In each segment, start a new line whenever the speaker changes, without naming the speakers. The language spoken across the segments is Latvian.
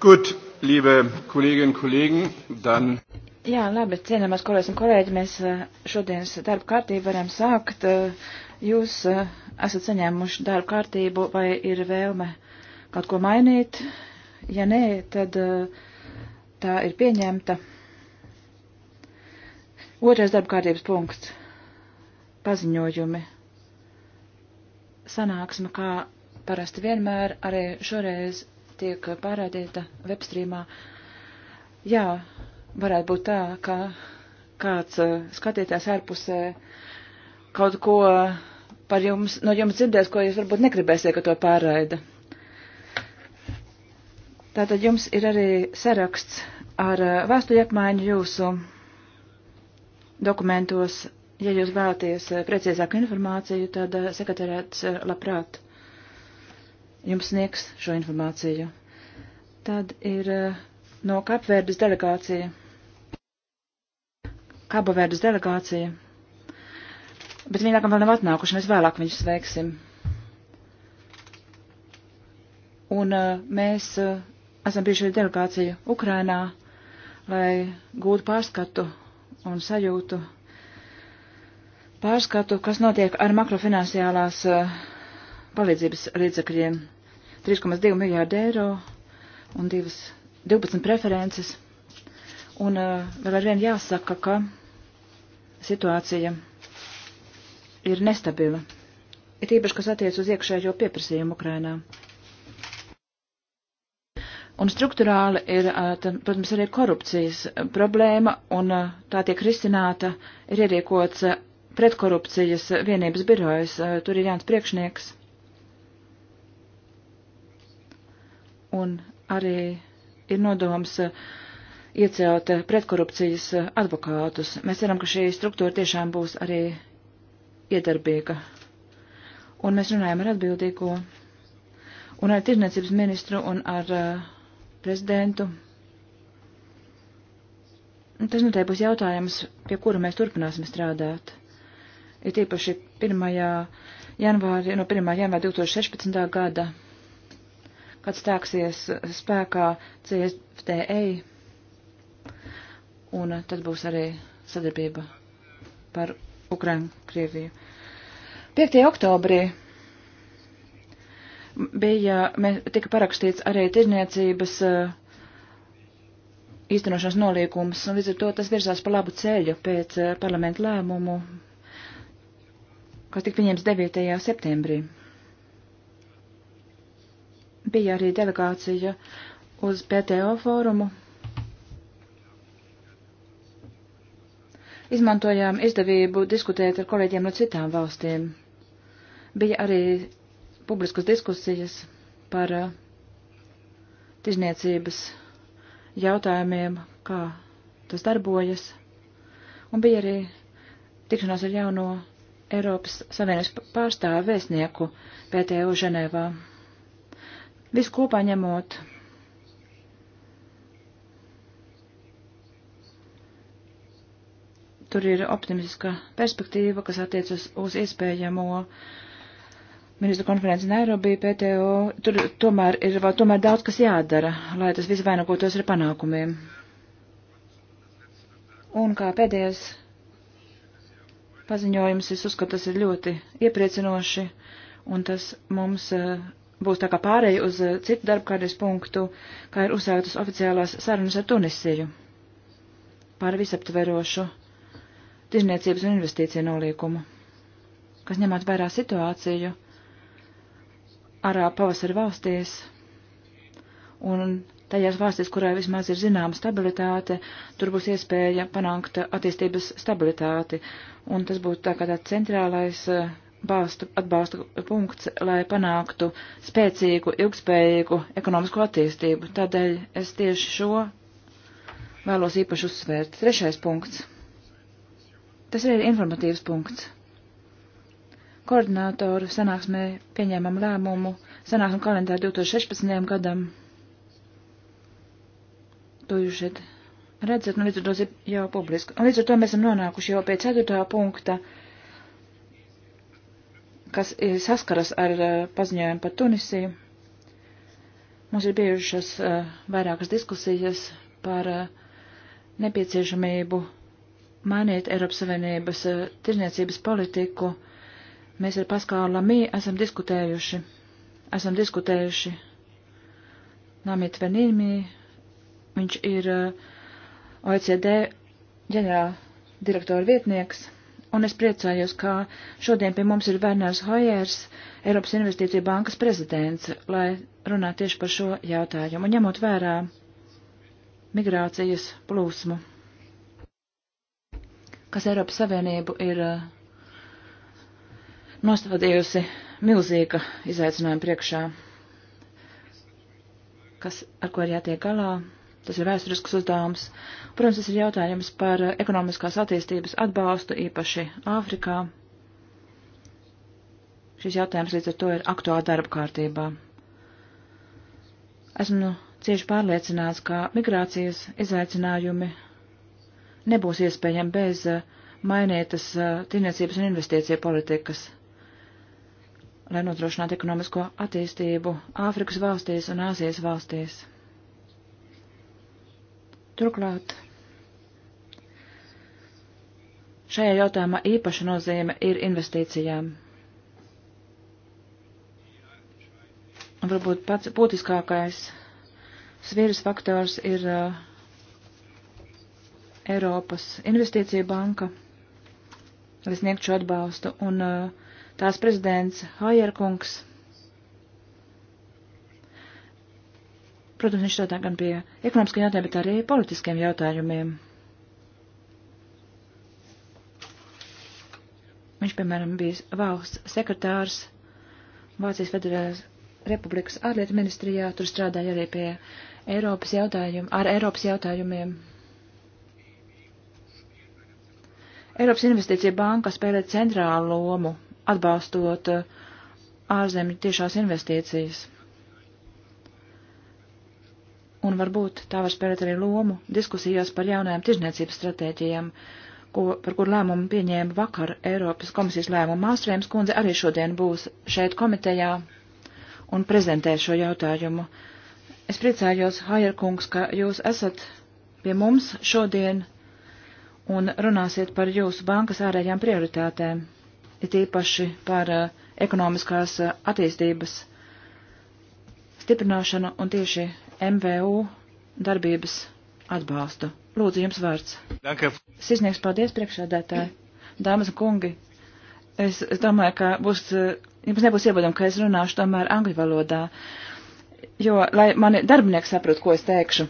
Gut, liebe Kolleginnen und Kollegen, dann.
Jā, labi, cienījamās kolēģis un kolēģi, mēs eh, šodienas darba kārtību varam sākt. Eh, jūs eh, esat saņēmuši darba kārtību, vai ir vēlme kaut ko mainīt? Ja nē, tad tā ir pieņemta. Otrais darba kārtības punkts - paziņojumi. Sanāksme, kā parasti vienmēr, arī šoreiz tiek pārādīta webstrīmā. Jā, varētu būt tā, ka kāds uh, skatītājs ārpusē kaut ko par jums, no jums dzirdēs, ko jūs varbūt negribēsiet, ka to pārraida. Tātad jums ir arī saraksts ar uh, vēstuļu apmaiņu jūsu dokumentos. Ja jūs vēlaties uh, precīzāku informāciju, tad sekretariāts labprāt jums sniegs šo informāciju. Tad ir eh, no Kapverdes delegācija. Kabaverdes delegācija. Bet viņi nākam vēl nav atnākuši, mēs vēlāk viņus sveiksim. Un uh, mēs uh, esam bijuši delegācija Ukrainā, lai gūtu pārskatu un sajūtu, pārskatu, kas notiek ar makrofinansiālās uh, palīdzības līdzakļiem 3,2 miljārdi eiro un divas, 12 preferences. Un uh, vēl ar vienu jāsaka, ka situācija ir nestabila. Ir īpaši, kas attiec uz iekšējo pieprasījumu Ukrainā. Un struktūrāli ir, uh, tad, protams, arī korupcijas problēma, un uh, tā tiek risināta, ir ieriekots uh, pretkorupcijas vienības birojas, uh, tur ir Jānis Priekšnieks un arī ir nodoms eh, iecelt eh, pretkorupcijas eh, advokātus. Mēs ceram, ka šī struktūra tiešām būs arī iedarbīga. Un mēs runājam ar atbildīgo un ar tirniecības ministru un ar uh, prezidentu. Tas noteikti būs jautājums, pie kura mēs turpināsim strādāt. Ir tīpaši 1. janvāri, no 1. janvāra 2016. gada kad stāksies spēkā CFTE, un tad būs arī sadarbība par Ukrainu, Krieviju. 5. oktobrī bija, mēs, tika parakstīts arī tirniecības īstenošanas noliekums, un līdz ar to tas virzās pa labu ceļu pēc parlamentu lēmumu, kas tika pieņems 9. septembrī. Bija arī delegācija uz PTO fórumu. Izmantojām izdevību diskutēt ar kolēģiem no citām valstīm. Bija arī publiskas diskusijas par uh, tirzniecības jautājumiem, kā tas darbojas. Un bija arī tikšanās ar jauno Eiropas Savienības pārstāvu vēstnieku PTU Ženēvā. Visu kopā ņemot. Tur ir optimistiska perspektīva, kas attiecas uz iespējamo ministru konferenci Nairobi, PTO. Tur tomēr ir vēl tomēr daudz, kas jādara, lai tas viss vainagotos ar panākumiem. Un kā pēdējais paziņojums, es uzskatu, tas ir ļoti iepriecinoši, un tas mums uh, būs tā kā pārēja uz eh, citu darbkārtības punktu, kā ir uzsāktas oficiālās sarunas ar Tunisiju par visaptverošu tirzniecības un investīciju nolīkumu, kas ņemot vērā situāciju arā pavasara valstīs un tajās valstīs, kurā vismaz ir zināma stabilitāte, tur būs iespēja panākt attīstības stabilitāti, un tas būtu tā kā tāds centrālais uh, balstu, atbalsta punkts, lai panāktu spēcīgu, ilgspējīgu ekonomisko attīstību. Tādēļ es tieši šo vēlos īpaši uzsvērt. Trešais punkts. Tas arī ir informatīvs punkts. Koordinātoru sanāksmē pieņēmām lēmumu sanāksmu kalendāru 2016. gadam. To jūs šeit redzat, nu līdz ar to jau publiski. Un līdz ar to mēs esam nonākuši jau pie ceturtā punkta kas eh, saskaras ar eh, paziņojumu par Tunisiju. Mums ir bijušas eh, vairākas diskusijas par nepieciešamību mainīt Eiropas Savienības tirniecības politiku. Mēs ar Paskālu Lamī esam diskutējuši, esam diskutējuši Namiet Venīmī, viņš ir OECD ģenerāla direktora vietnieks un es priecājos, ka šodien pie mums ir Bernārs Hojērs, Eiropas Investīcija bankas prezidents, lai runātu tieši par šo jautājumu, un ņemot vērā migrācijas plūsmu, kas Eiropas Savienību ir eh, nostādījusi milzīga izaicinājuma priekšā, kas, ar ko ir jātiek galā. Tas ir vēsturisks uzdevums. Protams, tas ir jautājums par ekonomiskās attīstības atbalstu, īpaši Āfrikā. Šis jautājums līdz ar to ir aktuāli darba kārtībā. Esmu cieši pārliecināts, ka migrācijas izaicinājumi nebūs iespējami bez mainītas eh, tirniecības un investīcija politikas, lai nodrošinātu ekonomisko attīstību Āfrikas valstīs un Āzijas valstīs. Turklāt šajā jautājumā īpaša nozīme ir investīcijām. Un varbūt pats būtiskākais svīras faktors ir uh, Eiropas investīcija banka, lai sniegtu šo atbalstu. Un uh, tās prezidents Hajerkungs Protams, viņš strādā gan pie ekonomiskiem jautājumiem, bet arī politiskiem jautājumiem. Viņš, piemēram, bija valsts sekretārs Vācijas Federālās Republikas ārlietu ministrijā, tur strādāja arī pie Eiropas jautājumiem, ar Eiropas jautājumiem. Eiropas Investīcija banka spēlē centrālu lomu, atbalstot uh, ārzemju tiešās investīcijas un varbūt tā var spēlēt arī lomu diskusijās par jaunajām tirzniecības stratēģijām, ko, par kur lēmumu pieņēma vakar Eiropas komisijas lēmumu. Māstrēms kundze arī šodien būs šeit komitejā un prezentēs šo jautājumu. Es priecājos, Hajer kungs, ka jūs esat pie mums šodien un runāsiet par jūsu bankas ārējām prioritātēm, it īpaši par eh, ekonomiskās eh, attīstības stiprināšanu un tieši MVU darbības atbalstu. Lūdzu, jums vārds. Sisnieks, paldies priekšādētāji. Dāmas un kungi, es, es domāju, ka būs, jums nebūs iebadam, ka es runāšu tomēr angļu valodā, jo, lai mani darbinieki saprot, ko es teikšu.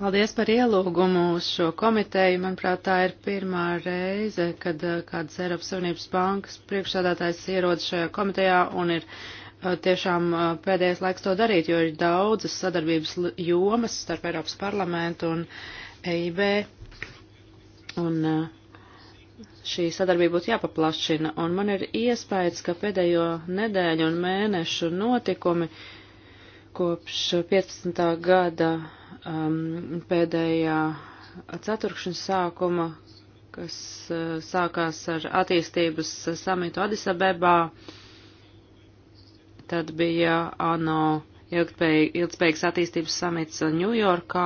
Paldies par ielūgumu uz šo komiteju. Manuprāt, tā ir pirmā reize, kad eh, kāds Eiropas Savienības bankas priekšsādātājs ierodas šajā komitejā un ir tiešām pēdējais laiks to darīt, jo ir daudzas sadarbības jomas starp Eiropas parlamentu un EIB, un šī sadarbība būtu jāpaplašina. Un man ir iespējas, ka pēdējo nedēļu un mēnešu notikumi kopš 15. gada um, pēdējā ceturkšņa sākuma, kas uh, sākās ar attīstības samitu Adisabebā, uh, Tad bija ANO ilgspējīgas attīstības samits Ņujorkā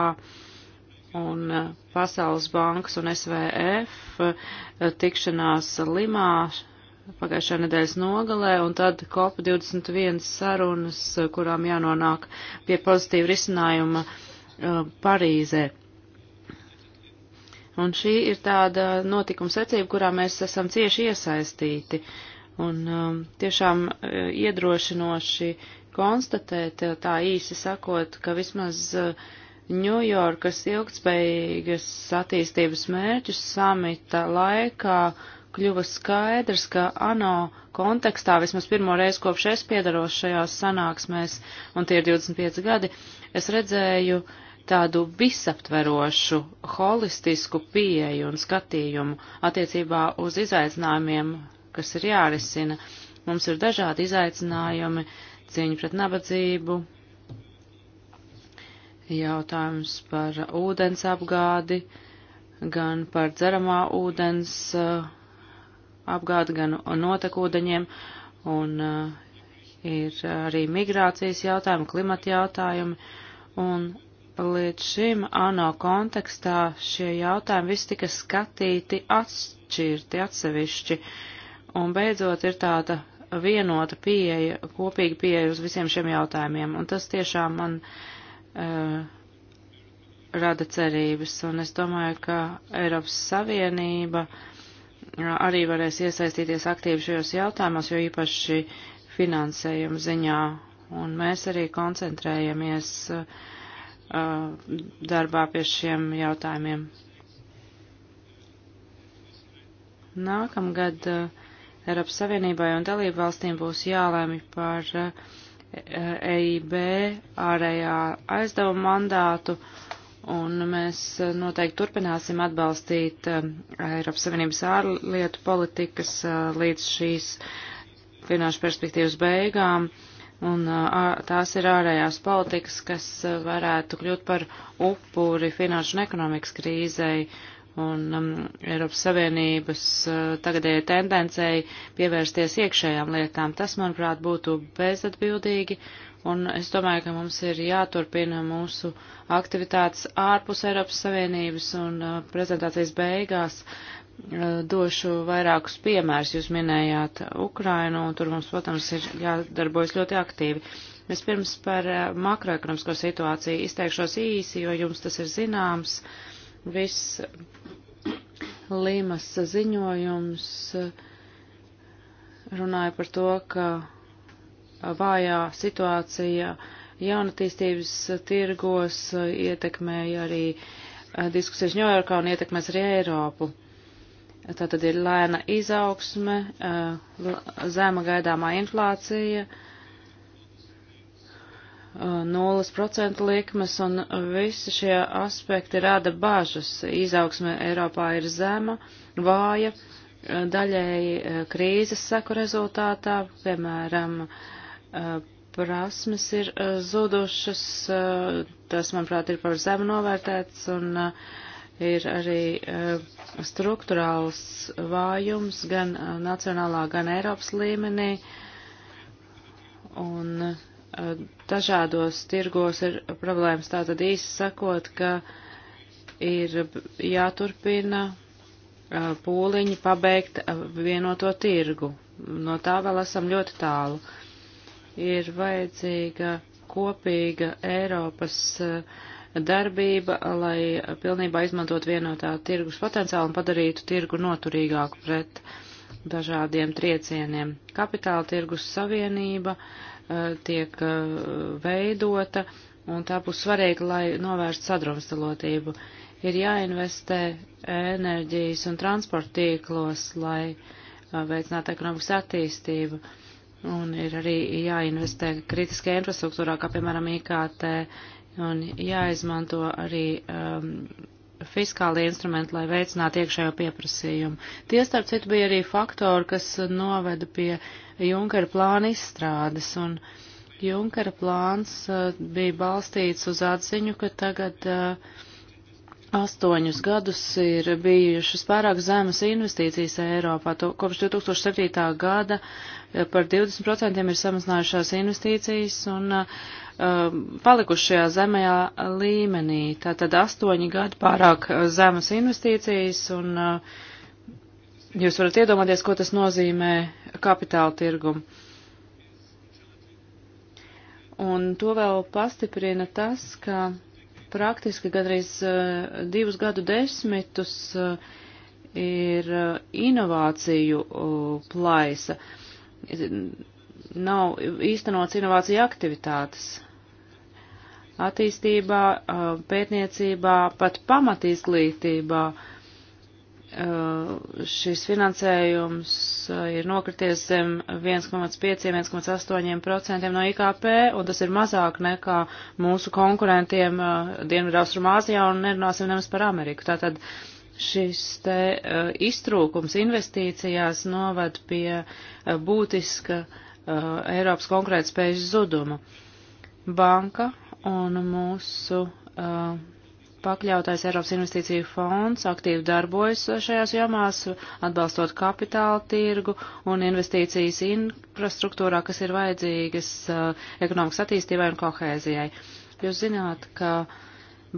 un eh, Pasaules bankas un SVF eh, tikšanās Limā pagājušā nedēļas nogalē, un tad COP21 sarunas, kurām jānonāk pie pozitīva risinājuma eh, Parīzē. Un šī ir tāda notikuma secība, kurā mēs esam cieši iesaistīti. Uh, Un um, tiešām uh, iedrošinoši konstatēt, uh, tā īsi sakot, ka vismaz Ņujorkas uh, ilgtspējīgas attīstības mērķus samita laikā kļuva skaidrs, ka ANO kontekstā vismaz pirmo reizi kopš es piedaros šajās sanāksmēs, un tie ir 25 gadi, es redzēju tādu visaptverošu, holistisku pieeju un skatījumu attiecībā uz izaicinājumiem kas ir jārisina. Mums ir dažādi izaicinājumi, cīņa pret nabadzību, jautājums par ūdens apgādi, gan par dzeramā ūdens uh, apgādi, gan notekūdeņiem, un uh, ir arī migrācijas jautājumi, klimata jautājumi, un līdz šim ANO kontekstā šie jautājumi visi tika skatīti atšķirti, atsevišķi. Uh, Un beidzot ir tāda vienota pieeja, kopīga pieeja uz visiem šiem jautājumiem. Un tas tiešām man uh, rada cerības. Un es domāju, ka Eiropas Savienība eh, arī varēs iesaistīties aktīvi šajos jautājumos, jo īpaši finansējuma ziņā. Un mēs arī koncentrējamies uh, darbā pie šiem jautājumiem. Nākamgad uh, Eiropas Savienībai un dalību valstīm būs jālēmi par EIB eh, e ārējā aizdevuma mandātu, un mēs eh, noteikti turpināsim atbalstīt eh, Eiropas Savienības ārlietu politikas līdz šīs finanšu perspektīvas beigām, un tās ir ārējās politikas, kas varētu kļūt par upuri finanšu un ekonomikas krīzei un um, Eiropas Savienības uh, tagadējai tendencei pievērsties iekšējām lietām. Tas, manuprāt, būtu bezatbildīgi, un es domāju, ka mums ir jāturpina mūsu aktivitātes ārpus Eiropas Savienības, un uh, prezentācijas beigās uh, došu vairākus piemērus. Jūs minējāt Ukrainu, un tur mums, protams, ir jādarbojas ļoti aktīvi. Vispirms par uh, makroekonomisko situāciju izteikšos īsi, jo jums tas ir zināms. Uh, Viss Līmas ziņojums eh, runāja par to, ka vājā situācija jaunatīstības tirgos eh, ietekmēja arī eh, diskusijas Ņujorkā un ietekmēs arī Eiropu. Tātad ir lēna izaugsme, zema gaidāmā inflācija, uh, 0% likmes, un visi šie aspekti rada bažas. Izaugsme Eiropā ir zema, vāja, daļēji eh, krīzes seku rezultātā, piemēram, eh, prasmes ir eh, zudušas, tas, manuprāt, ir par zemu novērtēts, un ir arī struktūrāls vājums gan nacionālā, gan Eiropas līmenī. Un uh, Eh, dažādos tirgos ir problēmas. Tātad īsi sakot, ka ir jāturpina eh, pūliņi pabeigt eh, vienoto tirgu. No tā vēl esam ļoti tālu. Ir vajadzīga kopīga Eiropas darbība, lai pilnībā izmantot vienotā tirgus potenciālu un padarītu tirgu noturīgāku pret dažādiem triecieniem. Kapitāla tirgus savienība uh, Eh, tiek eh, veidota, un tā būs svarīga, lai novērstu sadrumstalotību. Ir jāinvestē enerģijas un transporta tīklos, lai eh, veicinātu ekonomikas attīstību, un ir arī jāinvestē kritiskajā infrastruktūrā, kā piemēram IKT, un jāizmanto arī um, fiskālie instrumenti, lai veicinātu iekšējo pieprasījumu. Tie, starp citu, bija arī faktori, kas noveda pie Junkera plāna izstrādes, un Junkera plāns uh, bija balstīts uz atziņu, ka tagad uh, astoņus gadus ir bijušas pārāk zemas investīcijas Eiropā. To, kopš 2007. gada eh, par 20% ir samazinājušās investīcijas un eh, uh, um, palikuši šajā zemajā līmenī. Tātad astoņi gadi pārāk eh, zemas investīcijas un uh, jūs varat iedomāties, ko tas nozīmē kapitāla tirgumu. Un to vēl pastiprina tas, ka praktiski gadreiz eh, divus gadu desmitus eh, ir eh, inovāciju plaisa. Nav īstenots inovācija aktivitātes. Attīstībā, pētniecībā, pat pamatizglītībā uh, Uh, šis finansējums uh, ir nokrities zem 1,5-1,8% no IKP, un tas ir mazāk nekā mūsu konkurentiem uh, Dienvidaustrumāzijā, un nerunāsim nemaz par Ameriku. Tātad šis te iztrūkums investīcijās novad pie būtiska Eiropas konkurētspējas zuduma. Banka un mūsu uh, pakļautais Eiropas investīciju fonds aktīvi darbojas šajās jomās, atbalstot kapitāla tirgu un investīcijas infrastruktūrā, kas ir vajadzīgas uh, ekonomikas attīstībai un kohēzijai. Jūs zināt, ka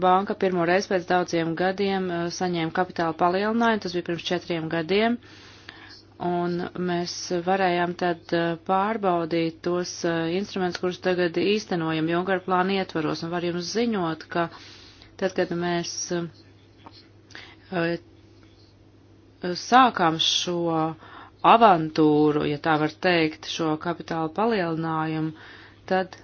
banka pirmo reizi pēc daudziem gadiem uh, saņēma kapitāla palielinājumu, tas bija pirms četriem gadiem un mēs varējām tad uh, pārbaudīt tos instrumentus, kurus tagad īstenojam Junkara plāna ietvaros, un var jums ziņot, ka uh, Tad, kad mēs eh, sākām šo avantūru, ja tā var teikt, šo kapitāla palielinājumu, tad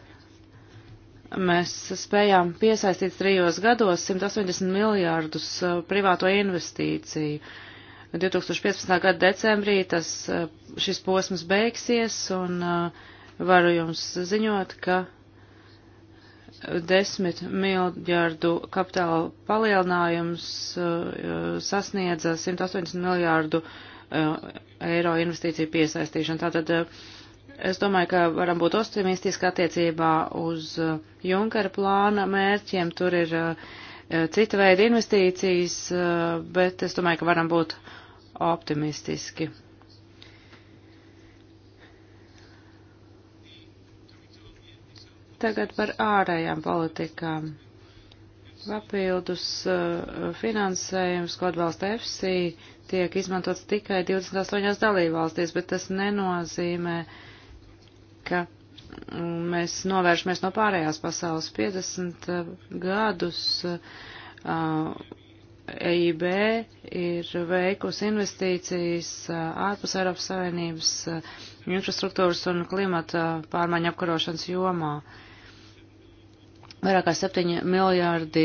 mēs spējām piesaistīt trijos gados 180 miljārdus eh, privāto investīciju. 2015. gada decembrī tas, eh, šis posms beigsies un varu jums ziņot, ka 10 miljardu kapitāla palielinājums uh, sasniedza 180 miljārdu uh, eiro investīciju piesaistīšanu. Tātad uh, es domāju, ka varam būt optimistiski attiecībā uz Junkara plāna mērķiem. Tur ir cita veida investīcijas, bet es domāju, ka varam būt optimistiski. Tagad par ārējām politikām. Papildus uh, finansējums, ko atbalsta EFSI, tiek izmantots tikai 28 dalībvalstīs, bet tas nenozīmē, ka mm, mēs novēršamies no pārējās pasaules 50 uh, gadus. Uh, EIB ir veikusi investīcijas ārpus Eiropas Savienības infrastruktūras un klimata pārmaiņu apkarošanas jomā. Uh, Vairāk kā 7 miljārdi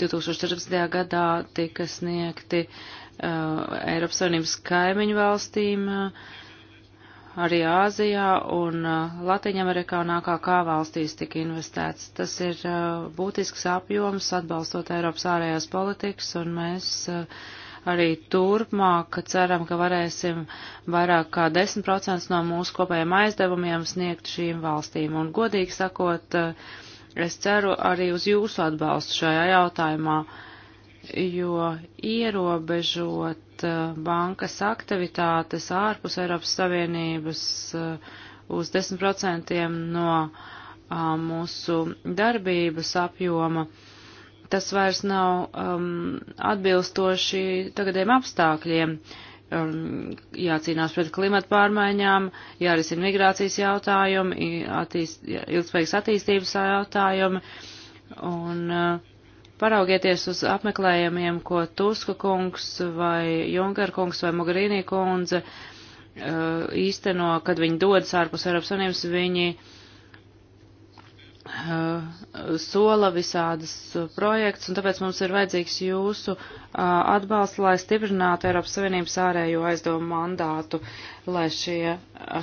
2014. gadā tika sniegti uh, Eiropas Savienības kaimiņu valstīm, uh, arī Āzijā un uh, eh, Latviņamerikā un AKK valstīs tika investēts. Tas ir uh, būtisks apjoms atbalstot Eiropas ārējās politikas, un mēs uh, arī turpmāk ceram, ka varēsim vairāk kā 10% no mūsu kopējiem aizdevumiem sniegt šīm valstīm. Un godīgi sakot, uh, Es ceru arī uz jūsu atbalstu šajā jautājumā, jo ierobežot eh, bankas aktivitātes ārpus Eiropas Savienības eh, uz 10% no eh, mūsu darbības apjoma, tas vairs nav um, atbilstoši tagadiem apstākļiem. Uh, um, jācīnās pret klimatu pārmaiņām, jārisina migrācijas jautājumi, attīst, ilgspējīgas attīstības jautājumi. Un uh, paraugieties uz apmeklējumiem, ko Tuska kungs vai Junker kungs vai Mogherini kundze uh, īsteno, kad viņi dodas ārpus Eiropas Savienības, viņi uh, Uh, sola visādas uh, projekts, un tāpēc mums ir vajadzīgs jūsu uh, atbalsts, lai stiprinātu Eiropas Savienības ārējo aizdomu mandātu, lai šie,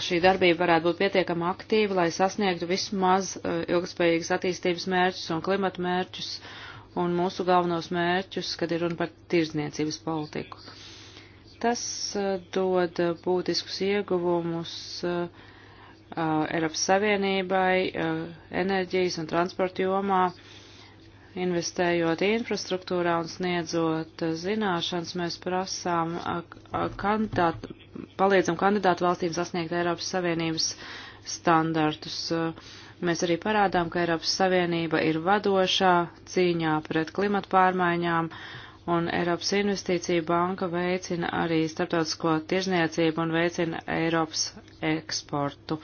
šī darbība varētu būt pietiekama aktīva, lai sasniegtu vismaz ilgspējīgas attīstības mērķus un klimata mērķus un mūsu galvenos mērķus, kad ir runa par tirzniecības politiku. Tas dod būtiskus ieguvumus uh, Uh, Eiropas Savienībai uh, enerģijas un transporta jomā, investējot infrastruktūrā un sniedzot uh, zināšanas, mēs prasām, kandidātu, palīdzam kandidātu valstīm sasniegt Eiropas Savienības standartus. Mēs arī parādām, ka Eiropas Savienība ir vadošā cīņā pret klimatu pārmaiņām, uh, un Eiropas investīcija banka veicina arī starptautisko tirzniecību un veicina Eiropas eksportu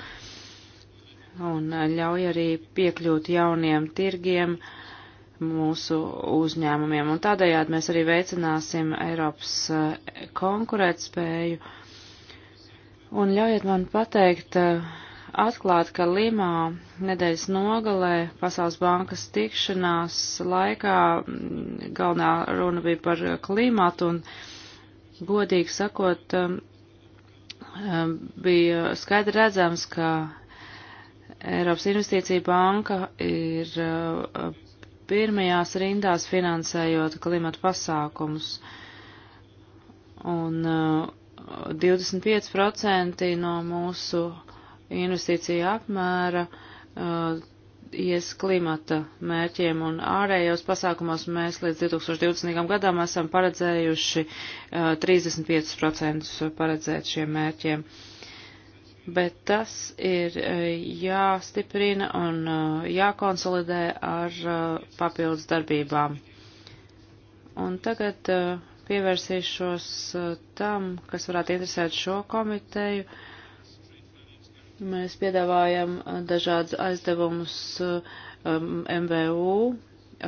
un ļauj arī piekļūt jauniem tirgiem mūsu uzņēmumiem. Un tādējādi mēs arī veicināsim Eiropas eh, konkurētspēju. Un ļaujiet man pateikt, uh, atklāt, ka Limā nedēļas nogalē Pasaules bankas tikšanās laikā mm, galvenā runa bija par klimatu un, godīgi sakot, um, um, bija skaidri redzams, ka Eiropas investīcija banka ir uh, pirmajās rindās finansējot klimatu pasākumus. Un 25% uh, no mūsu uh, investīcija apmēra uh, ies klimata mērķiem un ārējos pasākumos mēs līdz 2020. gadam esam paredzējuši 35% uh, paredzēt šiem mērķiem. Bet tas ir uh, jāstiprina un uh, jākonsolidē ar papildus darbībām. Un tagad pievērsīšos tam, kas varētu interesēt šo komiteju. Uh, Mēs piedāvājam eh, dažādas aizdevumus eh, MVU,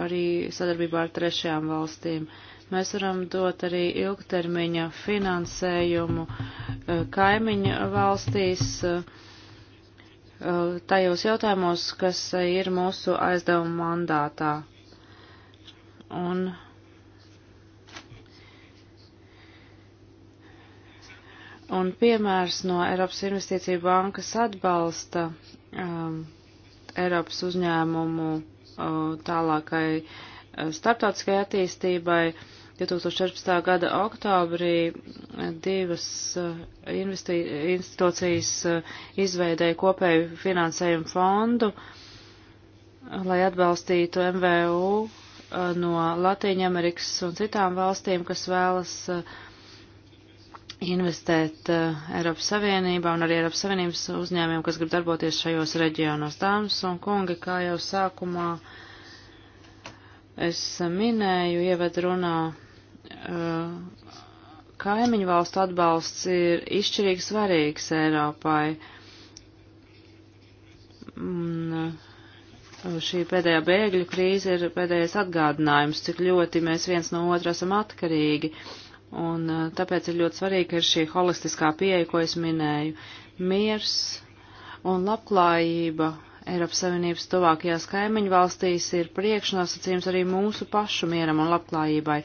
arī sadarbībā ar trešajām valstīm. Mēs varam dot arī ilgtermiņa finansējumu eh, kaimiņu valstīs tajos jautājumos, kas ir mūsu aizdevuma mandātā. Un Un piemērs no Eiropas Investīcija bankas atbalsta um, Eiropas uzņēmumu uh, tālākai uh, starptautiskai attīstībai 2014. gada oktobrī uh, divas uh, institūcijas uh, izveidēja kopēju finansējumu fondu, uh, lai atbalstītu MVU uh, no Latīņamerikas un citām valstīm, kas vēlas uh, investēt uh, Eiropas Savienībā un arī Eiropas Savienības uzņēmiem, kas grib darboties šajos reģionos. Dāmas un kungi, kā jau sākumā es minēju, ieved runā, uh, kaimiņu valstu atbalsts ir izšķirīgi svarīgs Eiropai. Un, uh, šī pēdējā bēgļu krīze ir pēdējais atgādinājums, cik ļoti mēs viens no otra esam atkarīgi. Uh, Un uh, tāpēc ir ļoti svarīgi, ka ir šī holistiskā pieeja, ko es minēju. Miers un labklājība Eiropas Savienības tuvākajās kaimiņu valstīs ir priekšnosacījums arī mūsu pašu mieram un labklājībai.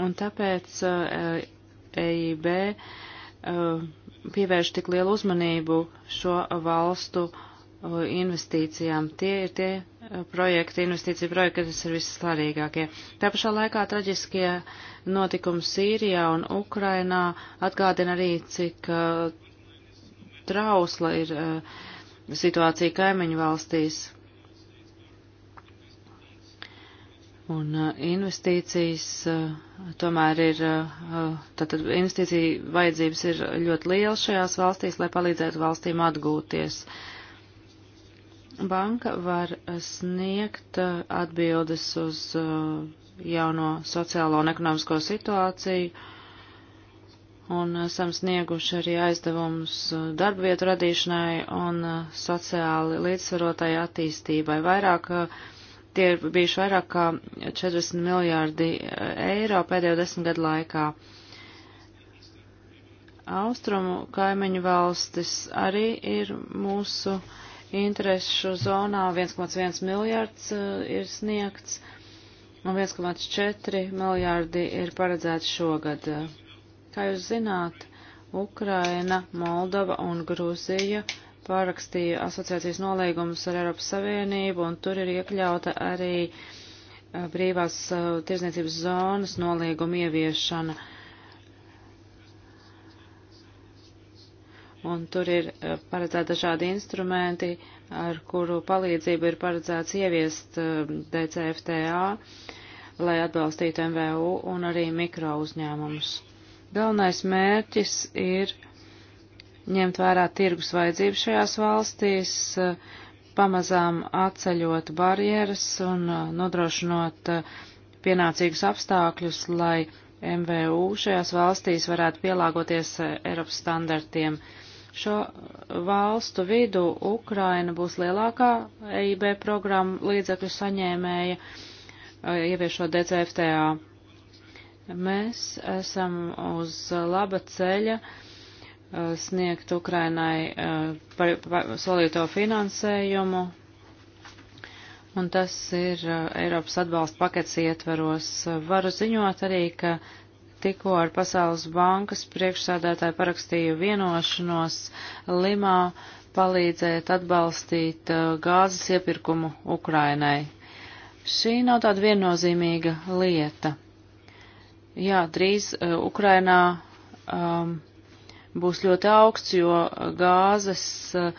Un tāpēc uh, EIB uh, pievērš tik lielu uzmanību šo valstu uh, investīcijām. Tie ir tie eh, projekti, investīcija projekti, kas ir vissvarīgākie. Tā pašā laikā traģiskie notikumi Sīrijā un Ukrainā atgādina arī, cik eh, trausla ir eh, situācija kaimiņu valstīs. Un investīcijas tomēr ir, tātad investīcija vajadzības ir ļoti liela šajās valstīs, lai palīdzētu valstīm atgūties. Uh, Banka var sniegt uh, atbildes uz uh, jauno sociālo un ekonomisko situāciju, un esam snieguši arī aizdevumus uh, darba vietu radīšanai un sociāli līdzsvarotai attīstībai. Vairāk tie ir bijuši vairāk kā 40 miljārdi eiro pēdējo desmit gadu laikā. Austrumu kaimiņu valstis arī ir mūsu uh, interešu zonā 1,1 miljards eh, ir sniegts un 1,4 miljardi ir paredzēts šogad. Kā jūs zināt, Ukraina, Moldova un Grūzija pārakstīja asociācijas nolīgumus ar Eiropas Savienību, un tur ir iekļauta arī eh, brīvās eh, tirzniecības zonas nolīguma ieviešana. Uh, un tur ir eh, paredzēti dažādi instrumenti, ar kuru palīdzību ir paredzēts ieviest eh, DCFTA, lai atbalstītu MVU un arī mikro uzņēmumus. Galvenais mērķis ir ņemt vērā tirgus vajadzības šajās valstīs, eh, pamazām atceļot barjeras un nodrošinot pienācīgus apstākļus, lai MVU šajās valstīs varētu pielāgoties Eiropas standartiem. Uh, Šo valstu vidu Ukraina būs lielākā EIB programma līdzekļu saņēmēja, e, ieviešot DCFTA. Mēs esam uz laba ceļa e, sniegt Ukrainai e, par, par solīto finansējumu, un tas ir Eiropas atbalsta paketes ietvaros. Varu ziņot arī, ka tikko ar Pasaules bankas priekšsādātāju parakstīju vienošanos Limā palīdzēt atbalstīt uh, gāzes iepirkumu Ukrainai. Šī nav tāda viennozīmīga lieta. Jā, drīz uh, Ukrainā um, būs ļoti augsts, jo gāzes uh,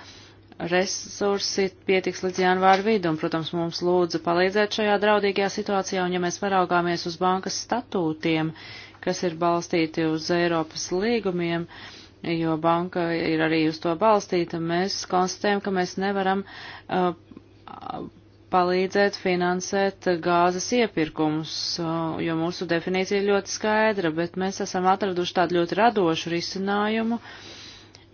resursi pietiks līdz janvāra vidu, un, protams, mums lūdza palīdzēt šajā draudīgajā situācijā, un ja mēs paraugāmies uz bankas statūtiem, kas ir balstīti uz Eiropas līgumiem, jo banka ir arī uz to balstīta. Mēs konstatējam, ka mēs nevaram uh, palīdzēt finansēt gāzes iepirkumus, uh, jo mūsu definīcija ir ļoti skaidra, bet mēs esam atraduši tādu ļoti radošu risinājumu.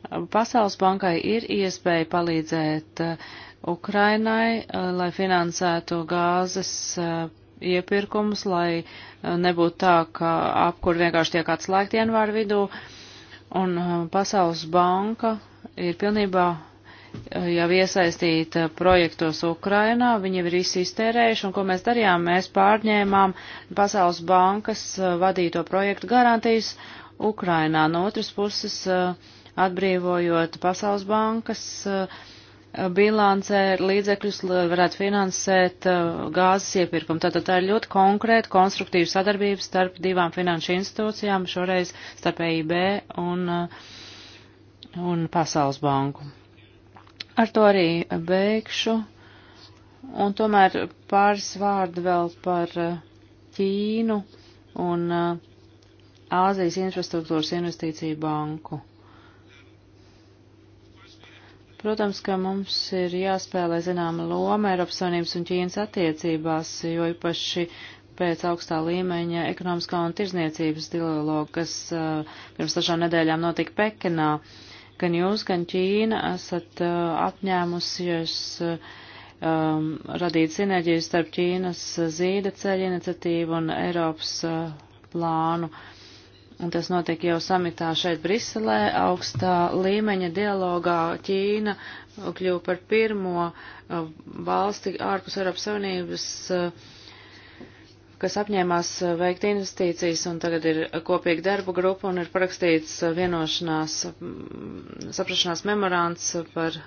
Uh, Pasaules bankai ir iespēja palīdzēt uh, Ukrainai, uh, lai finansētu gāzes uh, iepirkumus, lai uh, nebūtu tā, ka apkur vienkārši tiek atslēgti janvāra vidū. Un uh, Pasaules banka ir pilnībā uh, jau iesaistīta projektos Ukrainā, viņi ir visi iztērējuši, un ko mēs darījām, mēs pārņēmām Pasaules bankas vadīto projektu garantijas Ukrainā. No otras puses, atbrīvojot Pasaules bankas, uh, bilancē līdzekļus, lai varētu finansēt uh, gāzes iepirkumu. Tātad tā ir ļoti konkrēta, konstruktīva sadarbība starp divām finanšu institūcijām, šoreiz starp EIB un, uh, un Pasaules banku. Ar to arī beigšu. Un tomēr pāris vārdu vēl par uh, Ķīnu un Āzijas infrastruktūras investīciju banku. Protams, ka mums ir jāspēlē zināma loma Eiropas Savienības un Ķīnas attiecībās, jo īpaši pēc augstā līmeņa ekonomiskā un tirzniecības dialoga, kas uh, pirms dažām nedēļām notika Pekinā. Gan jūs, gan Ķīna esat uh, apņēmusies uh, um, radīt sinerģiju starp Ķīnas uh, zīda ceļa iniciatīvu un Eiropas uh, plānu. Uh, un tas notiek jau samitā šeit Briselē, augstā līmeņa dialogā Ķīna uh, kļuva par pirmo uh, valsti ārpus Eiropas Savienības, uh, kas apņēmās veikt investīcijas, un tagad ir kopīga darba grupa un ir parakstīts vienošanās, mm, saprašanās memorāns par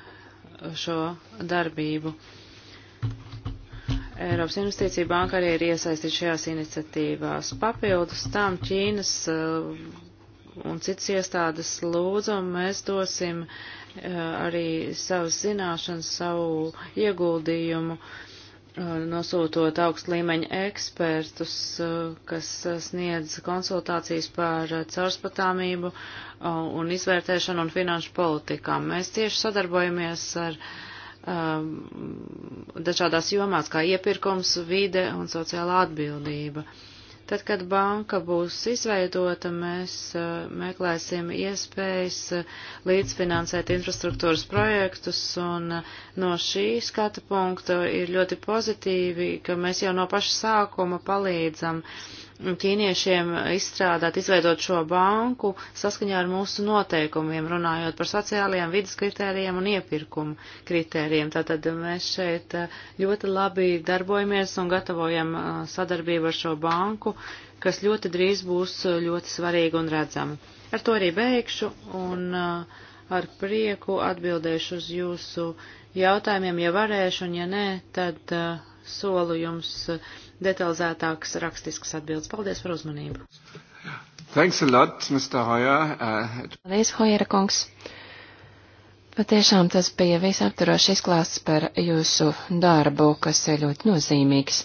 šo darbību. Eiropas Investīcija banka arī ir iesaistīta šajās iniciatīvās. Papildus tam Ķīnas uh, un citas iestādes lūdzu, un mēs dosim uh, arī savas zināšanas, savu ieguldījumu, uh, nosūtot augst līmeņa ekspertus, kas sniedz konsultācijas par caurskatāmību un izvērtēšanu un finanšu politikām. Mēs tieši sadarbojamies ar um, dažādās jomās, kā iepirkums, vide un sociālā atbildība. Tad, kad banka būs izveidota, mēs uh, meklēsim iespējas uh, līdzfinansēt infrastruktūras projektus, un uh, no šī skata punkta ir ļoti pozitīvi, ka mēs jau no paša sākuma palīdzam ķīniešiem izstrādāt, izveidot šo banku saskaņā ar mūsu noteikumiem, runājot par sociālajiem vidas kritērijiem un iepirkumu kritērijiem. Tātad mēs šeit eh, ļoti labi darbojamies un gatavojam eh, sadarbību ar šo banku, kas ļoti drīz būs eh, ļoti svarīga un redzama. Ar to arī beigšu un ar prieku atbildēšu uz jūsu jautājumiem, ja varēšu, un ja nē, tad solu jums detalizētākas rakstiskas atbildes. Paldies par uzmanību.
Thanks a lot, Mr. Hoyer. Uh,
Paldies, Hojera kungs. Patiešām tas bija visaptvarošs izklāsts par jūsu darbu, kas ir ļoti nozīmīgs.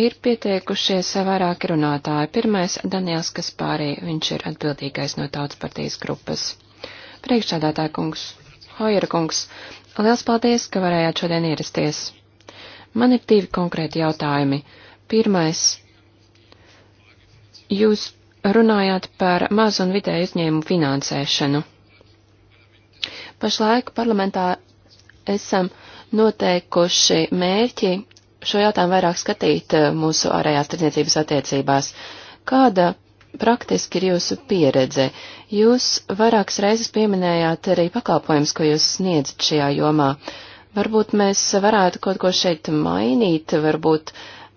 Ir pieteikušies vairāki runātāji. Pirmais - Daniels Kaspārī, viņš ir atbildīgais no tautas partijas grupas. Priekšādātā kungs, Hojera kungs, liels paldies, ka varējāt šodien ierasties. Man ir divi konkrēti jautājumi. Pirmais. Jūs runājāt par mazu un vidēju uzņēmumu finansēšanu. Pašlaik parlamentā esam noteikuši mērķi šo jautājumu vairāk skatīt eh, mūsu ārējās tirdzniecības attiecībās. Kāda praktiski ir jūsu pieredze? Jūs vairākas reizes pieminējāt arī pakalpojums, ko jūs sniedzat šajā jomā. Uh, Varbūt mēs varētu kaut ko šeit mainīt, varbūt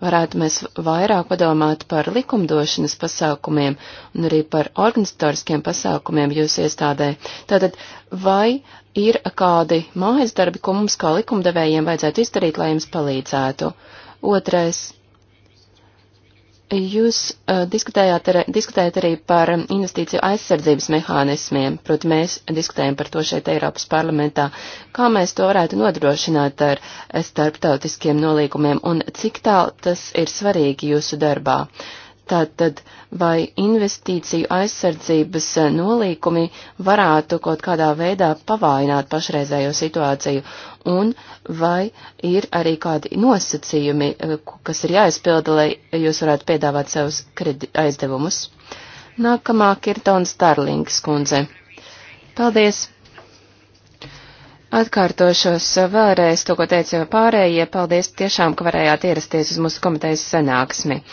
varētu mēs vairāk padomāt par likumdošanas pasākumiem un arī par organizatoriskiem pasākumiem jūsu iestādē. Tātad, vai ir kādi mājas darbi, ko mums kā likumdevējiem vajadzētu izdarīt, lai jums palīdzētu? Otrais Jūs uh, diskutējāt, ar, diskutējāt arī par um, investīciju aizsardzības mehānismiem, proti mēs diskutējam par to šeit Eiropas parlamentā. Kā mēs to varētu nodrošināt ar starptautiskiem nolīgumiem un cik tālu tas ir svarīgi jūsu darbā? Uh, Tātad, vai investīciju aizsardzības eh, nolīkumi varētu kaut kādā veidā pavājināt pašreizējo situāciju, un vai ir arī kādi nosacījumi, eh, kas ir jāizpilda, lai jūs varētu piedāvāt savus aizdevumus? Nākamā Kirtons Darlings kundze. Paldies! Atkārtošos eh, vēlreiz to, ko teica pārējie. Paldies tiešām, ka varējāt ierasties uz mūsu komitejas sanāksmi.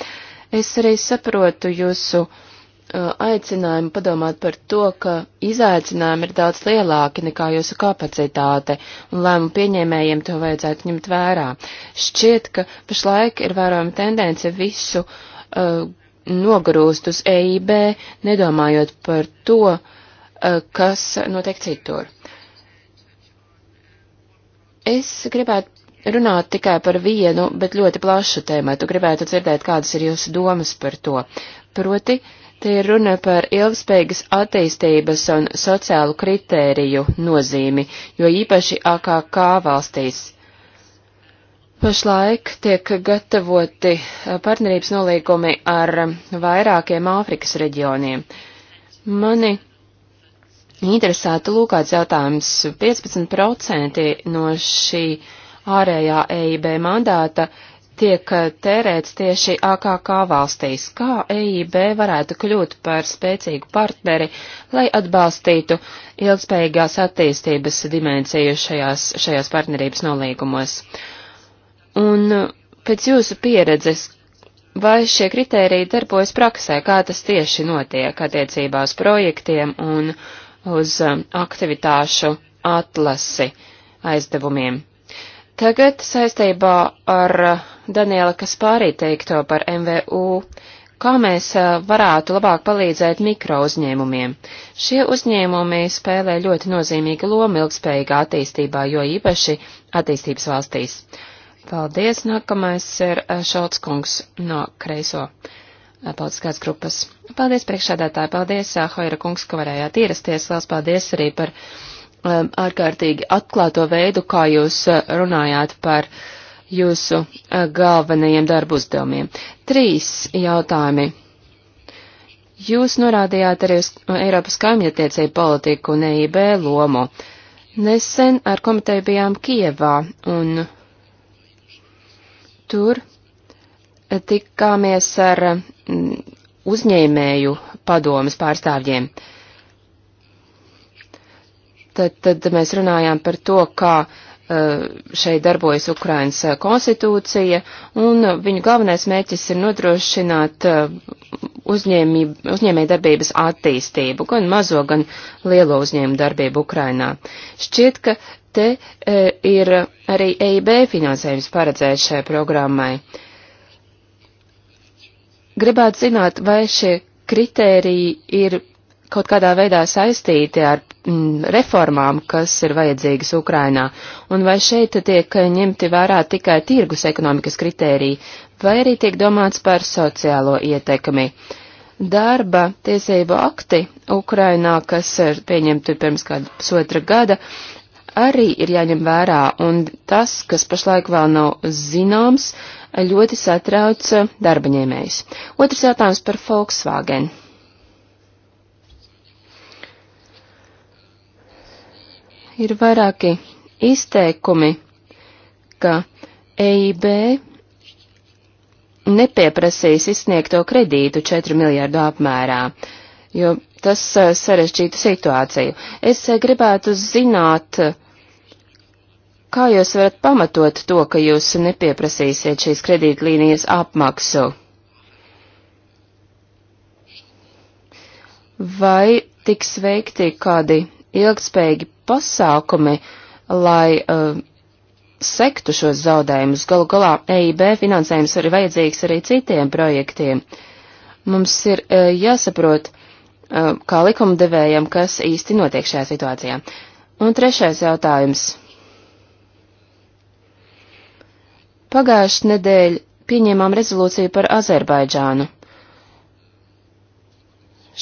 Es arī saprotu jūsu uh, aicinājumu padomāt par to, ka izaicinājumi ir daudz lielāki nekā jūsu kapacitāte, un lēmumu pieņēmējiem to vajadzētu ņemt vērā. Šķiet, ka pašlaik ir vērojama tendence visu uh, nogrūst uz EIB, nedomājot par to, uh, kas notiek citur. Es gribētu runāt tikai par vienu, bet ļoti plašu tēmatu. Gribētu dzirdēt, kādas ir jūsu domas par to. Proti, te ir runa par ilgspējīgas attīstības un sociālu kritēriju nozīmi, jo īpaši AKK valstīs. Pašlaik tiek gatavoti partnerības nolīgumi ar vairākiem Āfrikas reģioniem. Mani interesētu lūkāts jautājums. 15% no šī uh, ārējā EIB mandāta tiek eh, tērēts tieši AKK valstīs. Kā EIB varētu kļūt par spēcīgu partneri, lai atbalstītu ilgspējīgās attīstības dimensiju šajās, šajās partnerības nolīgumos? Un eh, pēc jūsu pieredzes, vai šie kritēriji darbojas praksē, kā tas tieši notiek attiecībā uz projektiem un uz eh, aktivitāšu atlasi aizdevumiem? Tagad saistībā ar eh, Daniela Kaspārī teikto par MVU, kā mēs eh, varētu labāk palīdzēt mikro uzņēmumiem. Šie uzņēmumi spēlē ļoti nozīmīgu lomu ilgspējīgā attīstībā, jo īpaši attīstības valstīs. Paldies, nākamais ir eh, Šalts kungs no Kreiso politiskās grupas. Paldies priekšādātāji, paldies, Hoira kungs, ka varējāt ierasties, liels paldies arī par Um, ārkārtīgi atklāto veidu, kā jūs uh, runājāt par jūsu uh, galvenajiem darbu uzdevumiem. Trīs jautājumi. Jūs norādījāt arī uz Eiropas kaimietiecību politiku un EIB lomu. Nesen ar komiteju bijām Kievā un tur tikāmies ar mm, uzņēmēju padomas pārstāvjiem. Uh, tad, tad mēs runājām par to, kā e, šeit darbojas Ukrainas e, konstitūcija, un viņu galvenais mērķis ir nodrošināt e, uzņēmē darbības attīstību, gan mazo, gan lielo uzņēmumu darbību Ukrainā. Šķiet, ka te e, ir arī EIB finansējums paredzēts šai programmai. Gribētu zināt, vai šie kritēriji ir kaut kādā veidā saistīti ar mm, reformām, kas ir vajadzīgas Ukrainā, un vai šeit tiek ņemti vērā tikai tirgus ekonomikas kritēriji, vai arī tiek domāts par sociālo ietekmi. Darba tiesību akti Ukrainā, kas ir pieņemti pirms kāda pusotra gada, arī ir jāņem vērā, un tas, kas pašlaik vēl nav zināms, ļoti satrauc darbaņēmējs. Otrs jautājums par Volkswagen. Ir vairāki izteikumi, ka EIB nepieprasīs izsniegto kredītu 4 miljārdu apmērā, jo tas eh, sarežģītu situāciju. Es eh, gribētu zināt, kā jūs varat pamatot to, ka jūs nepieprasīsiet šīs kredītlīnijas apmaksu? Vai tiks veikti kādi ilgspējīgi pasākumi, lai uh, sektu šos zaudējumus. Galu galā EIB finansējums ir vajadzīgs arī citiem projektiem. Mums ir uh, jāsaprot, uh, kā likumdevējam, kas īsti notiek šajā situācijā. Un trešais jautājums. Pagājušajā nedēļā pieņēmām rezolūciju par Azerbaidžānu.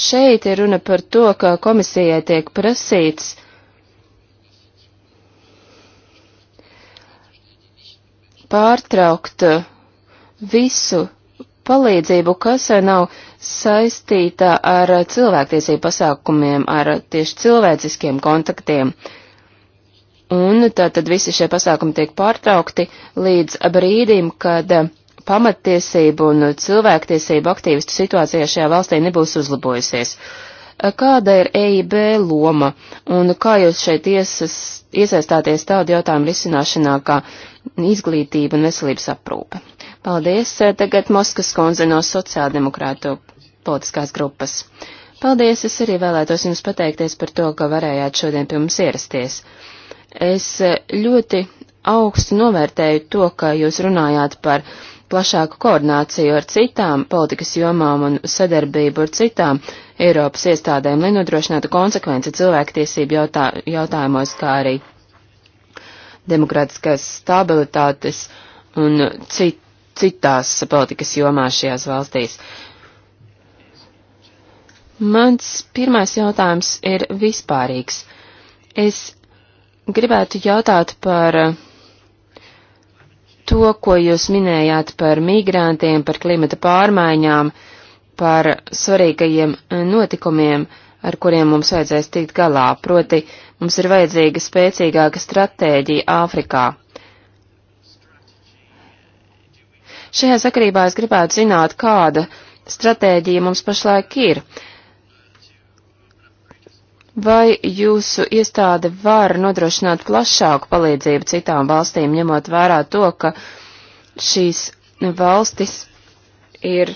Šeit ir runa par to, ka komisijai tiek prasīts pārtraukt visu palīdzību, kas nav saistīta ar cilvēktiesību pasākumiem, ar tieši cilvēciskiem kontaktiem. Un tātad visi šie pasākumi tiek pārtraukti līdz brīdim, kad pamatiesību un cilvēktiesību aktīvistu situācija šajā valstī nebūs uzlabojusies. Kāda ir EIB loma un kā jūs šeit iesas, iesaistāties tādu jautājumu risināšanā kā izglītība un veselības aprūpe? Paldies, tagad Moskas konze no sociāldemokrātu politiskās grupas. Paldies, es arī vēlētos jums pateikties par to, ka varējāt šodien pie mums ierasties. Es ļoti augstu novērtēju to, ka jūs runājāt par plašāku koordināciju ar citām politikas jomām un sadarbību ar citām Eiropas iestādēm, lai nodrošinātu konsekvenci cilvēktiesību jautā, jautājumos, kā arī demokrātiskās stabilitātes un cit, citās politikas jomās šajās valstīs. Mans pirmais jautājums ir vispārīgs. Es gribētu jautāt par to, ko jūs minējāt par migrantiem, par klimata pārmaiņām, par svarīgajiem eh, notikumiem, ar kuriem mums vajadzēs tikt galā, proti mums ir vajadzīga spēcīgāka stratēģija Āfrikā. Šajā sakarībā es gribētu zināt, kāda stratēģija mums pašlaik ir. Uh, Vai jūsu iestāde var nodrošināt plašāku palīdzību citām valstīm, ņemot vērā to, ka šīs valstis ir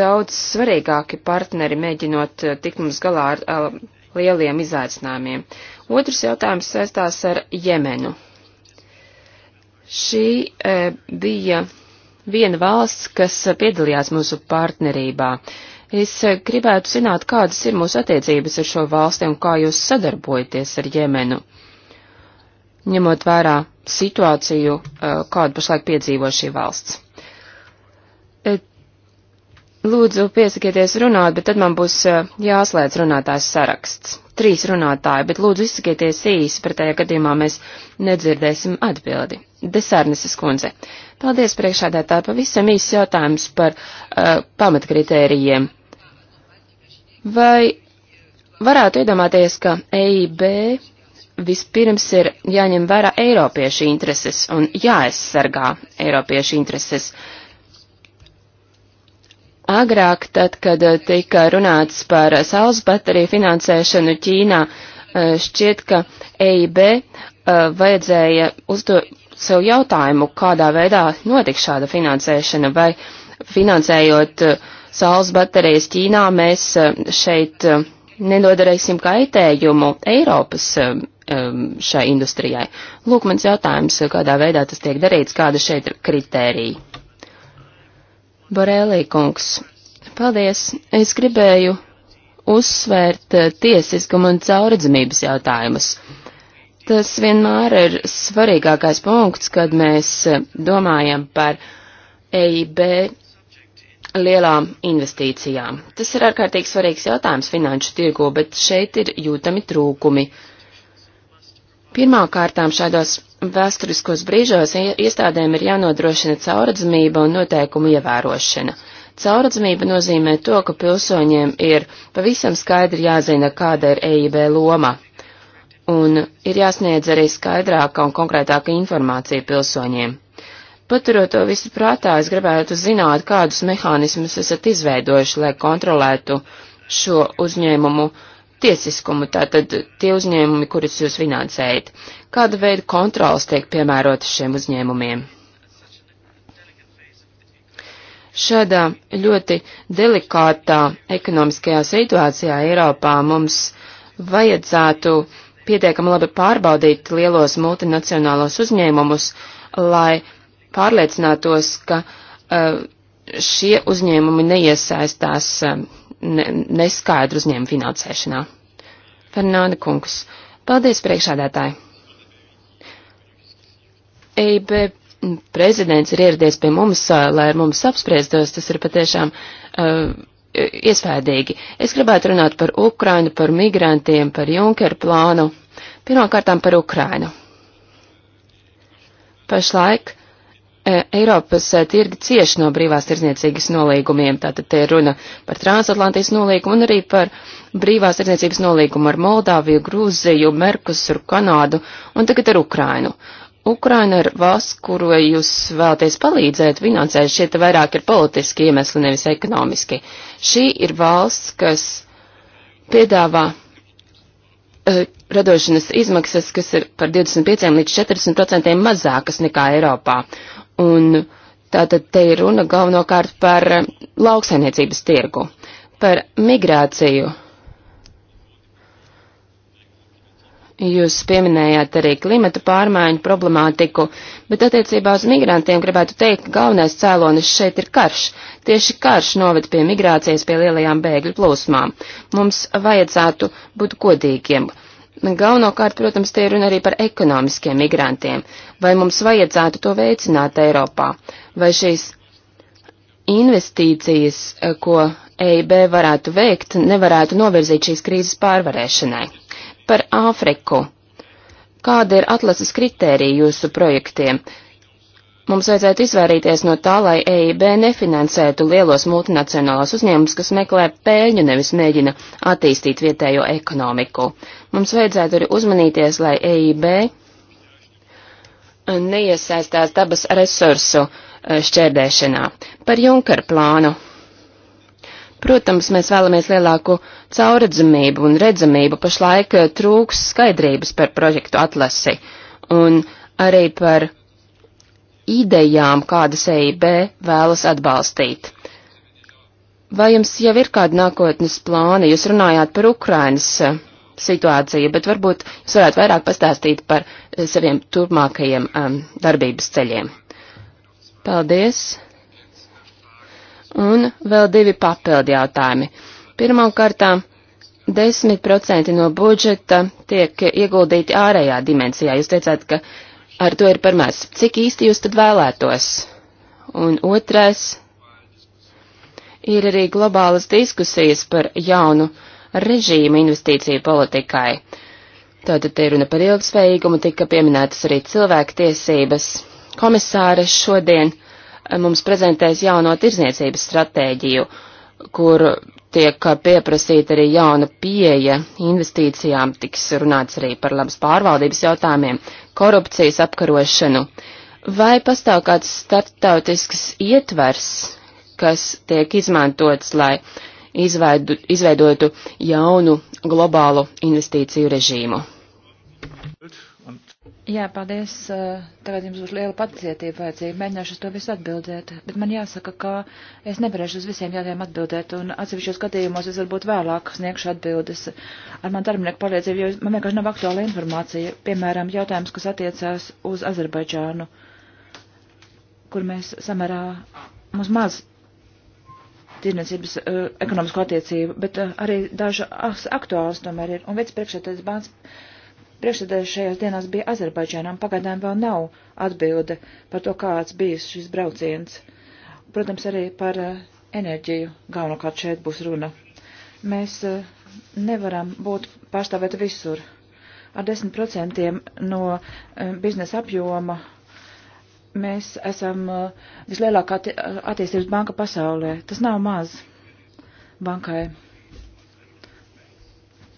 daudz svarīgāki partneri, mēģinot eh, tikt mums galā ar, ar, ar lieliem izaicinājumiem? Otrs jautājums saistās ar Jemenu. Šī e, bija viena valsts, kas eh, piedalījās mūsu partnerībā. E, Es gribētu zināt, kādas ir mūsu attiecības ar šo valsti un kā jūs sadarbojaties ar Jemenu, ņemot vērā situāciju, eh, kādu pašlaik piedzīvo šī valsts. E, lūdzu, piesakieties runāt, bet tad man būs eh, jāslēdz runātājs saraksts. Trīs runātāji, bet lūdzu izsakieties īsi, pretējā gadījumā mēs nedzirdēsim atbildi. Desarneses kundze. Paldies priekšādētāji, pavisam īsts jautājums par uh, eh, pamatkritērijiem. Vai varētu iedomāties, ka EIB vispirms ir jāņem vērā Eiropiešu intereses un jāaizsargā Eiropiešu intereses? Agrāk, tad, kad eh, tika runāts par saules bateriju finansēšanu Ķīnā, eh, šķiet, ka EIB eh, vajadzēja uzdot sev jautājumu, kādā veidā notiks šāda finansēšana, vai finansējot uh, saules baterijas Ķīnā, mēs eh, šeit eh, nenodarīsim kaitējumu Eiropas eh, šai industrijai. Lūk, mans jautājums, kādā veidā tas tiek darīts, kāda šeit ir kritērija. Borelī kungs, paldies, es gribēju uzsvērt tiesiskumu un cauredzamības jautājumus. Tas vienmēr ir svarīgākais punkts, kad mēs domājam par EIB lielām investīcijām. Tas ir ārkārtīgi svarīgs jautājums finanšu tirgo, bet šeit ir jūtami trūkumi. Pirmkārtām šādos vēsturiskos brīžos iestādēm ir jānodrošina caurredzamība un noteikumu ievērošana. Caurredzamība nozīmē to, ka pilsoņiem ir pavisam skaidri jāzina, kāda ir EIB loma, un ir jāsniedz arī skaidrāka un konkrētāka informācija pilsoņiem. Paturot to visu prātā, es gribētu zināt, kādus mehānismus esat izveidojuši, lai kontrolētu šo uzņēmumu tiesiskumu, tātad tie uzņēmumi, kurus jūs finansējat. Kāda veida kontrols tiek piemērota šiem uzņēmumiem? Šādā ļoti delikātā ekonomiskajā situācijā Eiropā mums vajadzētu pietiekami labi pārbaudīt lielos multinacionālos uzņēmumus, lai pārliecinātos, ka uh, šie uzņēmumi neiesaistās uh, ne, neskaidru uzņēmumu finansēšanā. Fernāda Kungs. Paldies, priekšādētāji. EIB prezidents ir ieradies pie mums, eh, lai ar mums apspriestos, tas ir patiešām uh, iesvēdīgi. Es gribētu runāt par Ukrainu, par migrantiem, par Junkeru plānu. Pirmkārtām par Ukrainu. Pašlaik E, Eiropas e, tirgi cieš no brīvās tirzniecības nolīgumiem, tātad te ir runa par transatlantijas nolīgumu un arī par brīvās tirzniecības nolīgumu ar Moldāviju, Grūziju, Merkusuru, Kanādu un tagad ar Ukrainu. Ukraina ir valsts, kuru jūs vēlaties palīdzēt finansēt, šeit vairāk ir politiski iemesli, nevis ekonomiski. Šī ir valsts, kas piedāvā uh, radošanas izmaksas, kas ir par 25 līdz 40% mazākas nekā Eiropā. Un tātad te ir runa galvenokārt par lauksainiecības tirgu, par migrāciju. Jūs pieminējāt arī klimata pārmaiņu problemātiku, bet attiecībā uz migrantiem gribētu teikt, ka galvenais cēlonis šeit ir karš. Tieši karš noved pie migrācijas, pie lielajām bēgļu plūsmām. Mums vajadzētu būt godīgiem. Galvenokārt, protams, tie runa arī par ekonomiskiem migrantiem. Vai mums vajadzētu to veicināt Eiropā? Vai šīs investīcijas, eh, ko EIB varētu veikt, nevarētu novirzīt šīs krīzes pārvarēšanai? Par Āfriku. Kāda ir atlases kritērija jūsu projektiem? Uh, Mums vajadzētu izvairīties no tā, lai EIB nefinansētu lielos multinacionālos uzņēmumus, kas meklē pēļņu, nevis mēģina attīstīt vietējo ekonomiku. Mums vajadzētu arī uzmanīties, lai EIB neiesaistās dabas resursu eh, šķērdēšanā. Par Junkara plānu. Protams, mēs vēlamies lielāku caurredzamību un redzamību. Pašlaik eh, trūks skaidrības par projektu atlasi un arī par idejām, kādas EIB vēlas atbalstīt. Vai jums jau ir kādi nākotnes plāni? Jūs runājāt par Ukrainas eh, situāciju, bet varbūt jūs varētu vairāk pastāstīt par eh, saviem turpmākajiem um, darbības ceļiem. Paldies! Un vēl divi papildi jautājumi. Pirmkārtām, 10% no budžeta tiek ieguldīti ārējā dimensijā. Jūs teicāt, ka ar to ir par maz. Cik īsti jūs tad vēlētos? Un otrais ir arī globālas diskusijas par jaunu režīmu investīciju politikai. Tātad te runa par ilgspējīgumu, tika pieminētas arī cilvēktiesības. Komisāres šodien eh, mums prezentēs jauno tirzniecības stratēģiju, kur tiek pieprasīta arī jauna pieeja investīcijām, tiks runāts arī par labas pārvaldības jautājumiem, korupcijas apkarošanu. Vai pastāv kāds startautisks ietvers, kas tiek izmantots, lai izveidu, izveidotu jaunu globālu investīciju režīmu?
Jā, paldies. Eh, tagad jums būs liela pacietība vajadzīga. Mēģināšu uz to visu atbildēt. Bet man jāsaka, ka es nevarēšu uz visiem jādiem atbildēt, un atsevišķos gadījumos es varbūt vēlāk sniegšu atbildes ar man darbinieku palīdzību, jo man vienkārši nav aktuāla informācija. Piemēram, jautājums, kas attiecās uz Azerbaidžānu, kur mēs samērā mums maz tirniecības uh, eh, ekonomisko attiecību, bet uh, arī daži aktuāls tomēr ir. Un vicepriekšētais bāns priekšsēdēju šajās dienās bija Azerbaidžānam, pagaidām vēl nav atbilde par to, kāds bijis šis brauciens. Protams, arī par eh, enerģiju galvenokārt šeit būs runa. Mēs eh, nevaram būt pārstāvēt visur. Ar 10% no eh, biznesa apjoma mēs esam vislielākā attīstības banka pasaulē. Tas nav maz bankai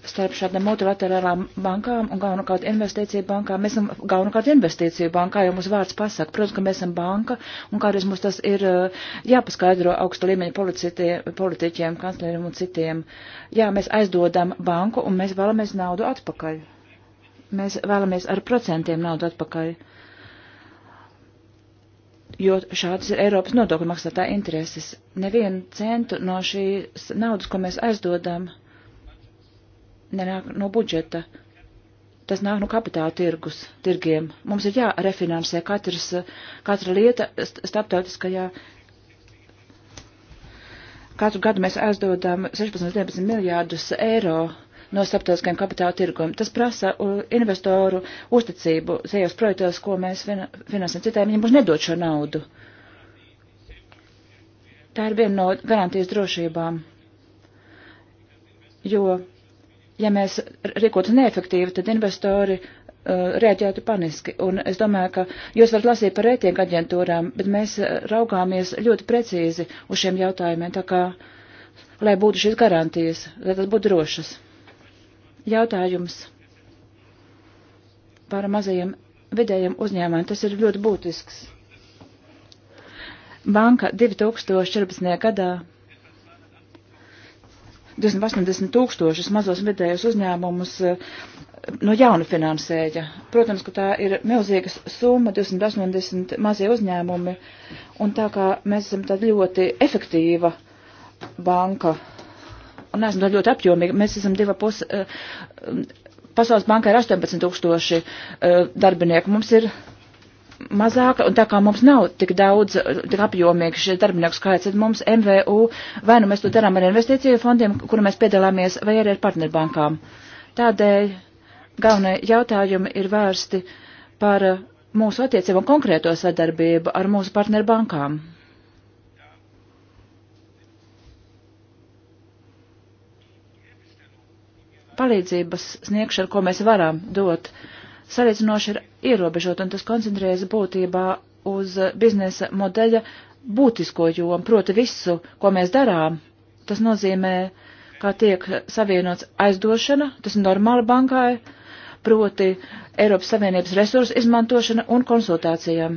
starp šādām multilaterālām bankām un galvenokārt investīciju bankām. Mēs esam galvenokārt investīciju bankā, jo mums vārds pasaka. Protams, ka mēs esam banka un kādreiz mums tas ir eh, jāpaskaidro augsta līmeņa politiķiem, kancleriem un citiem. Jā, mēs aizdodam banku un mēs vēlamies naudu atpakaļ. Mēs vēlamies ar procentiem naudu atpakaļ. Jo šādas ir Eiropas nodokļu maksātāja intereses. Nevienu centu no šīs naudas, ko mēs aizdodam, uh, nenāk no budžeta. Tas nāk no kapitāla tirgus, tirgiem. Mums ir jārefinansē katrs, katra lieta starptautiskajā. Katru gadu mēs aizdodam 16-19 miljārdus eiro no starptautiskajiem kapitāla tirgumiem. Tas prasa uh, investoru uzticību tajos projektos, ko mēs finansējam citiem, viņi mums nedod šo naudu. Tā ir viena no garantijas drošībām, jo ja mēs rīkotu neefektīvi, tad investori uh, reaģētu paniski. Un es domāju, ka jūs varat lasīt par rētieku aģentūrām, bet mēs uh, raugāmies ļoti precīzi uz šiem jautājumiem, tā kā, lai būtu šīs garantijas, lai tas būtu drošas. Jautājums par mazajiem vidējiem uzņēmumiem, tas ir ļoti būtisks. Banka 2014. gadā 280 tūkstošus mazos vidējos uzņēmumus eh, no jauna finansēja. Protams, ka tā ir milzīga summa, 280 mazie uzņēmumi, un tā kā mēs esam tāda ļoti efektīva banka, un esam tāda ļoti apjomīga, mēs esam divi pus. Eh, pasaules bankai ir 18 tūkstoši eh, darbinieku, mums ir mazāka, un tā kā mums nav tik daudz, eh, tik apjomīgs šie darbinieku skaits, tad mums MVU, vai nu mēs to darām ar investīciju fondiem, kuru mēs piedalāmies, vai arī ar partnerbankām. Tādēļ galvenie jautājumi ir vērsti par eh, mūsu attiecību un konkrēto sadarbību ar mūsu partnerbankām. Palīdzības sniegšana, ko mēs varam dot salīdzinoši ir ierobežota, un tas koncentrējas būtībā uz biznesa modeļa būtisko jomu, proti visu, ko mēs darām. Tas nozīmē, kā tiek savienots aizdošana, tas ir normāli bankai, proti Eiropas Savienības resursu izmantošana un konsultācijām.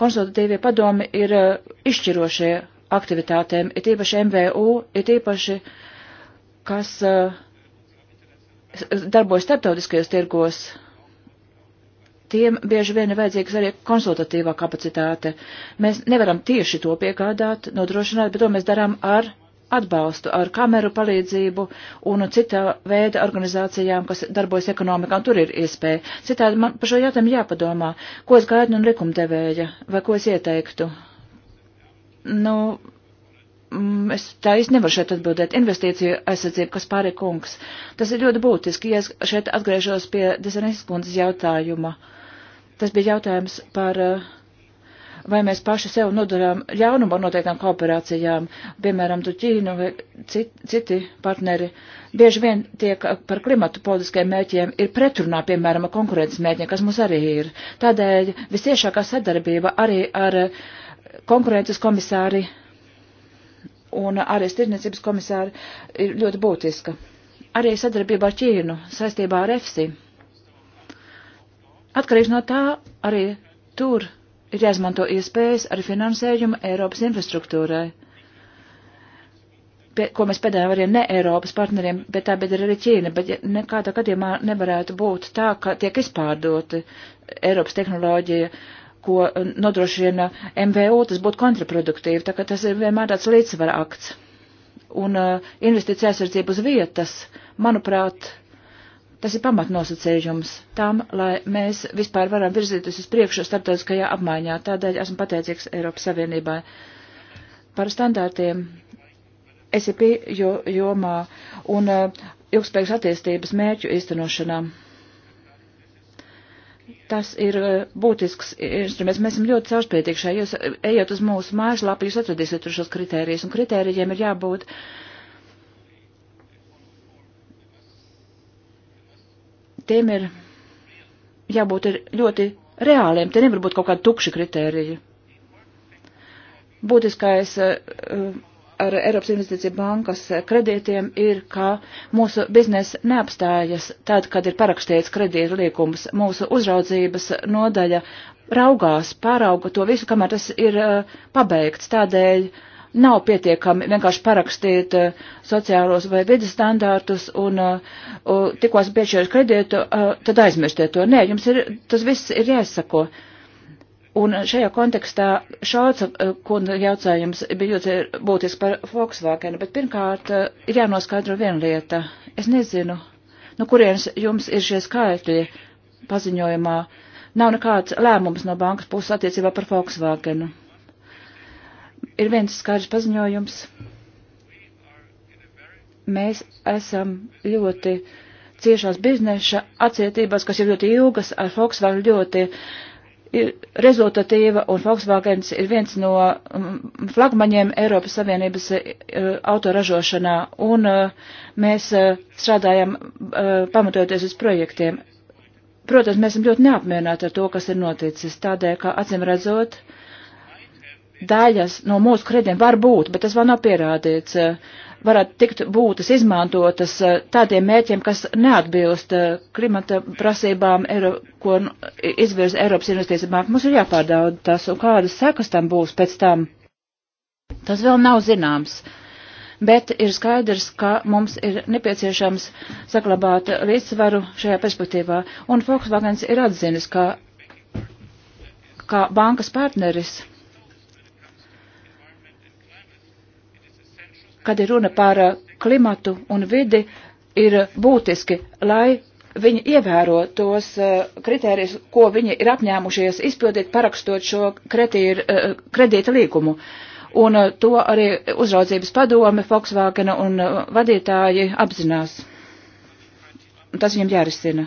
Konsultatīvie padomi ir eh, izšķirošie aktivitātēm, ir īpaši MVU, ir īpaši, kas eh, darbojas starptautiskajos tirgos, tiem bieži vien ir vajadzīgs arī konsultatīvā kapacitāte. Mēs nevaram tieši to piegādāt, nodrošināt, bet to mēs darām ar atbalstu, ar kameru palīdzību un citā veida organizācijām, kas darbojas ekonomikā, un tur ir iespēja. Citādi man par šo jautājumu jāpadomā, ko es gaidu no likumdevēja, vai ko es ieteiktu. Nu, mm, es tā īsti nevaru šeit atbildēt. Investīcija aizsardzība, kas pāri kungs. Tas ir ļoti būtiski, ja es šeit atgriežos pie Desaneskundzes jautājuma. Uh, Tas bija jautājums par, eh, vai mēs paši sev nodarām ļaunumu ar noteiktām kooperācijām, piemēram, tu Ķīnu vai cit, citi partneri. Bieži vien tiek par klimatu politiskajiem mēķiem ir pretrunā, piemēram, ar konkurences mēķiem, kas mums arī ir. Tādēļ visiešākā sadarbība arī ar eh, konkurences komisāri un arī stirniecības komisāri ir ļoti būtiska. Arī sadarbība ar Ķīnu saistībā ar EFSI Atkarīgs no tā arī tur ir jāizmanto iespējas ar finansējumu Eiropas infrastruktūrai, pie, ko mēs pēdējām arī ne Eiropas partneriem, bet tā bet ir arī Ķīna, bet nekādā gadījumā nevarētu būt tā, ka tiek izpārdoti Eiropas tehnoloģija, ko nodrošina MVU, tas būtu kontraproduktīvi, tā ka tas ir vienmēr tāds līdzsvara akts. Un uh, investīcija aizsardzība uz vietas, manuprāt, uh, Tas ir pamatnosacījums tam, lai mēs vispār varam virzīties uz priekšu starptautiskajā apmaiņā. Tādēļ esmu pateicīgs Eiropas Savienībai par standārtiem SAP e jomā un eh, ilgspējīgas attīstības mērķu īstenošanā. Tas ir eh, būtisks instruments. Mēs esam ļoti caurspētīgi šajā. Jūs ejot uz mūsu mājaslapu, jūs atradīsiet tur šos kritērijus, un kritērijiem ir jābūt uh, tiem ir jābūt ir ļoti reāliem, te nevar būt kaut kādi tukši kritēriji. Būtiskais eh, ar Eiropas investīcija bankas kredītiem ir, ka mūsu biznesa neapstājas tad, kad ir parakstīts kredīta līkums. Mūsu uzraudzības nodaļa raugās, pārauga to visu, kamēr tas ir eh, pabeigts. Tādēļ uh, nav pietiekami vienkārši parakstīt eh, sociālos vai vidas standārtus un, eh, un tikko esmu piešķīris kredītu, eh, tad aizmirstiet to. Nē, jums ir, tas viss ir jāsako. Un šajā kontekstā šauca kunda jautājums bija ļoti būtisks par Volkswagen, bet pirmkārt ir jānoskaidro viena lieta. Es nezinu, no kurienes jums ir šie skaitļi paziņojumā. Nav nekāds lēmums no bankas puses attiecībā par Volkswagenu ir viens skaidrs paziņojums. Mēs esam ļoti ciešās biznesa atcietībās, kas ir ļoti ilgas, ar Volkswagen ļoti rezultatīva, un Volkswagen ir viens no mm, flagmaņiem Eiropas Savienības e, autoražošanā, un e, mēs e, strādājam pamatojoties uz projektiem. Protams, mēs esam ļoti neapmierināti ar to, kas ir noticis, tādēļ, ka acīm redzot, uh, daļas no mūsu krediem var būt, bet tas vēl nav pierādīts, varētu tikt būtas izmantotas eh, tādiem mērķiem, kas neatbilst eh, klimata prasībām, Eiro, ko nu, izvirza Eiropas investīcija banka. Mums ir jāpārdaud tas, un kādas sekas tam būs pēc tam. Tas vēl nav zināms. Bet ir skaidrs, ka mums ir nepieciešams saklabāt līdzsvaru šajā perspektīvā. Un Volkswagens ir atzinis, ka, ka bankas partneris kad ir runa par eh, klimatu un vidi, ir būtiski, lai viņi ievēro tos eh, kritērijus, ko viņi ir apņēmušies izpildīt, parakstot šo kredīta, eh, kredīta līgumu. Un to arī uzraudzības padome, Volkswagen un vadītāji apzinās. Tas viņam jārisina.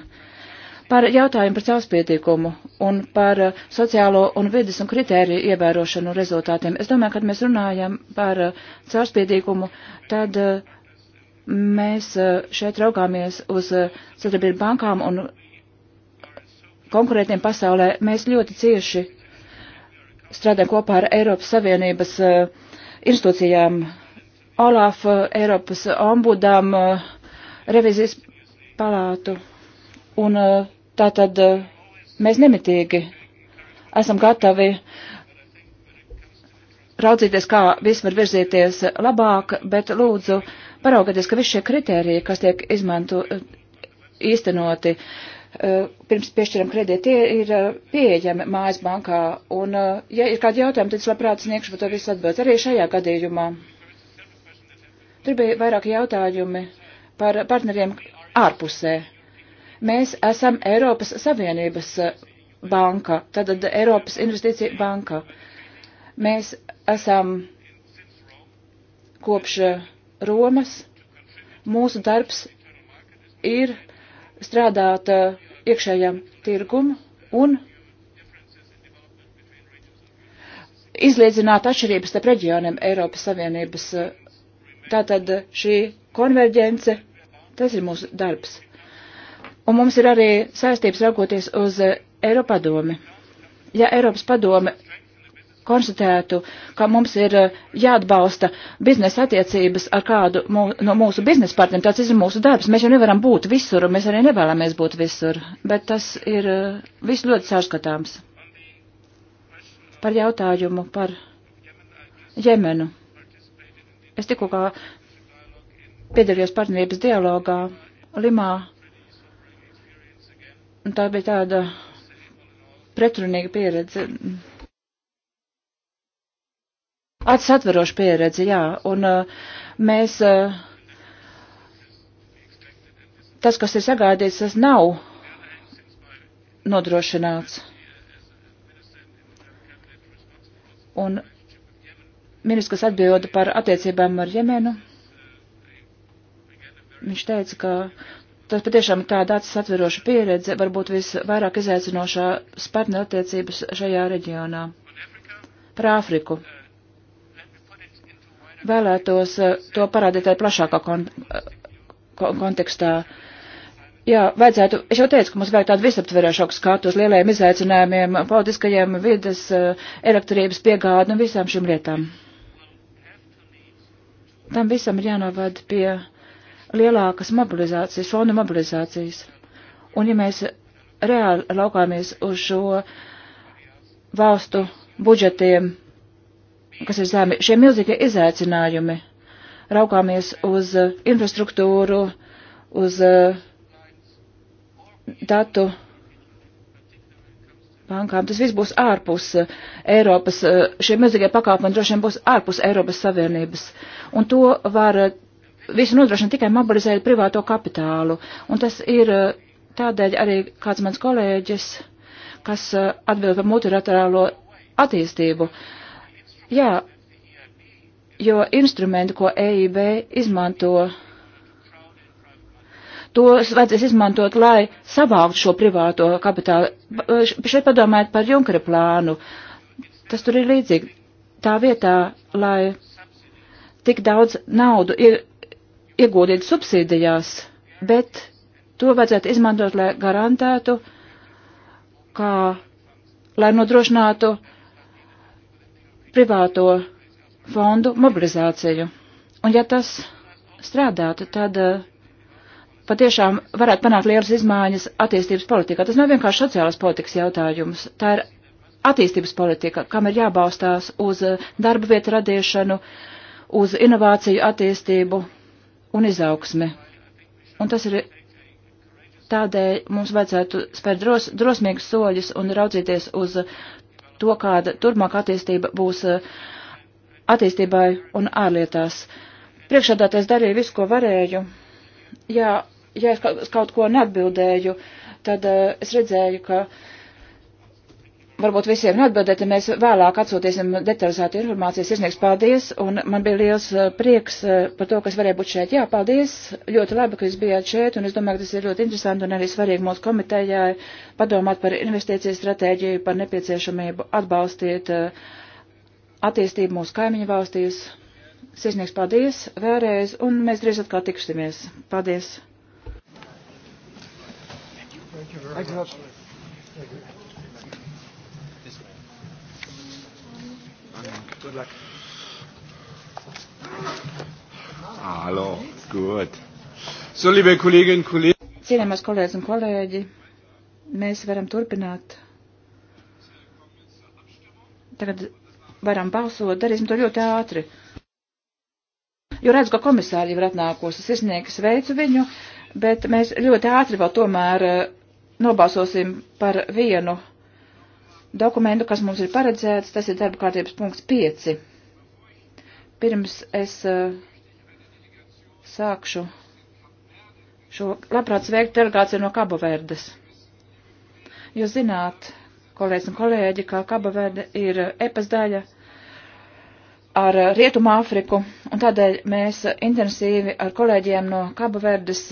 Par jautājumu par savspietīkumu un par uh, sociālo un vidas un kritēriju ievērošanu rezultātiem. Es domāju, kad mēs runājam par savspietīkumu, uh, tad uh, mēs šeit raugāmies uz sadarbību bankām un konkurētiem pasaulē. Mēs ļoti cieši strādājam kopā ar Eiropas Savienības institūcijām, Olaf, Eiropas ombudām, revizijas palātu un uh, Tātad eh, mēs nemitīgi esam gatavi raudzīties, kā viss var virzīties labāk, bet lūdzu paraugieties, ka visi šie kritēriji, kas tiek izmanto eh, īstenoti, eh, pirms piešķiram kredīti, tie ir pieejami mājas bankā. Un, ja ir kādi jautājumi, tad es labprāt sniegšu par to visu atbildi. Arī šajā gadījumā. Tur bija vairāki jautājumi par partneriem ārpusē. Mēs esam Eiropas Savienības eh, banka, tātad Eiropas Investīcija banka. Mēs esam kopš eh, Romas. Mūsu darbs ir strādāt eh, iekšējam tirgum un izlīdzināt atšķirības starp reģioniem Eiropas Savienības. Tātad šī konverģence, tas ir mūsu darbs. Un mums ir arī saistības raugoties uz eh, Eiropadomi. Ja Eiropas padome konstatētu, ka mums ir eh, jāatbalsta biznesa attiecības ar kādu mū, no mūsu biznesa partneriem. Tāds ir mūsu darbs. Mēs jau nevaram būt visur, un mēs arī nevēlamies būt visur. Bet tas ir eh, viss ļoti sārskatāms. Par jautājumu par Jemenu. Es tikko kā piedalījos partnerības dialogā Limā Un tā bija tāda pretrunīga pieredze. Acis atveroša pieredze, jā. Un uh, mēs, uh, tas, kas ir sagādīts, tas nav nodrošināts. Un ministrs, kas atbilda par attiecībām ar Jemenu, viņš teica, ka Tas patiešām ir tāda atsatveroša pieredze, varbūt visvairāk izaicinošās partnerattiecības šajā reģionā. Par Āfriku. Vēlētos eh, to parādīt arī plašākā kon eh, kon kontekstā. Jā, vajadzētu, es jau teicu, ka mums vajag tādu visaptverošāku skatu uz lielajiem izaicinājumiem, politiskajiem, vides, eh, elektrības piegādu un visām šīm lietām. Tam visam ir jānovad pie lielākas mobilizācijas, fonda mobilizācijas. Un ja mēs reāli laukāmies uz šo valstu budžetiem, kas ir zemi, šie milzīgie izaicinājumi, raukāmies uz uh, infrastruktūru, uz uh, datu bankām. Tas viss būs ārpus uh, Eiropas, šie milzīgie pakāpeni droši vien būs ārpus Eiropas Savienības. Un to var visu nodrošina tikai mobilizēt privāto kapitālu. Un tas ir eh, tādēļ arī kāds mans kolēģis, kas eh, atbild par multilaterālo attīstību. Jā, jo instrumenti, ko EIB izmanto, tos vajadzēs izmantot, lai savāktu šo privāto kapitālu. Eh, šeit padomājiet par Junkara plānu. Tas tur ir līdzīgi. Tā vietā, lai tik daudz naudu ir ieguldīt subsīdijās, bet to vajadzētu izmantot, lai garantētu, kā, lai nodrošinātu privāto fondu mobilizāciju. Un ja tas strādātu, tad eh, patiešām varētu panākt lielas izmaiņas attīstības politikā. Tas nav vienkārši sociālās politikas jautājums. Tā ir attīstības politika, kam ir jābalstās uz eh, darba vietu radīšanu, uz inovāciju attīstību, un izaugsme. Un tas ir tādēļ mums vajadzētu spērt dros, drosmīgus soļus un raudzīties uz to, kāda turpmāk attīstība būs eh, attīstībai un ārlietās. Priekšādātais darīja visu, ko varēju. Jā, ja es kaut ko neatbildēju, tad uh, es redzēju, ka uh, varbūt visiem neatbildēt, ja mēs vēlāk atsūtīsim detalizētu informāciju. Sirsnieks, paldies, un man bija liels eh, prieks eh, par to, kas varēja būt šeit. Jā, paldies, ļoti labi, ka jūs bijāt šeit, un es domāju, ka tas ir ļoti interesanti un arī svarīgi mūsu komitejai padomāt par investīciju stratēģiju, par nepieciešamību atbalstīt eh, attīstību mūsu kaimiņu valstīs. Sirsnieks, paldies vēlreiz, un mēs drīz atkal tiksimies. Paldies!
Thank you very much.
Thank you. Good luck. Hallo, gut. So, liebe Kolleginnen und Kollegen.
Cienījamās kolēģis un kolēģi, mēs varam turpināt. Tagad varam balsot, darīsim to ļoti ātri. Jo redzu, ka komisāri jau ir atnākusi, es iznieku sveicu viņu, bet mēs ļoti ātri vēl tomēr eh, nobalsosim par vienu dokumentu, kas mums ir paredzēts, tas ir darba kārtības punkts 5. Pirms es uh, sākšu šo labprāt sveikt delegāciju no Kabaverdes. Jūs zināt, kolēģis un kolēģi, ka Kabaverde ir epas eh, daļa ar eh, Rietumu Āfriku, un tādēļ mēs intensīvi ar kolēģiem no Kabaverdes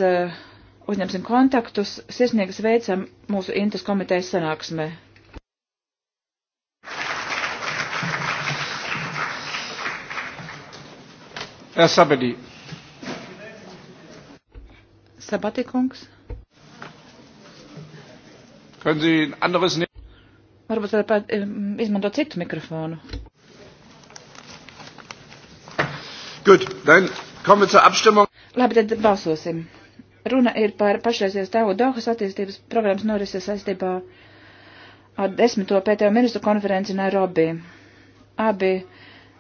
uzņemsim kontaktus, sirsnīgi sveicam mūsu Intas komitejas sanāksmē. Uh, Sabadī. Sabati kungs.
Varbūt
varat izmantot citu mikrofonu.
Good, then kommen wir zur Abstimmung.
Labi, tad balsosim. Runa ir par pašreizies tēvu Dohas attīstības programmas norises saistībā ar desmito pēdējo ministru konferenci Nairobi. Abi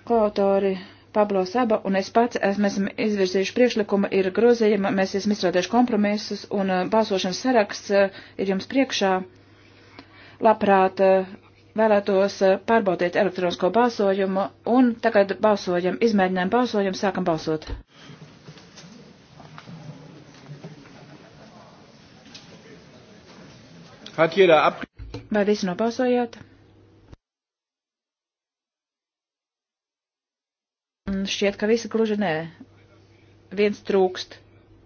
koautori. Ko Pablo Saba un es pats esmu, esam izvirzījuši priekšlikumu, ir grozījumi, mēs esam izstrādājuši kompromisus un uh, balsošanas saraksts uh, ir jums priekšā. Labprāt, uh, vēlētos pārbaudīt elektronisko balsojumu un tagad balsojam, izmēģinām balsojumu, sākam balsot.
Vai
visi nobalsojāt? Un šķiet, ka visi gluži nē. Viens trūkst,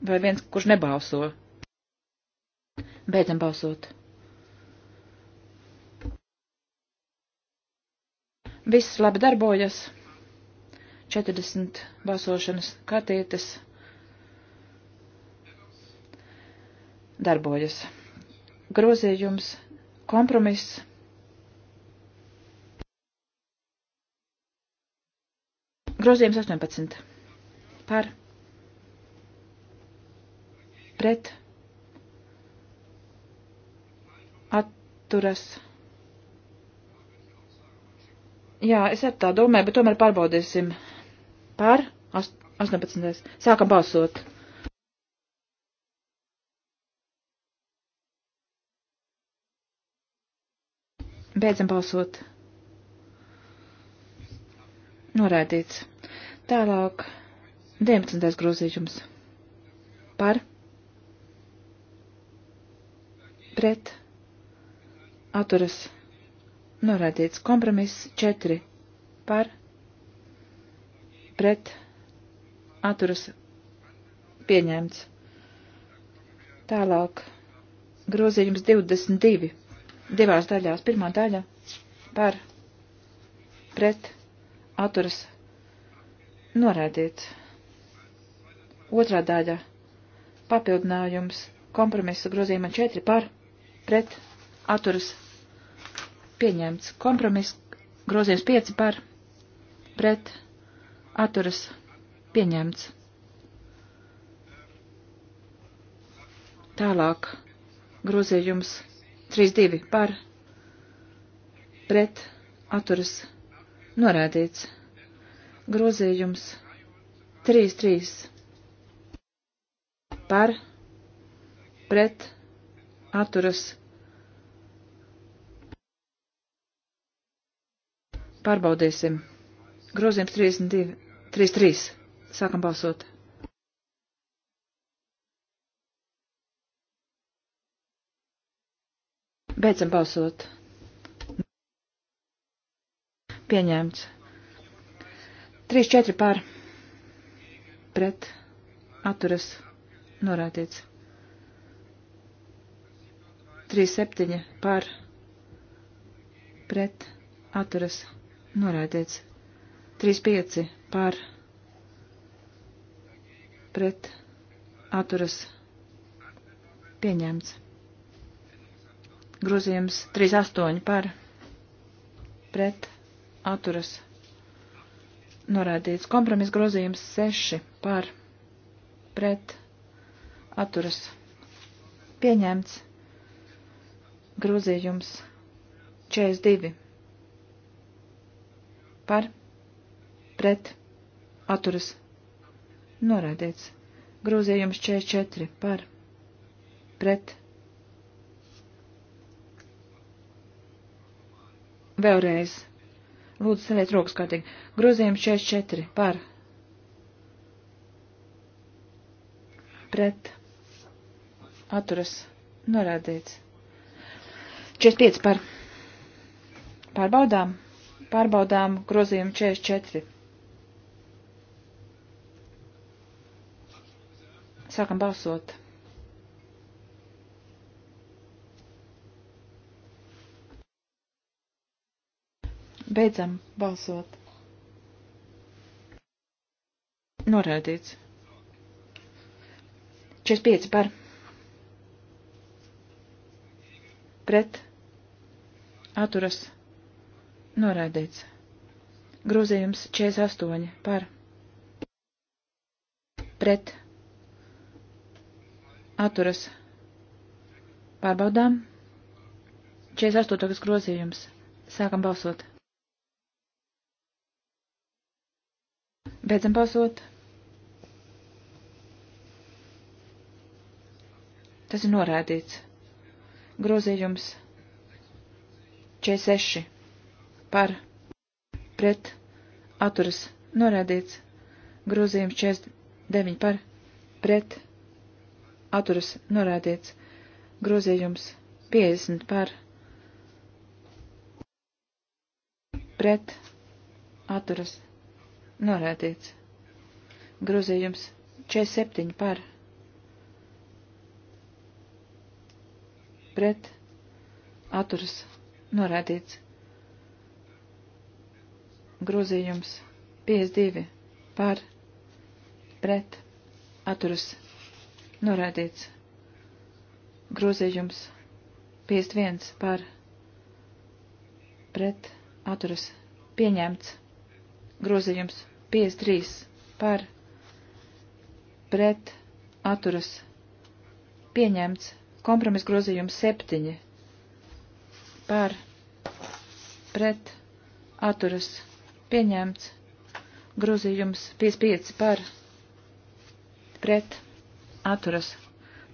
vai viens, kurš nebalso. Beidzam balsot. Viss labi darbojas. 40 balsošanas kartītes darbojas. Grozījums, kompromiss Grozījums 18. Par. Pret. Atturas. Jā, es ar tā domāju, bet tomēr pārbaudīsim. Par 18. Sākam balsot. Beidzam balsot. Noraidīts. Tālāk 19. grozījums. Par. Pret. Atturas. Noraidīts. Kompromiss 4. Par. Pret. Atturas. Pieņemts. Tālāk. Grozījums 22. Divās daļās. Pirmā daļa. Par. Pret atturas noraidīts. Otrā daļa - papildinājums kompromisa grozījuma 4 par pret atturas pieņemts. Kompromiss grozījums 5 par pret atturas pieņemts. Tālāk grozījums 3.2 par pret atturas pieņemts Norādīts. Grozījums 3-3. Par, pret, atturas. Pārbaudīsim. Grozījums 32. 3-3. Sākam balsot. Beidzam balsot. Pieņemts. 3-4 pār. Pret. Atturas. Norādīts. 3-7 pār. Pret. Atturas. Norādīts. 3-5 pār. Pret. Atturas. Pieņemts. Grozījums 3-8 pār. Pret atturas norādīts. Kompromis grozījums 6 par pret atturas pieņemts. Grozījums 42 par pret atturas norādīts. Grozījums 44 par pret. Vēlreiz Lūdzu, celiet rokas kārtīgi. Grozījums 44 par. Pret. Atturas. Norādīts. 45 par. Pārbaudām. Pārbaudām grozījumu 44. Sākam balsot. Beidzam balsot. Norādīts. 45 par. Pret. Atturas. Norādīts. Grozījums 48 par. Pret. Atturas. Pārbaudām. 48. grozījums. Sākam balsot. Beidzam balsot. Tas ir norādīts. Grozījums 46 par pret atturas norādīts. Grozījums 49 par pret atturas norādīts. Grozījums 50 par pret atturas norādīts Norādīts. Grozījums 47 par. Pret. Atturas. Norādīts. Grozījums 52 par. Pret. Atturas. Norādīts. Grozījums 51 par. Pret. Atturas. Pieņemts grozījums 53 par pret atturas pieņemts kompromis grozījums 7 par pret atturas pieņemts grozījums 55 par pret atturas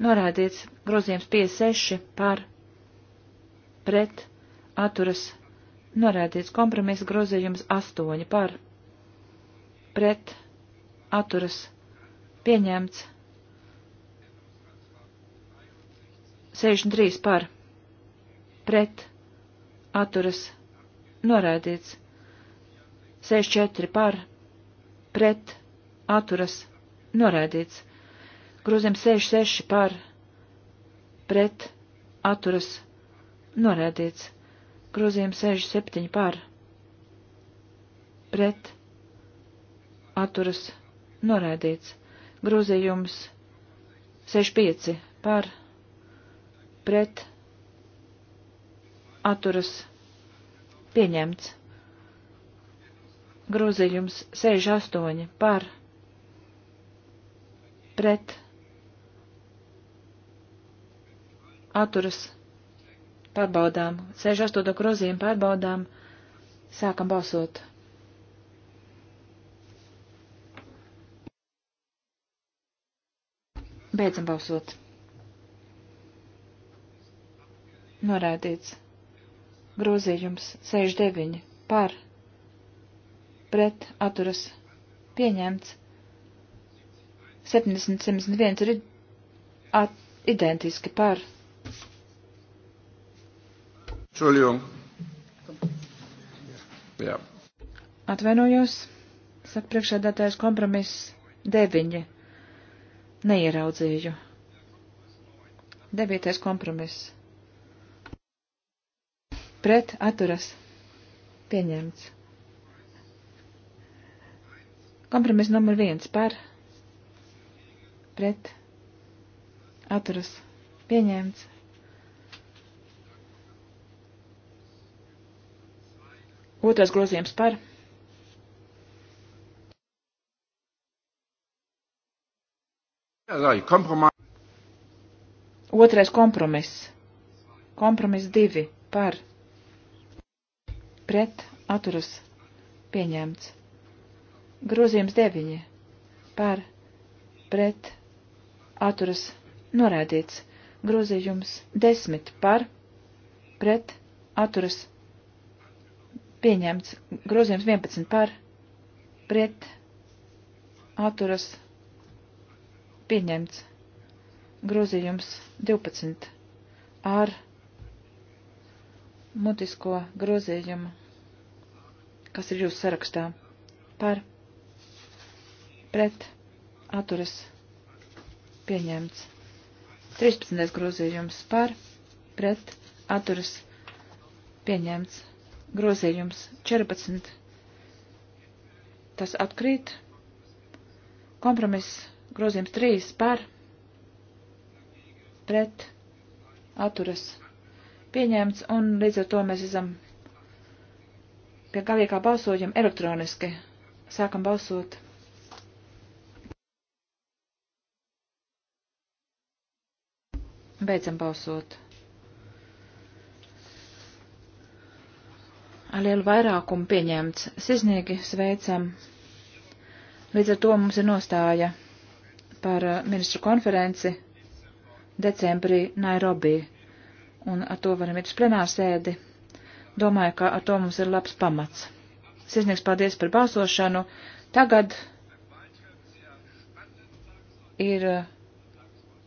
norādīts grozījums 56 par pret atturas norādīts kompromisa grozījums 8 par pret atturas pieņemts 63 par pret atturas noraidīts 64 par pret atturas noraidīts groziem 66 par pret atturas noraidīts groziem 67 par pret atturas atturas noraidīts. Grozījums 65 par pret atturas pieņemts. Grozījums 68 par pret atturas pārbaudām. 68 grozījumu pārbaudām. Sākam balsot. Beidzam balsot. Norādīts. Grozījums 69 par. Pret atturas. Pieņemts. 771 ir at, identiski par.
Entschuldigung. Jā.
Atvainojos, saka priekšādātājs kompromiss 9 Neieraudzīju. Debietais kompromiss. Pret atturas. Pieņemts. Kompromiss numur viens par. Pret. Atturas. Pieņemts. Otrais grozījums par. Otrais kompromiss. Kompromiss divi par pret atturas pieņemts. Grozījums deviņi par pret atturas norādīts. Grozījums desmit par pret atturas pieņemts. Grozījums vienpadsmit par pret atturas norādīts pieņemts grozījums 12 ar mutisko grozījumu, kas ir jūsu sarakstā par pret atturas pieņemts. 13. grozījums par pret atturas pieņemts. Grozījums 14. Tas atkrīt. Kompromiss Grozījums 3 par pret atturas pieņemts, un līdz ar to mēs esam pie galīgā balsojuma elektroniski. Sākam balsot. Beidzam balsot. Ar lielu vairākumu pieņemts. Sirsnīgi sveicam. Līdz ar to mums ir nostāja par eh, ministru konferenci decembrī Nairobi. Un ar to varam iet uz plenārsēdi. Domāju, ka ar to mums ir labs pamats. Sirsnīgs paldies par balsošanu. Tagad ir eh,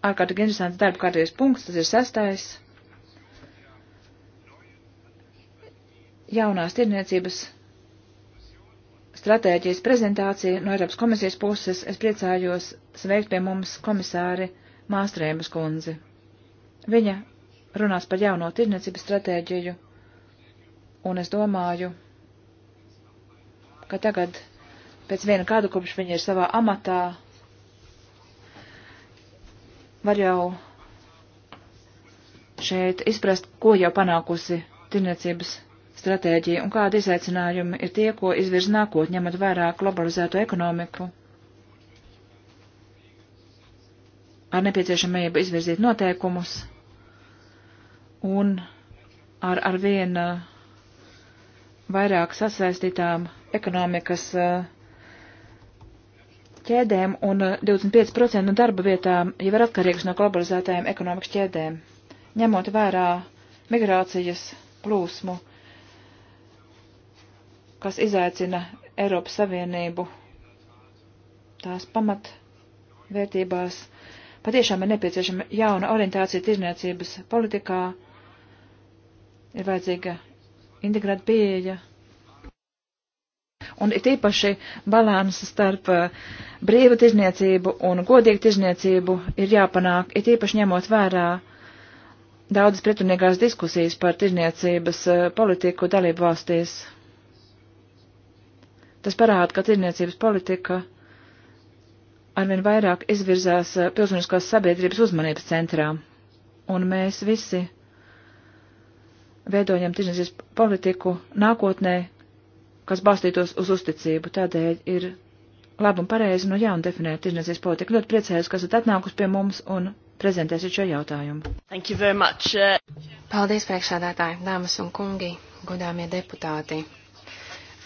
ārkārtīgi interesants darba kārtības punkts, tas ir sastais. Jaunās tirniecības stratēģijas prezentāciju no Eiropas komisijas puses, es priecājos sveikt pie mums komisāri Māstrēmas kundzi. Viņa runās par jauno tirniecības stratēģiju, un es domāju, ka tagad, pēc viena kādu kopš viņa ir savā amatā, var jau šeit izprast, ko jau panākusi tirniecības stratēģija un kādi izaicinājumi ir tie, ko izvirz nākotnē, ņemot vērā globalizēto ekonomiku? Ar nepieciešamību izvirzīt noteikumus un ar arvien eh, vairāk sasaistītām ekonomikas eh, ķēdēm un 25% eh, no darba vietām jau ir atkarīgas no globalizētajām ekonomikas ķēdēm. Ņemot vērā migrācijas plūsmu, kas izaicina Eiropas Savienību tās pamatvērtībās. Patiešām ir nepieciešama jauna orientācija tirzniecības politikā, ir vajadzīga integrēta pieeja. Un ir tīpaši balans starp eh, brīvu tirzniecību un godīgu tirzniecību ir jāpanāk, ir tīpaši ņemot vērā daudzas pretrunīgās diskusijas par tirzniecības eh, politiku dalību valstīs. Tas parāda, ka tirniecības politika arvien vairāk izvirzās eh, pilsoniskās sabiedrības uzmanības centrā, un mēs visi veidojam tirdzniecības politiku nākotnē, kas balstītos uz uzticību. Tādēļ ir labi un pareizi no jauna definēt tirdzniecības politiku. Ļoti priecājos, ka esat atnākus pie mums un prezentēsiet šo jautājumu.
Thank you very much. Paldies, priekšādātāji, dāmas un kungi, godāmie deputāti.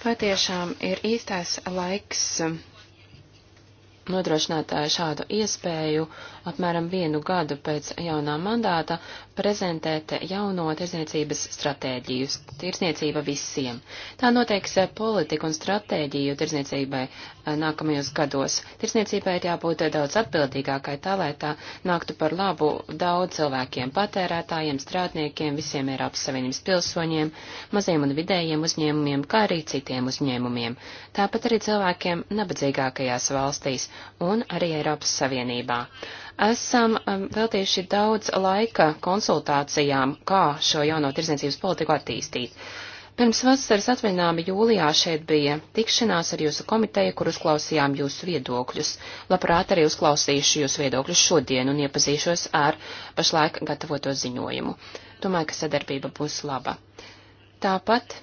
Patiešām ir īstais laiks nodrošinātāja šādu iespēju apmēram vienu gadu pēc jaunā mandāta prezentēt jauno tirzniecības stratēģiju - tirzniecība visiem. Tā noteiks politiku un stratēģiju tirzniecībai eh, nākamajos gados. Tirzniecībai ir jābūt daudz atbildīgākai tā, lai tā nāktu par labu daudz cilvēkiem - patērētājiem, strādniekiem, visiem Eiropas Savienības pilsoņiem, maziem un vidējiem uzņēmumiem, kā arī citiem uzņēmumiem. Tāpat arī cilvēkiem nabadzīgākajās valstīs un arī Eiropas Savienībā. Esam um, veltījuši daudz laika konsultācijām, kā šo jauno tirdzniecības politiku attīstīt. Pirms vasaras atvaļinājuma jūlijā šeit bija tikšanās ar jūsu komiteju, kur uzklausījām jūsu viedokļus. Labprāt arī uzklausīšu jūsu viedokļus šodien un iepazīšos ar pašlaik gatavoto ziņojumu. Domāju, ka sadarbība būs laba. Tāpat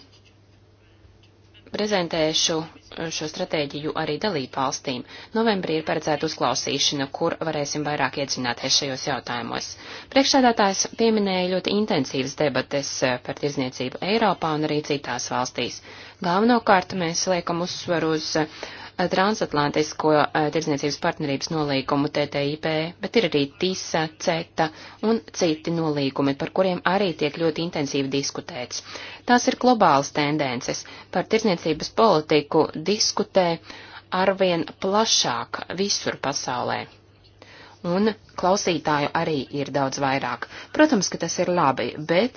prezentēšu eh, šo stratēģiju arī dalību valstīm. Novembrī ir paredzēta uzklausīšana, kur varēsim vairāk iedzināties šajos jautājumos. Priekšsēdētājs pieminēja ļoti intensīvas debates eh, par tirzniecību Eiropā un arī citās valstīs. Galvenokārt mēs liekam uzsvaru uz eh, transatlantisko eh, tirdzniecības partnerības nolīgumu TTIP, bet ir arī TISA, CETA un citi nolīgumi, par kuriem arī tiek ļoti intensīvi diskutēts. Tās ir globālas tendences. Par tirdzniecības politiku diskutē arvien plašāk visur pasaulē. Un klausītāju arī ir daudz vairāk. Protams, ka tas ir labi, bet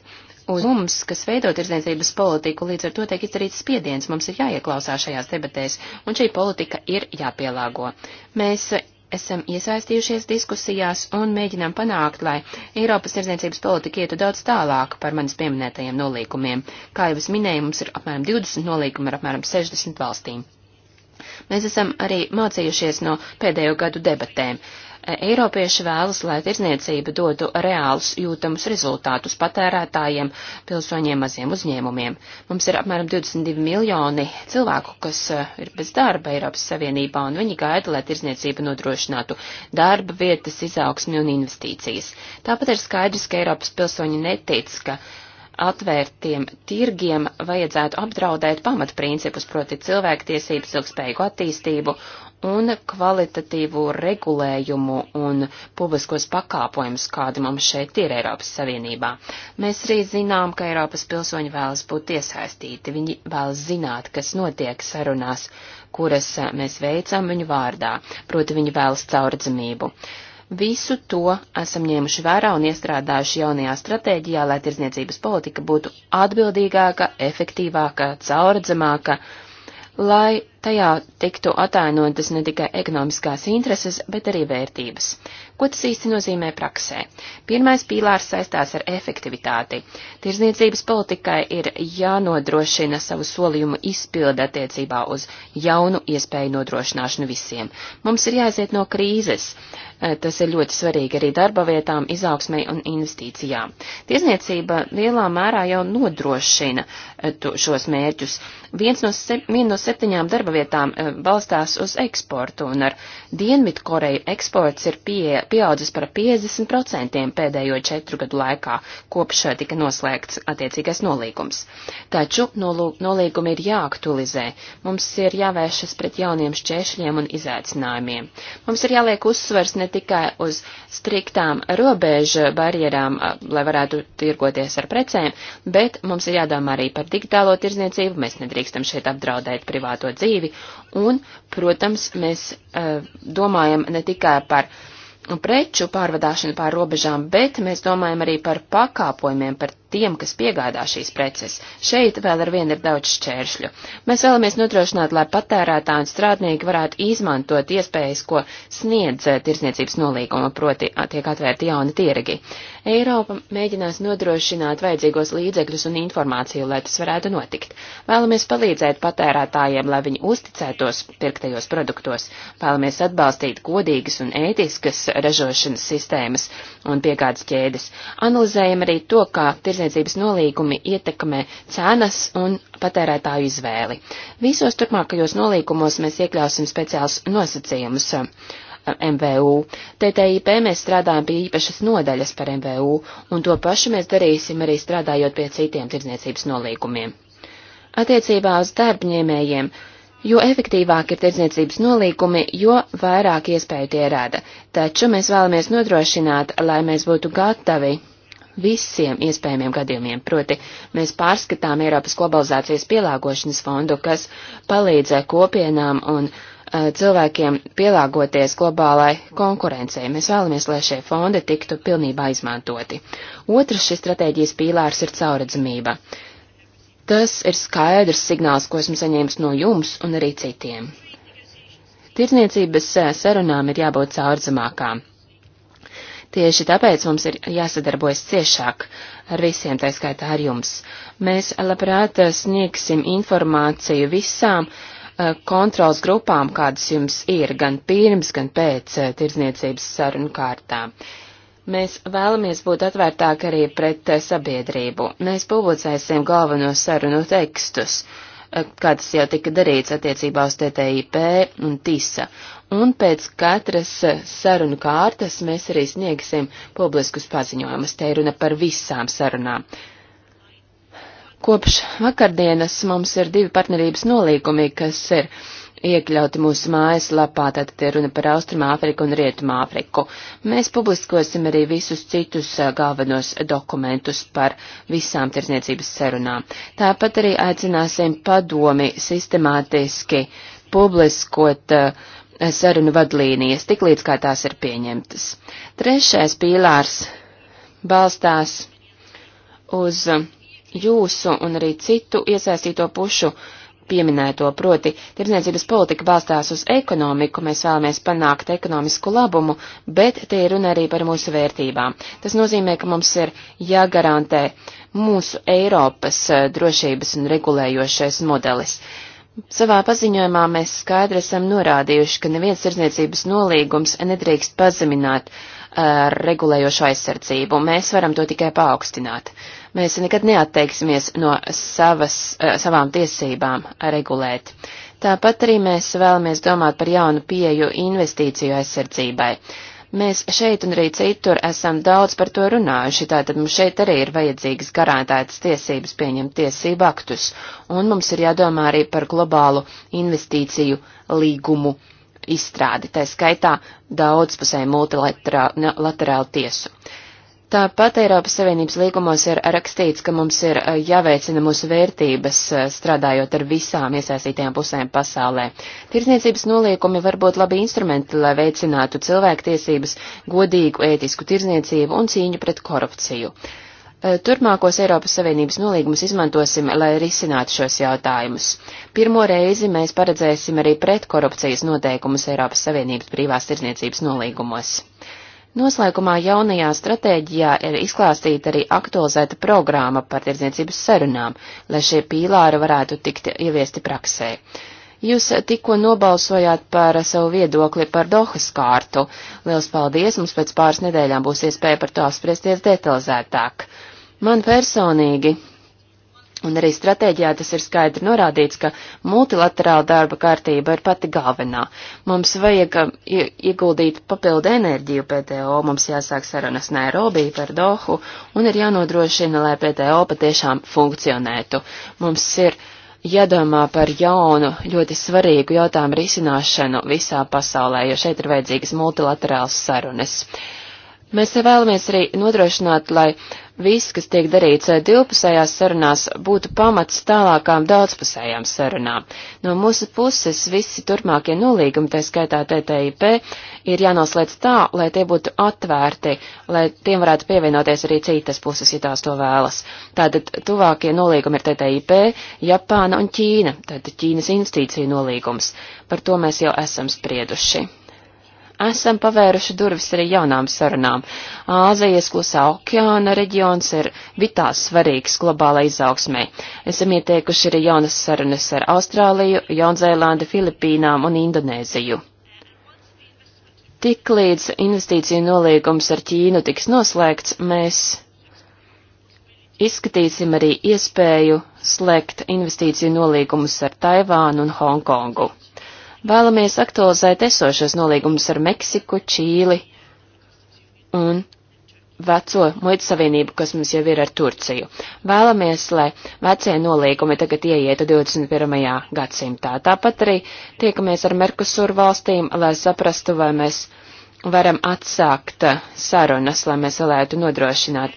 uz mums, kas veido tirdzniecības politiku, līdz ar to tiek izdarīts spiediens, mums ir jāieklausās šajās debatēs, un šī politika ir jāpielāgo. Mēs esam iesaistījušies diskusijās un mēģinām panākt, lai Eiropas tirdzniecības politika ietu daudz tālāk par manis pieminētajiem nolīkumiem. Kā jau es minēju, mums ir apmēram 20 nolīkumi ar apmēram 60 valstīm. Mēs esam arī mācījušies no pēdējo gadu debatēm. Uh, Eiropieši vēlas, lai tirzniecība dotu reālus jūtamus rezultātus patērētājiem, pilsoņiem, maziem uzņēmumiem. Mums ir apmēram 22 miljoni cilvēku, kas eh, ir bez darba Eiropas Savienībā, un viņi gaida, lai tirzniecība nodrošinātu darba vietas, izaugsmi un investīcijas. Tāpat ir skaidrs, ka Eiropas pilsoņi netic, ka atvērtiem tirgiem vajadzētu apdraudēt pamatprincipus, proti cilvēktiesības, ilgspējīgu attīstību un kvalitatīvu regulējumu un publiskos pakāpojumus, kādi mums šeit ir Eiropas Savienībā. Mēs arī zinām, ka Eiropas pilsoņi vēlas būt iesaistīti, viņi vēlas zināt, kas notiek sarunās, kuras mēs veicam viņu vārdā, proti viņi vēlas caurdzamību. Visu to esam ņēmuši vērā un iestrādājuši jaunajā stratēģijā, lai tirzniecības politika būtu atbildīgāka, efektīvāka, caurdzamāka, lai tajā tiktu atainotas ne tikai ekonomiskās intereses, bet arī vērtības. Ko tas īsti nozīmē praksē? Pirmais pīlārs saistās ar efektivitāti. Tirzniecības politikai ir jānodrošina savu solījumu izpildi attiecībā uz jaunu iespēju nodrošināšanu visiem. Mums ir jāiziet no krīzes. E, tas ir ļoti svarīgi arī darba vietām, izaugsmai un investīcijām. Tirzniecība lielā mērā jau nodrošina e, šos mērķus. Viens no, sep, vien no septiņām darba darba vietām eh, balstās uz eksportu, un ar Dienvidkoreju eksports ir pie, pieaudzis par 50% pēdējo četru gadu laikā, kopš eh, tika noslēgts attiecīgais nolīgums. Taču nolīgumi ir jāaktualizē, mums ir jāvēršas pret jauniem šķēršļiem un izaicinājumiem. Mums ir jāliek uzsvers ne tikai uz striktām robežu barjerām, eh, lai varētu tirgoties ar precēm, bet mums ir jādomā arī par digitālo tirdzniecību, mēs nedrīkstam šeit apdraudēt privāto dzīvi, dzīvi, un, protams, mēs uh, domājam ne tikai par preču pārvadāšanu pār robežām, bet mēs domājam arī par pakāpojumiem, par tiem, kas piegādā šīs preces. Šeit vēl ar vienu ir daudz šķēršļu. Mēs vēlamies nodrošināt, lai patērētāji un strādnieki varētu izmantot iespējas, ko sniedz eh, tirsniecības nolīguma, proti tiek atvērti jauni tirgi. Eiropa mēģinās nodrošināt vajadzīgos līdzekļus un informāciju, lai tas varētu notikt. Vēlamies palīdzēt patērētājiem, lai viņi uzticētos pirktajos produktos. Vēlamies atbalstīt godīgas un ētiskas ražošanas sistēmas un piegādes ķēdes. Analizējam arī to, kā tirzniecības tirzniecības nolīgumi ietekmē cenas un patērētāju izvēli. Visos turpmākajos nolīgumos mēs iekļausim speciālus nosacījumus. Uh, MVU. TTIP mēs strādājam pie īpašas nodaļas par MVU, un to pašu mēs darīsim arī strādājot pie citiem tirdzniecības nolīgumiem. Attiecībā uz darbņēmējiem Jo efektīvāk ir tirdzniecības nolīkumi, jo vairāk iespēju tie rada, taču mēs vēlamies nodrošināt, lai mēs būtu gatavi visiem iespējamiem gadījumiem. Proti, mēs pārskatām Eiropas globalizācijas pielāgošanas fondu, kas palīdzē kopienām un uh, cilvēkiem pielāgoties globālai konkurencei. Mēs vēlamies, lai šie fondi tiktu pilnībā izmantoti. Otrs šis stratēģijas pīlārs ir cauredzamība. Tas ir skaidrs signāls, ko esmu saņēmis no jums un arī citiem. Tirzniecības eh, sarunām ir jābūt caurdzamākām. Tieši tāpēc mums ir jāsadarbojas ciešāk ar visiem, tā skaitā ar jums. Mēs labprāt eh, sniegsim informāciju visām eh, kontrols grupām, kādas jums ir, gan pirms, gan pēc eh, tirdzniecības sarunu kārtām. Mēs vēlamies būt atvērtāki arī pret sabiedrību. Mēs publicēsim galveno sarunu tekstus, kā tas jau tika darīts attiecībā uz TTIP un TISA, un pēc katras sarunu kārtas mēs arī sniegsim publiskus paziņojumus. Te ir runa par visām sarunām. Kopš vakardienas mums ir divi partnerības nolīgumi, kas ir iekļauti mūsu mājaslapā, tātad ir runa par Austrum Āfriku un Rietumu Āfriku. Mēs publiskosim arī visus citus galvenos dokumentus par visām tirsniecības sarunām. Tāpat arī aicināsim padomi sistemātiski publiskot uh, sarunu vadlīnijas, tiklīdz kā tās ir pieņemtas. Trešais pīlārs balstās uz jūsu un arī citu iesaistīto pušu pieminēto, proti, tirdzniecības politika balstās uz ekonomiku, mēs vēlamies panākt ekonomisku labumu, bet tie ir runa arī par mūsu vērtībām. Tas nozīmē, ka mums ir jāgarantē mūsu Eiropas eh, drošības un regulējošais modelis. Savā paziņojumā mēs skaidri esam norādījuši, ka neviens tirdzniecības nolīgums nedrīkst pazemināt uh, regulējošo aizsardzību. Mēs varam to tikai paaugstināt. Mēs nekad neatteiksimies no savas, uh, savām tiesībām regulēt. Tāpat arī mēs vēlamies domāt par jaunu pieju investīciju aizsardzībai. Uh, Mēs šeit un arī citur esam daudz par to runājuši, tātad mums šeit arī ir vajadzīgas garantētas tiesības pieņemt tiesību aktus, un mums ir jādomā arī par globālu investīciju līgumu izstrādi, tā skaitā daudzpusēju multilaterālu tiesu. Tāpat Eiropas Savienības līgumos ir rakstīts, ka mums ir eh, jāveicina mūsu vērtības, eh, strādājot ar visām iesaistītajām pusēm pasaulē. Tirzniecības noliekumi var būt labi instrumenti, lai veicinātu cilvēktiesības, godīgu ētisku tirzniecību un cīņu pret korupciju. Eh, Turmākos Eiropas Savienības nolīgumus izmantosim, lai risinātu šos jautājumus. Pirmo reizi mēs paredzēsim arī pretkorupcijas noteikumus Eiropas Savienības privās tirzniecības nolīgumos. Noslēgumā jaunajā stratēģijā ir izklāstīta arī aktualizēta programma par tirdzniecības sarunām, lai šie pīlāri varētu tikt ieviesti praksē. Jūs tikko nobalsojāt par savu viedokli par Dohas kārtu. Liels paldies, mums pēc pāris nedēļām būs iespēja par to apspriesties detalizētāk. Man personīgi Un arī stratēģijā tas ir skaidri norādīts, ka multilaterāla darba kārtība ir pati galvenā. Mums vajag um, ieguldīt papildu enerģiju PTO, mums jāsāk sarunas Nairobi par Dohu un ir jānodrošina, lai PTO patiešām funkcionētu. Mums ir jādomā par jaunu, ļoti svarīgu jautājumu risināšanu visā pasaulē, jo šeit ir vajadzīgas multilaterāls sarunas. Uh, Mēs vēlamies arī nodrošināt, lai viss, kas tiek darīts eh, divpusējās sarunās, būtu pamats tālākām daudzpusējām sarunām. No mūsu puses visi turpmākie nolīgumi, tā skaitā TTIP, ir jānoslēdz tā, lai tie būtu atvērti, lai tiem varētu pievienoties arī citas puses, ja tās to vēlas. Tātad tuvākie nolīgumi ir TTIP, Japāna un Ķīna, tātad Ķīnas investīciju nolīgums. Par to mēs jau esam sprieduši esam pavēruši durvis arī jaunām sarunām. Āzijas klusā okeāna reģions ir vitāli svarīgs globālai izaugsmē. Esam ieteikuši arī jaunas sarunas ar Austrāliju, Jaunzēlandi, Filipīnām un Indonēziju. Tiklīdz investīciju nolīgums ar Ķīnu tiks noslēgts, mēs izskatīsim arī iespēju slēgt investīciju nolīgumus ar Taivānu un Hongkongu. Vēlamies aktualizēt esošos nolīgumus ar Meksiku, Čīli un veco muitas savienību, kas mums jau ir ar Turciju. Vēlamies, lai vecie nolīgumi tagad ieietu 21. gadsimtā. Tāpat arī tiekamies ar Merkusur valstīm, lai saprastu, vai mēs varam atsākt sarunas, lai mēs varētu nodrošināt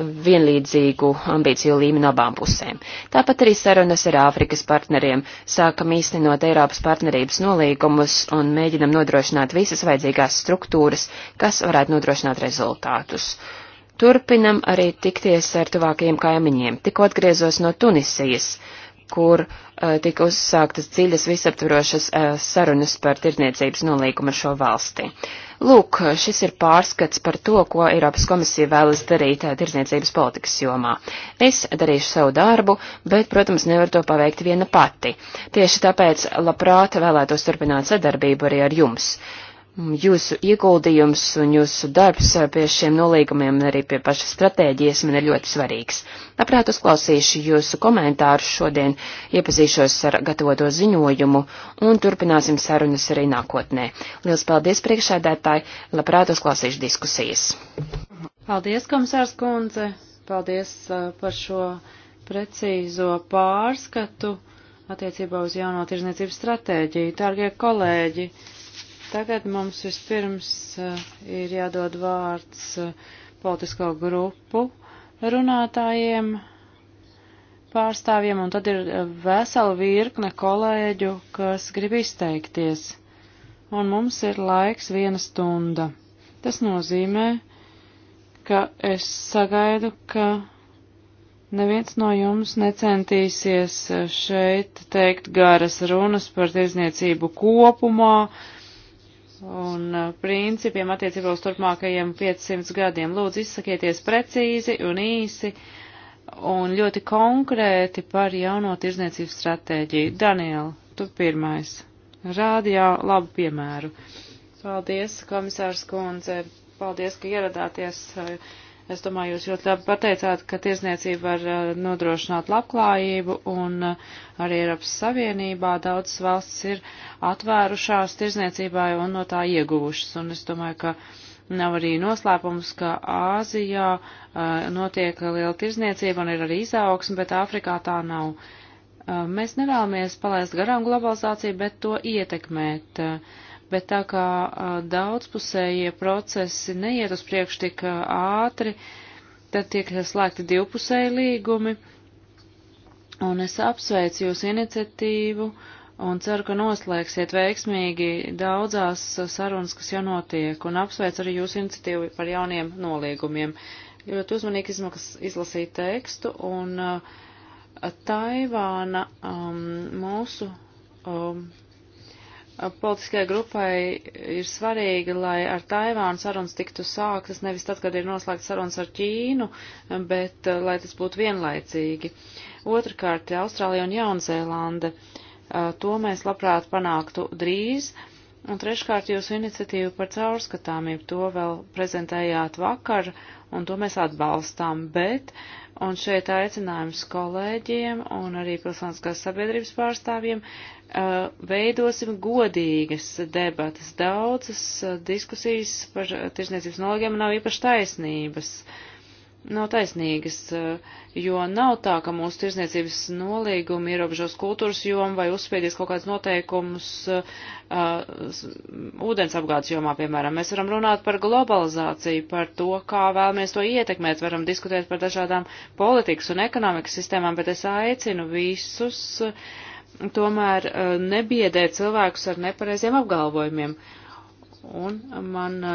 vienlīdzīgu ambīciju līmeni abām pusēm. Tāpat arī sarunas ar Āfrikas partneriem. Sākam īstenot Eiropas partnerības nolīgumus un mēģinam nodrošināt visas vajadzīgās struktūras, kas varētu nodrošināt rezultātus. Turpinam arī tikties ar tuvākajiem kaimiņiem. Tikko atgriezos no Tunisijas kur uh, tika uzsāktas dziļas visaptvarošas uh, sarunas par tirdzniecības nolīgumu ar šo valsti. Uh, Lūk, šis ir pārskats par to, ko Eiropas komisija vēlas darīt eh, tirdzniecības politikas jomā. Es darīšu savu darbu, bet, protams, nevaru to paveikt viena pati. Tieši tāpēc labprāt vēlētos turpināt sadarbību arī ar jums. Uh, Jūsu ieguldījums un jūsu darbs pie šiem nolīgumiem un arī pie pašas stratēģijas man ir ļoti svarīgs. Labprāt uzklausīšu jūsu komentārus šodien, iepazīšos ar gatavoto ziņojumu un turpināsim sarunas arī nākotnē. Lielas paldies priekšēdētāji, labprāt uzklausīšu diskusijas.
Paldies, komisārs kundze, paldies uh, par šo precīzo pārskatu attiecībā uz jauno tirzniecības stratēģiju. Tārgie kolēģi! tagad mums vispirms eh, ir jādod vārds eh, politisko grupu runātājiem, pārstāvjiem, un tad ir eh, vesela virkne kolēģu, kas grib izteikties. Un mums ir laiks viena stunda. Tas nozīmē, ka es sagaidu, ka Neviens no jums necentīsies šeit teikt garas runas par tirzniecību kopumā, un uh, principiem attiecībā uz turpmākajiem 500 gadiem. Lūdzu, izsakieties precīzi un īsi un ļoti konkrēti par jauno tirzniecības stratēģiju. Daniela, tu pirmais. Rādi jau labu piemēru. Paldies, komisārs kundze. Paldies, ka ieradāties uh, Es domāju, jūs ļoti labi pateicāt, ka tirzniecība var eh, nodrošināt labklājību un eh, arī Eiropas Savienībā daudzas valsts ir atvērušās tirzniecībai un no tā ieguvušas. Un es domāju, ka nav arī noslēpums, ka Āzijā uh, notiek liela tirzniecība un ir arī izaugsme, bet Āfrikā tā nav. Uh, mēs nevēlamies palaist garām globalizāciju, bet to ietekmēt. Uh, bet tā kā daudzpusējie procesi neiet uz priekšu tik ātri, tad tiek slēgti divpusēji līgumi, un es apsveicu jūs iniciatīvu un ceru, ka noslēgsiet veiksmīgi daudzās sarunas, kas jau notiek, un apsveicu arī jūsu iniciatīvu par jauniem noliegumiem. Ļoti uzmanīgi izmakas, izlasīt tekstu, un uh, Taivāna um, mūsu um, politiskajai grupai ir svarīgi, lai ar Taivānu sarunas tiktu sāktas nevis tad, kad ir noslēgts sarunas ar Ķīnu, bet eh, lai tas būtu vienlaicīgi. Otrakārt, Austrālija un Jaunzēlanda. To mēs labprāt panāktu drīz. Un treškārt, jūsu iniciatīvu par caurskatāmību to vēl prezentējāt vakar, un to mēs atbalstām, bet, un šeit aicinājums kolēģiem un arī pilsoniskās sabiedrības pārstāvjiem, uh, Uh, veidosim godīgas debatas. Daudzas uh, diskusijas par uh, tirsniecības nolīgiem nav īpaši taisnības. Nav taisnīgas, jo nav tā, ka mūsu tirsniecības nolīgumi ierobežos kultūras jomu vai uzspiedies kaut kāds noteikums uh, ūdens apgādes jomā, piemēram. Mēs varam runāt par globalizāciju, par to, kā vēlamies to ietekmēt, varam diskutēt par dažādām politikas un ekonomikas sistēmām, bet es aicinu visus uh, tomēr e, nebiedē cilvēkus ar nepareiziem apgalvojumiem. Un man e,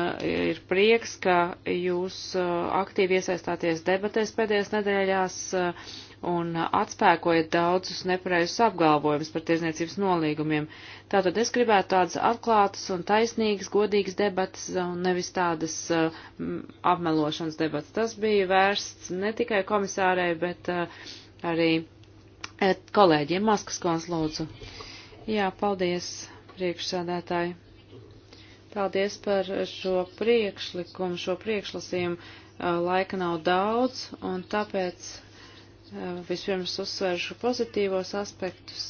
ir prieks, ka jūs e, aktīvi iesaistāties debatēs pēdējās nedēļās un atspēkojat daudzus nepareizus apgalvojumus par tiesniecības nolīgumiem. Tātad es gribētu tādas atklātas un taisnīgas, godīgas debatas un nevis tādas apmelošanas debatas. Tas bija vērsts ne tikai komisārai, bet arī Et kolēģiem Maskas kons lūdzu. Jā, paldies, priekšsādātāji. Paldies par šo priekšlikumu, šo priekšlasījumu. Eh, laika nav daudz, un tāpēc eh, vispirms uzsveršu pozitīvos aspektus.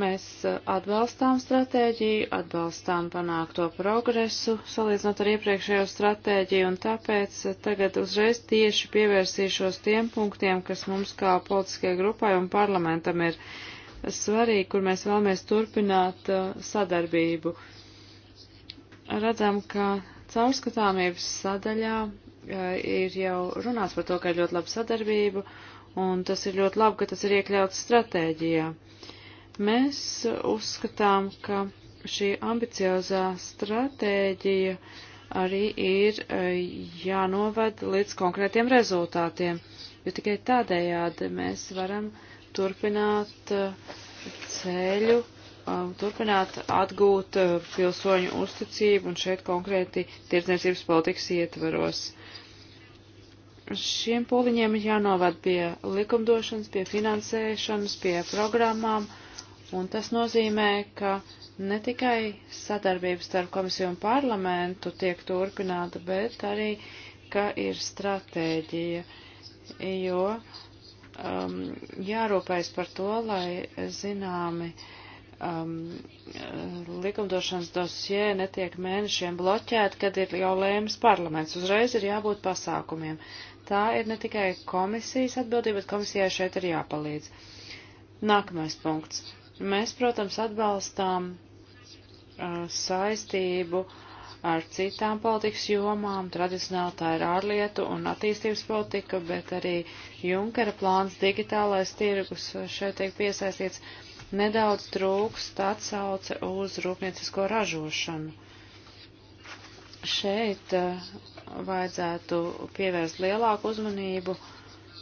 Mēs eh, atbalstām stratēģiju, atbalstām panākto progresu, salīdzinot ar iepriekšējo stratēģiju, un tāpēc eh, tagad uzreiz tieši pievērsīšos tiem punktiem, kas mums kā politiskajai grupai un parlamentam ir svarīgi, kur mēs vēlamies turpināt eh, sadarbību. Redzam, ka caurskatāmības sadaļā ir jau runāts par to, ka ir ļoti laba sadarbība, un tas ir ļoti labi, ka tas ir iekļauts stratēģijā. Mēs uzskatām, ka šī ambiciozā stratēģija arī ir eh, jānoved līdz konkrētiem rezultātiem, jo tikai tādējādi mēs varam turpināt eh, ceļu, eh, turpināt atgūt pilsoņu uzticību un šeit konkrēti tirdzniecības politikas ietvaros. Šiem pūliņiem ir jānovad pie likumdošanas, pie finansēšanas, pie programmām Un tas nozīmē, ka ne tikai sadarbības starp komisiju un parlamentu tiek turpināta, bet arī, ka ir stratēģija, jo um, jārūpējas par to, lai zināmi um, likumdošanas dosie netiek mēnešiem bloķēti, kad ir jau lēmis parlaments. Uzreiz ir jābūt pasākumiem. Tā ir ne tikai komisijas atbildība, bet komisijai šeit ir jāpalīdz. Nākamais punkts Mēs, protams, atbalstām uh, saistību ar citām politikas jomām. Tradicionāli tā ir ārlietu un attīstības politika, bet arī Junkera plāns digitālais tirgus šeit tiek piesaistīts. Nedaudz trūkst atsauce uz rūpniecisko ražošanu. Šeit uh, vajadzētu pievērst lielāku uzmanību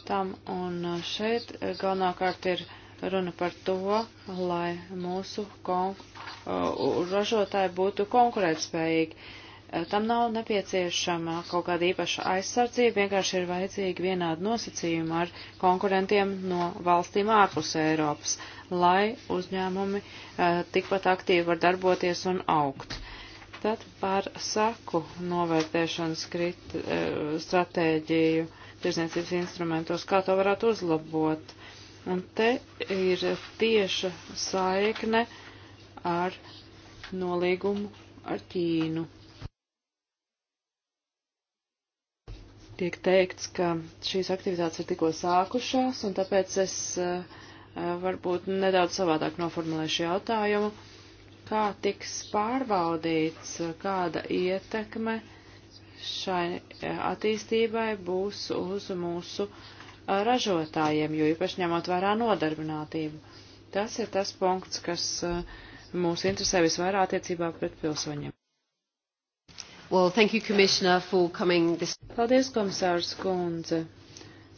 tam, un šeit galvenokārt ir uh, runa par to, lai mūsu uh, ražotāji būtu konkurētspējīgi. Uh, tam nav nepieciešama kaut kāda īpaša aizsardzība, vienkārši ir vajadzīgi vienādi nosacījumi ar konkurentiem no valstīm ārpus Eiropas, lai uzņēmumi uh, tikpat aktīvi var darboties un augt. Tad par saku novērtēšanas krit, uh, stratēģiju tirzniecības instrumentos, kā to varētu uzlabot. Un te ir tieša saikne ar nolīgumu ar Ķīnu. Tiek teikts, ka šīs aktivitātes ir tikko sākušās, un tāpēc es eh, varbūt nedaudz savādāk noformulēšu jautājumu, kā tiks pārbaudīts, kāda ietekme šai eh, attīstībai būs uz mūsu uh, ražotājiem, jo īpaši ņemot vērā nodarbinātību. Tas ir tas punkts, kas uh, mūs interesē visvairāk attiecībā pret pilsoņiem. Well, thank you, Commissioner, for coming this... Paldies, komisārs kundze,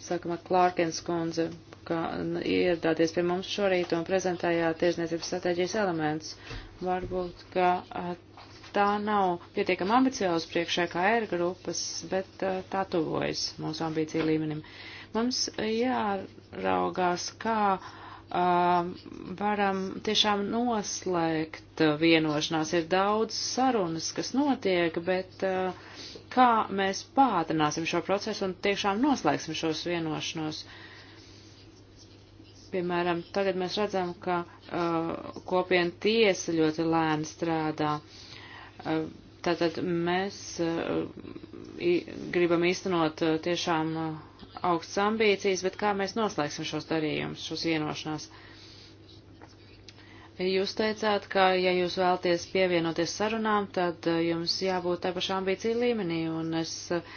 sakama Klārkins kundze, ka ieradāties pie mums šorīt un prezentējāt tiesniecības stratēģijas elements. Varbūt, ka tā nav pietiekama ambicioza priekšē kā ēra grupas, bet tā tuvojas mūsu ambīciju līmenim. Uh, Mums jāraugās, kā uh, varam tiešām noslēgt vienošanās. Ir daudz sarunas, kas notiek, bet uh, kā mēs pātrināsim šo procesu un tiešām noslēgsim šos vienošanos. Piemēram, tagad mēs redzam, ka uh, kopiena tiesa ļoti lēni strādā. Uh, Tātad mēs uh, gribam īstenot uh, tiešām uh, augsts ambīcijas, bet kā mēs noslēgsim šos darījumus, šos vienošanās? Jūs teicāt, ka ja jūs vēlaties pievienoties sarunām, tad eh, jums jābūt tā pašā ambīcija līmenī, un es eh,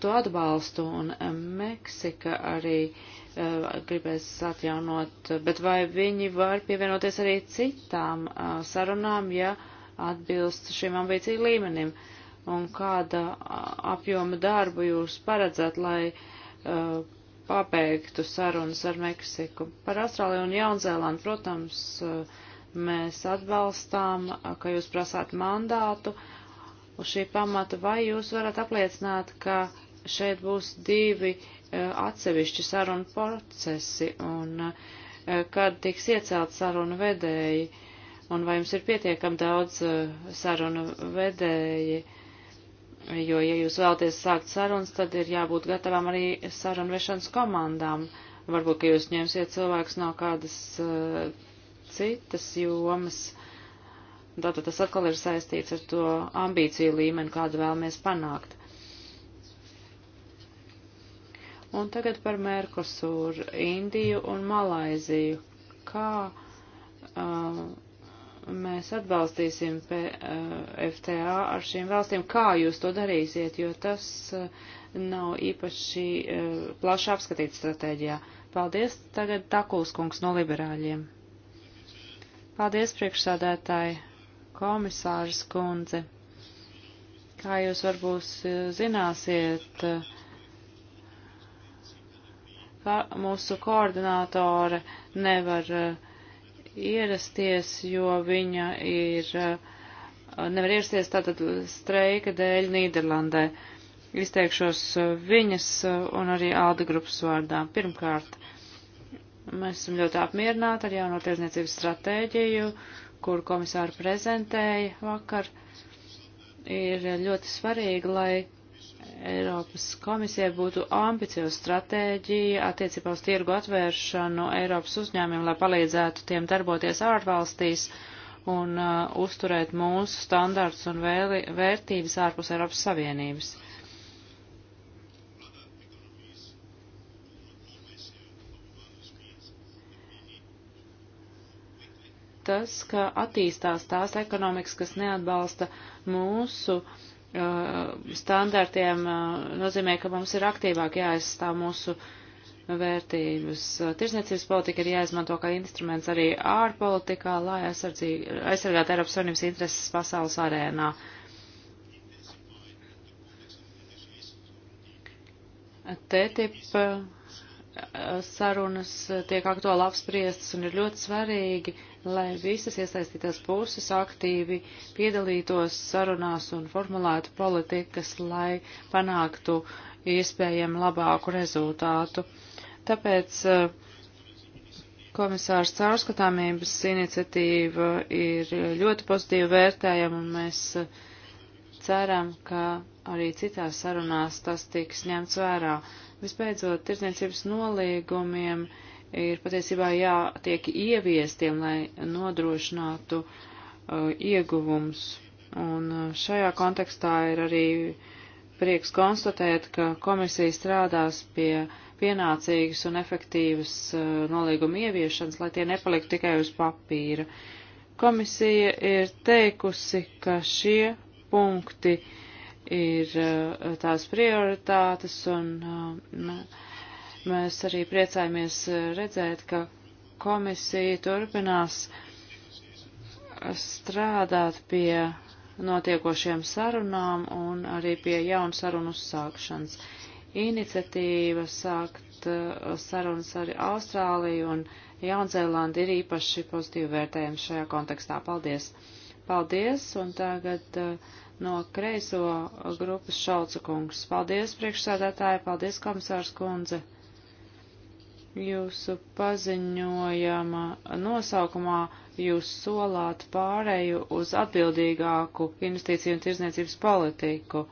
to atbalstu, un eh, Meksika arī uh, gribēs atjaunot, bet vai viņi var pievienoties arī citām uh, sarunām, ja atbilst šim ambīciju līmenim, un kāda apjoma darbu jūs paredzat, lai uh, uh, pabeigtu sarunas ar Meksiku. Par Austrāliju un Jaunzēlandu, protams, uh, mēs atbalstām, uh, ka jūs prasāt mandātu uz šī pamata, vai jūs varat apliecināt, ka šeit būs divi uh, atsevišķi sarunu procesi un uh, kad tiks iecelt sarunu vedēji un vai jums ir pietiekam daudz sarunu vedēji Jo, ja jūs vēlaties sākt sarunas, tad ir jābūt gatavām arī sarunu vešanas komandām. Varbūt, ka jūs ņemsiet cilvēkus no kādas uh, citas jomas. Tātad tas atkal ir saistīts ar to ambīciju līmeni, kādu vēlamies panākt. Un tagad par Merkosūru, Indiju un Malaiziju. Kā uh, mēs atbalstīsim eh, FTA ar šīm valstīm, kā jūs to darīsiet, jo tas eh, nav īpaši eh, plaši apskatīts stratēģijā. Paldies, tagad Takuls kungs no liberāļiem. Paldies, priekšsādētāji, komisārs kundze. Kā jūs varbūt zināsiet, ka mūsu koordinātore nevar uh, ierasties, jo viņa ir, eh, nevar ierasties tātad streika dēļ Nīderlandē. Izteikšos eh, viņas eh, un arī Alda grupas vārdā. Pirmkārt, mēs esam ļoti apmierināti ar jauno tirzniecības stratēģiju, kuru komisāri prezentēja vakar. Ir ļoti svarīgi, lai Eiropas komisijai būtu ambicioza stratēģija attiecībā uz tirgu atvēršanu Eiropas uzņēmumiem, lai palīdzētu tiem darboties ārvalstīs un uh, uzturēt mūsu standarts un vēli, vērtības ārpus Eiropas Savienības. Tas, ka attīstās tās ekonomikas, kas neatbalsta mūsu uh, Uh, standartiem uh, nozīmē, ka mums ir aktīvāk jāaizstāv mūsu vērtības. Uh, tirzniecības politika ir jāizmanto kā instruments arī ārpolitikā, lai aizsargātu Eiropas Savienības intereses pasaules arēnā. TTIP sarunas eh, tiek aktuāli apspriestas un ir ļoti svarīgi, lai visas iesaistītās puses aktīvi piedalītos sarunās un formulētu politikas, lai panāktu iespējami labāku rezultātu. Tāpēc eh, komisārs caurskatāmības iniciatīva ir ļoti pozitīvi vērtējama un mēs eh, ceram, ka arī citās sarunās tas tiks ņemts vērā. Vispēcot, tirdzniecības nolīgumiem ir patiesībā jātiek ieviestiem, lai nodrošinātu uh, ieguvums. Un uh, šajā kontekstā ir arī prieks konstatēt, ka komisija strādās pie pienācīgas un efektīvas uh, nolīguma ieviešanas, lai tie nepaliktu tikai uz papīra. Komisija ir teikusi, ka šie punkti uh, ir eh, tās prioritātes, un eh, mēs arī priecājamies eh, redzēt, ka komisija turpinās strādāt pie notiekošiem sarunām un arī pie jaunu sarunu uzsākšanas. Iniciatīva sākt sarunas ar Austrāliju un Jaunzēlandi ir īpaši pozitīvi vērtējums šajā kontekstā. Paldies! Paldies! Un tagad uh, no kreiso grupas Šalca kungs. Paldies, priekšsādātāji, paldies, komisārs kundze. Jūsu paziņojama nosaukumā jūs solāt pārēju uz atbildīgāku investīciju un tirzniecības politiku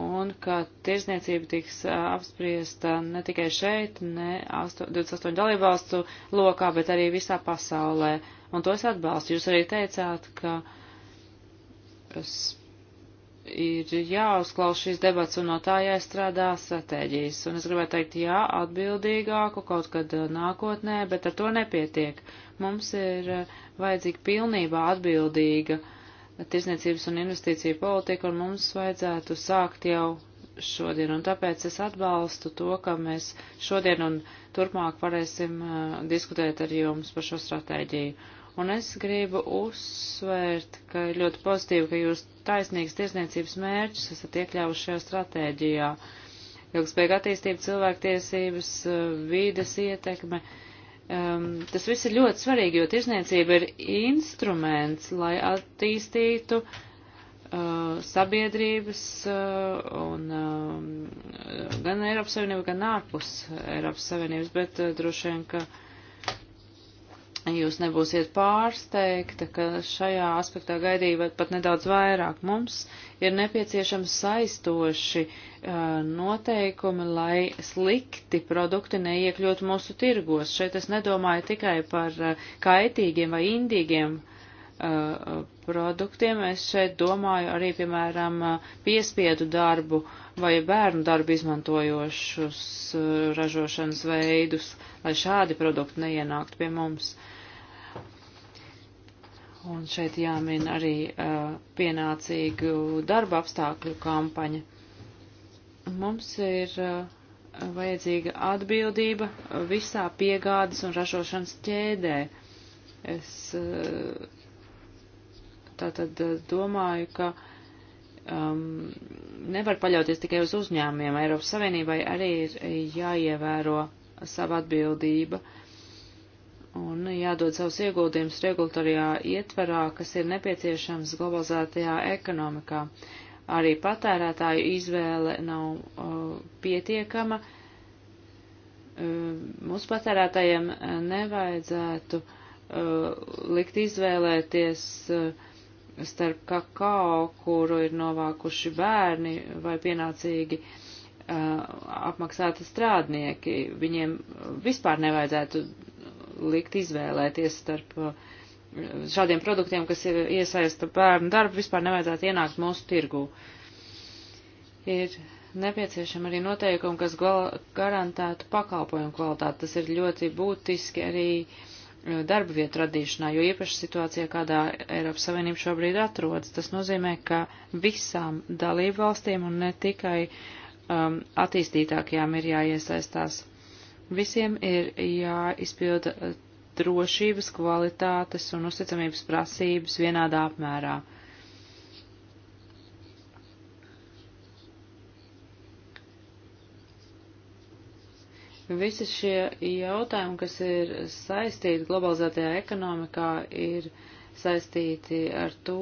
un ka tirzniecība tiks apspriesta ne tikai šeit, ne 28 dalībvalstu lokā, bet arī visā pasaulē. Un to es atbalstu. Jūs arī teicāt, ka uh, ir jāuzklaus šīs debats un no tā jāizstrādā stratēģijas. Un es gribētu teikt, jā, atbildīgāku kaut kad uh, nākotnē, bet ar to nepietiek. Mums ir uh, vajadzīga pilnībā atbildīga tirsniecības un investīcija politika, un mums vajadzētu sākt jau šodien. Un tāpēc es atbalstu to, ka mēs šodien un turpmāk varēsim uh, diskutēt ar jums par šo stratēģiju. Un es gribu uzsvērt, ka ir ļoti pozitīvi, ka jūs taisnīgas tiesniecības mērķus esat iekļāvuši šajā stratēģijā. Ilgspējīga attīstība, cilvēktiesības, vīdes ietekme. Um, tas viss ir ļoti svarīgi, jo tiesniecība ir instruments, lai attīstītu uh, sabiedrības uh, un uh, gan Eiropas Savienība, gan ārpus Eiropas Savienības, bet uh, droši vien, ka uh, Jūs nebūsiet pārsteigta, ka šajā aspektā gaidījāt pat nedaudz vairāk. Mums ir nepieciešams saistoši uh, noteikumi, lai slikti produkti neiekļūtu mūsu tirgos. Šeit es nedomāju tikai par uh, kaitīgiem vai indīgiem uh, produktiem. Es šeit domāju arī, piemēram, piespiedu darbu vai bērnu darbu izmantojošus eh, ražošanas veidus, lai šādi produkti neienāktu pie mums. Un šeit jāmin arī uh, pienācīgu darba apstākļu kampaņa. Mums ir uh, vajadzīga atbildība visā piegādes un ražošanas ķēdē. Es uh, Tātad eh, domāju, ka um, nevar paļauties tikai uz uzņēmiem. Eiropas Savienībai arī ir jāievēro sava atbildība un jādod savus ieguldījumus regulatorijā ietverā, kas ir nepieciešams globalizētajā ekonomikā. Arī patērētāju izvēle nav uh, pietiekama. Uh, mūsu patērētājiem uh, nevajadzētu uh, likt izvēlēties uh, starp kakao, kuru ir novākuši bērni vai pienācīgi uh, apmaksāti strādnieki. Viņiem vispār nevajadzētu likt izvēlēties starp uh, šādiem produktiem, kas ir iesaista bērnu darbu, vispār nevajadzētu ienākt mūsu tirgū. Ir nepieciešama arī noteikumi, kas garantētu pakalpojumu kvalitāti. Tas ir ļoti būtiski arī uh, Eh, darba vietu radīšanā, jo īpaši situācijā, kādā Eiropas Savienība šobrīd atrodas, tas nozīmē, ka visām dalību valstīm un ne tikai um, attīstītākajām ir jāiesaistās. Visiem ir jāizpilda eh, drošības, kvalitātes un uzticamības prasības vienādā apmērā. Visi šie jautājumi, kas ir saistīti globalizētajā ekonomikā, ir saistīti ar to,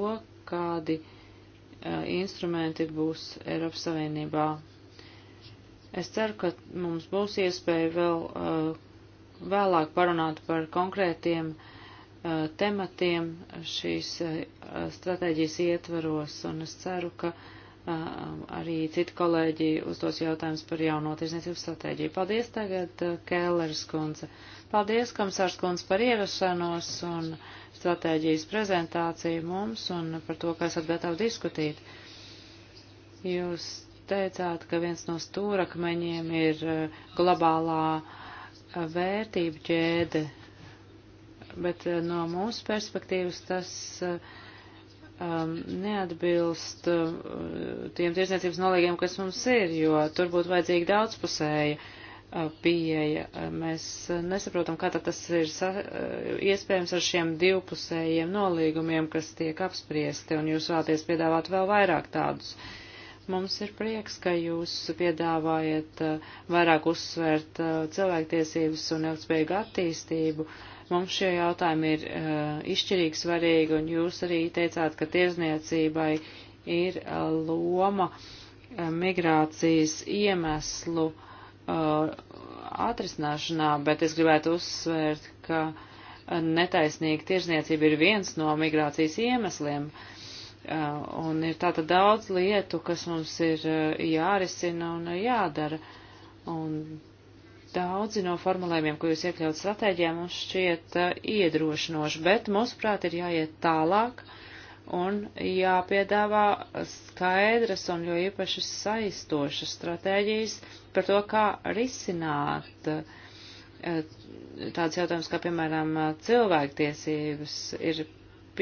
kādi uh, instrumenti būs Eiropas Savienībā. Es ceru, ka mums būs iespēja vēl uh, vēlāk parunāt par konkrētiem uh, tematiem šīs stratēģijas ietvaros, un es ceru, ka uh, arī citi kolēģi uzdos jautājumus par jauno tirzniecības stratēģiju. Paldies tagad, Kēlers kundze. Paldies, komisārs kundze, par ierašanos un stratēģijas prezentāciju mums un par to, ka esat gatavi diskutīt. Jūs teicāt, ka viens no stūrakmeņiem ir globālā vērtību ķēde, bet no mūsu perspektīvas tas uh, um, neatbilst uh, tiem tirsniecības nolīgiem, kas mums ir, jo tur būtu vajadzīga daudzpusēja uh, pieeja. Mēs uh, nesaprotam, kā tas ir sa, uh, iespējams ar šiem divpusējiem nolīgumiem, kas tiek apspriesti, un jūs vēlaties piedāvāt vēl vairāk tādus. Mums ir prieks, ka jūs piedāvājat uh, vairāk uzsvērt uh, cilvēktiesības un ilgspējīgu attīstību. Uh, Mums šie jautājumi ir uh, izšķirīgi svarīgi, un jūs arī teicāt, ka tirzniecībai ir uh, loma uh, migrācijas iemeslu uh, atrisināšanā, bet es gribētu uzsvērt, ka uh, netaisnīga tirzniecība ir viens no migrācijas iemesliem. Uh, un ir tāda daudz lietu, kas mums ir uh, jārisina un uh, jādara. Un Daudzi no formulējumiem, ko jūs iekļaut stratēģijā, mums šķiet uh, iedrošinoši, bet mūsuprāt ir jāiet tālāk un jāpiedāvā skaidras un jo īpaši saistošas stratēģijas par to, kā risināt uh, tāds jautājums, kā piemēram cilvēktiesības, ir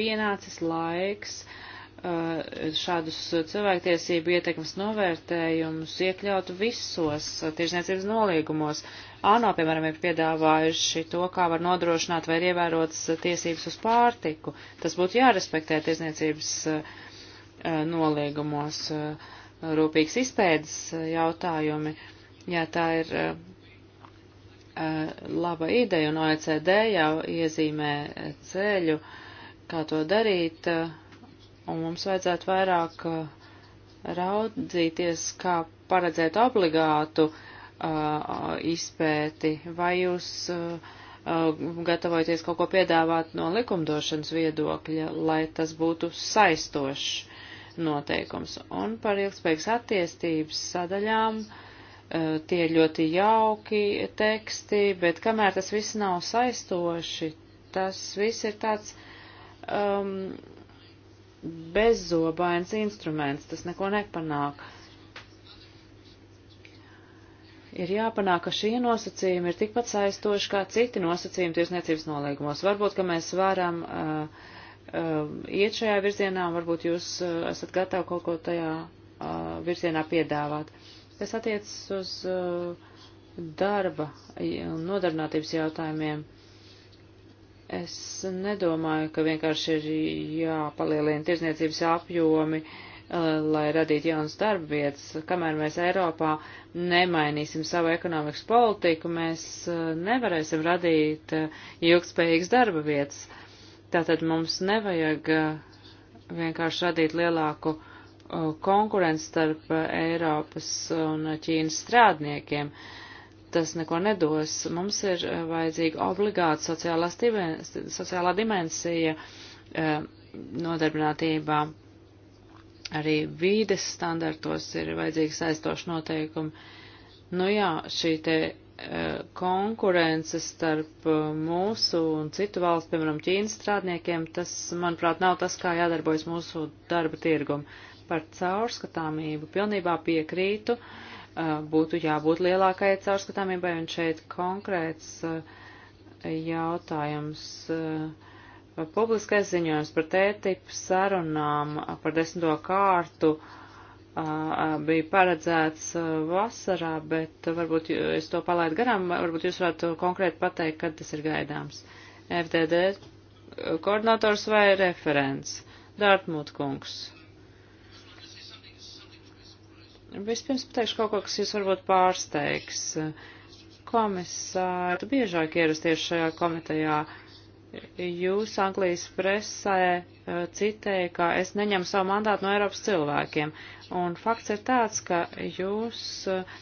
pienācis laiks uh, Eh, šādus cilvēktiesību ietekmes novērtējumus iekļautu visos tiešniecības nolīgumos. ANO, piemēram, ir piedāvājuši to, kā var nodrošināt vai ievērotas tiesības uz pārtiku. Tas būtu jārespektē tiešniecības eh, nolīgumos eh, rūpīgs izpēdas jautājumi. Jā, tā ir laba ideja, un OECD jau iezīmē ceļu, kā to darīt. Uh, un mums vajadzētu vairāk uh, raudzīties, kā paredzēt obligātu uh, izpēti, vai jūs uh, uh, gatavojaties kaut ko piedāvāt no likumdošanas viedokļa, lai tas būtu saistošs noteikums. Un par ilgspējīgas attiestības sadaļām uh, tie ir ļoti jauki teksti, bet kamēr tas viss nav saistoši, tas viss ir tāds um, bezzobains instruments, tas neko nepanāk. Ir jāpanāk, ka šie nosacījumi ir tikpat saistoši kā citi nosacījumi tiesniecības nolīgumos. Varbūt, ka mēs varam uh, uh, iet šajā virzienā, varbūt jūs uh, esat gatavi kaut ko tajā uh, virzienā piedāvāt. Tas attiecas uz uh, darba un nodarbinātības jautājumiem. Uh, Es nedomāju, ka vienkārši ir jāpalielina tirzniecības apjomi, eh, lai radītu jaunas darba vietas. Kamēr mēs Eiropā nemainīsim savu ekonomikas politiku, mēs eh, nevarēsim radīt eh, ilgspējīgas darba vietas. Tātad mums nevajag vienkārši radīt lielāku konkurenci starp Eiropas un Ķīnas strādniekiem. Uh, tas neko nedos. Mums ir eh, vajadzīga obligāta sociālā, sociālā dimensija eh, nodarbinātībā. Arī vīdes standartos ir vajadzīgi saistoši noteikumi. Nu jā, šī te eh, konkurences starp mūsu un citu valstu, piemēram, Ķīnas strādniekiem, tas, manuprāt, nav tas, kā jādarbojas mūsu darba tirgumu. Par caurskatāmību pilnībā piekrītu. Uh, būtu jābūt lielākai caurskatāmībai, un šeit konkrēts jautājums. Publiskais ziņojums par tētipu sarunām par desmito kārtu bija paredzēts vasarā, bet varbūt es to palaidu garām, varbūt jūs varētu konkrēti pateikt, kad tas ir gaidāms. FDD koordinators vai referents? Dārtmut kungs. Vispirms pateikšu kaut ko, kas jūs varbūt pārsteigs. Komisāri biežāk ierasties šajā komitejā. Jūs Anglijas presē eh, citēja, ka es neņemu savu mandātu no Eiropas cilvēkiem. Un fakts ir tāds, ka jūs eh,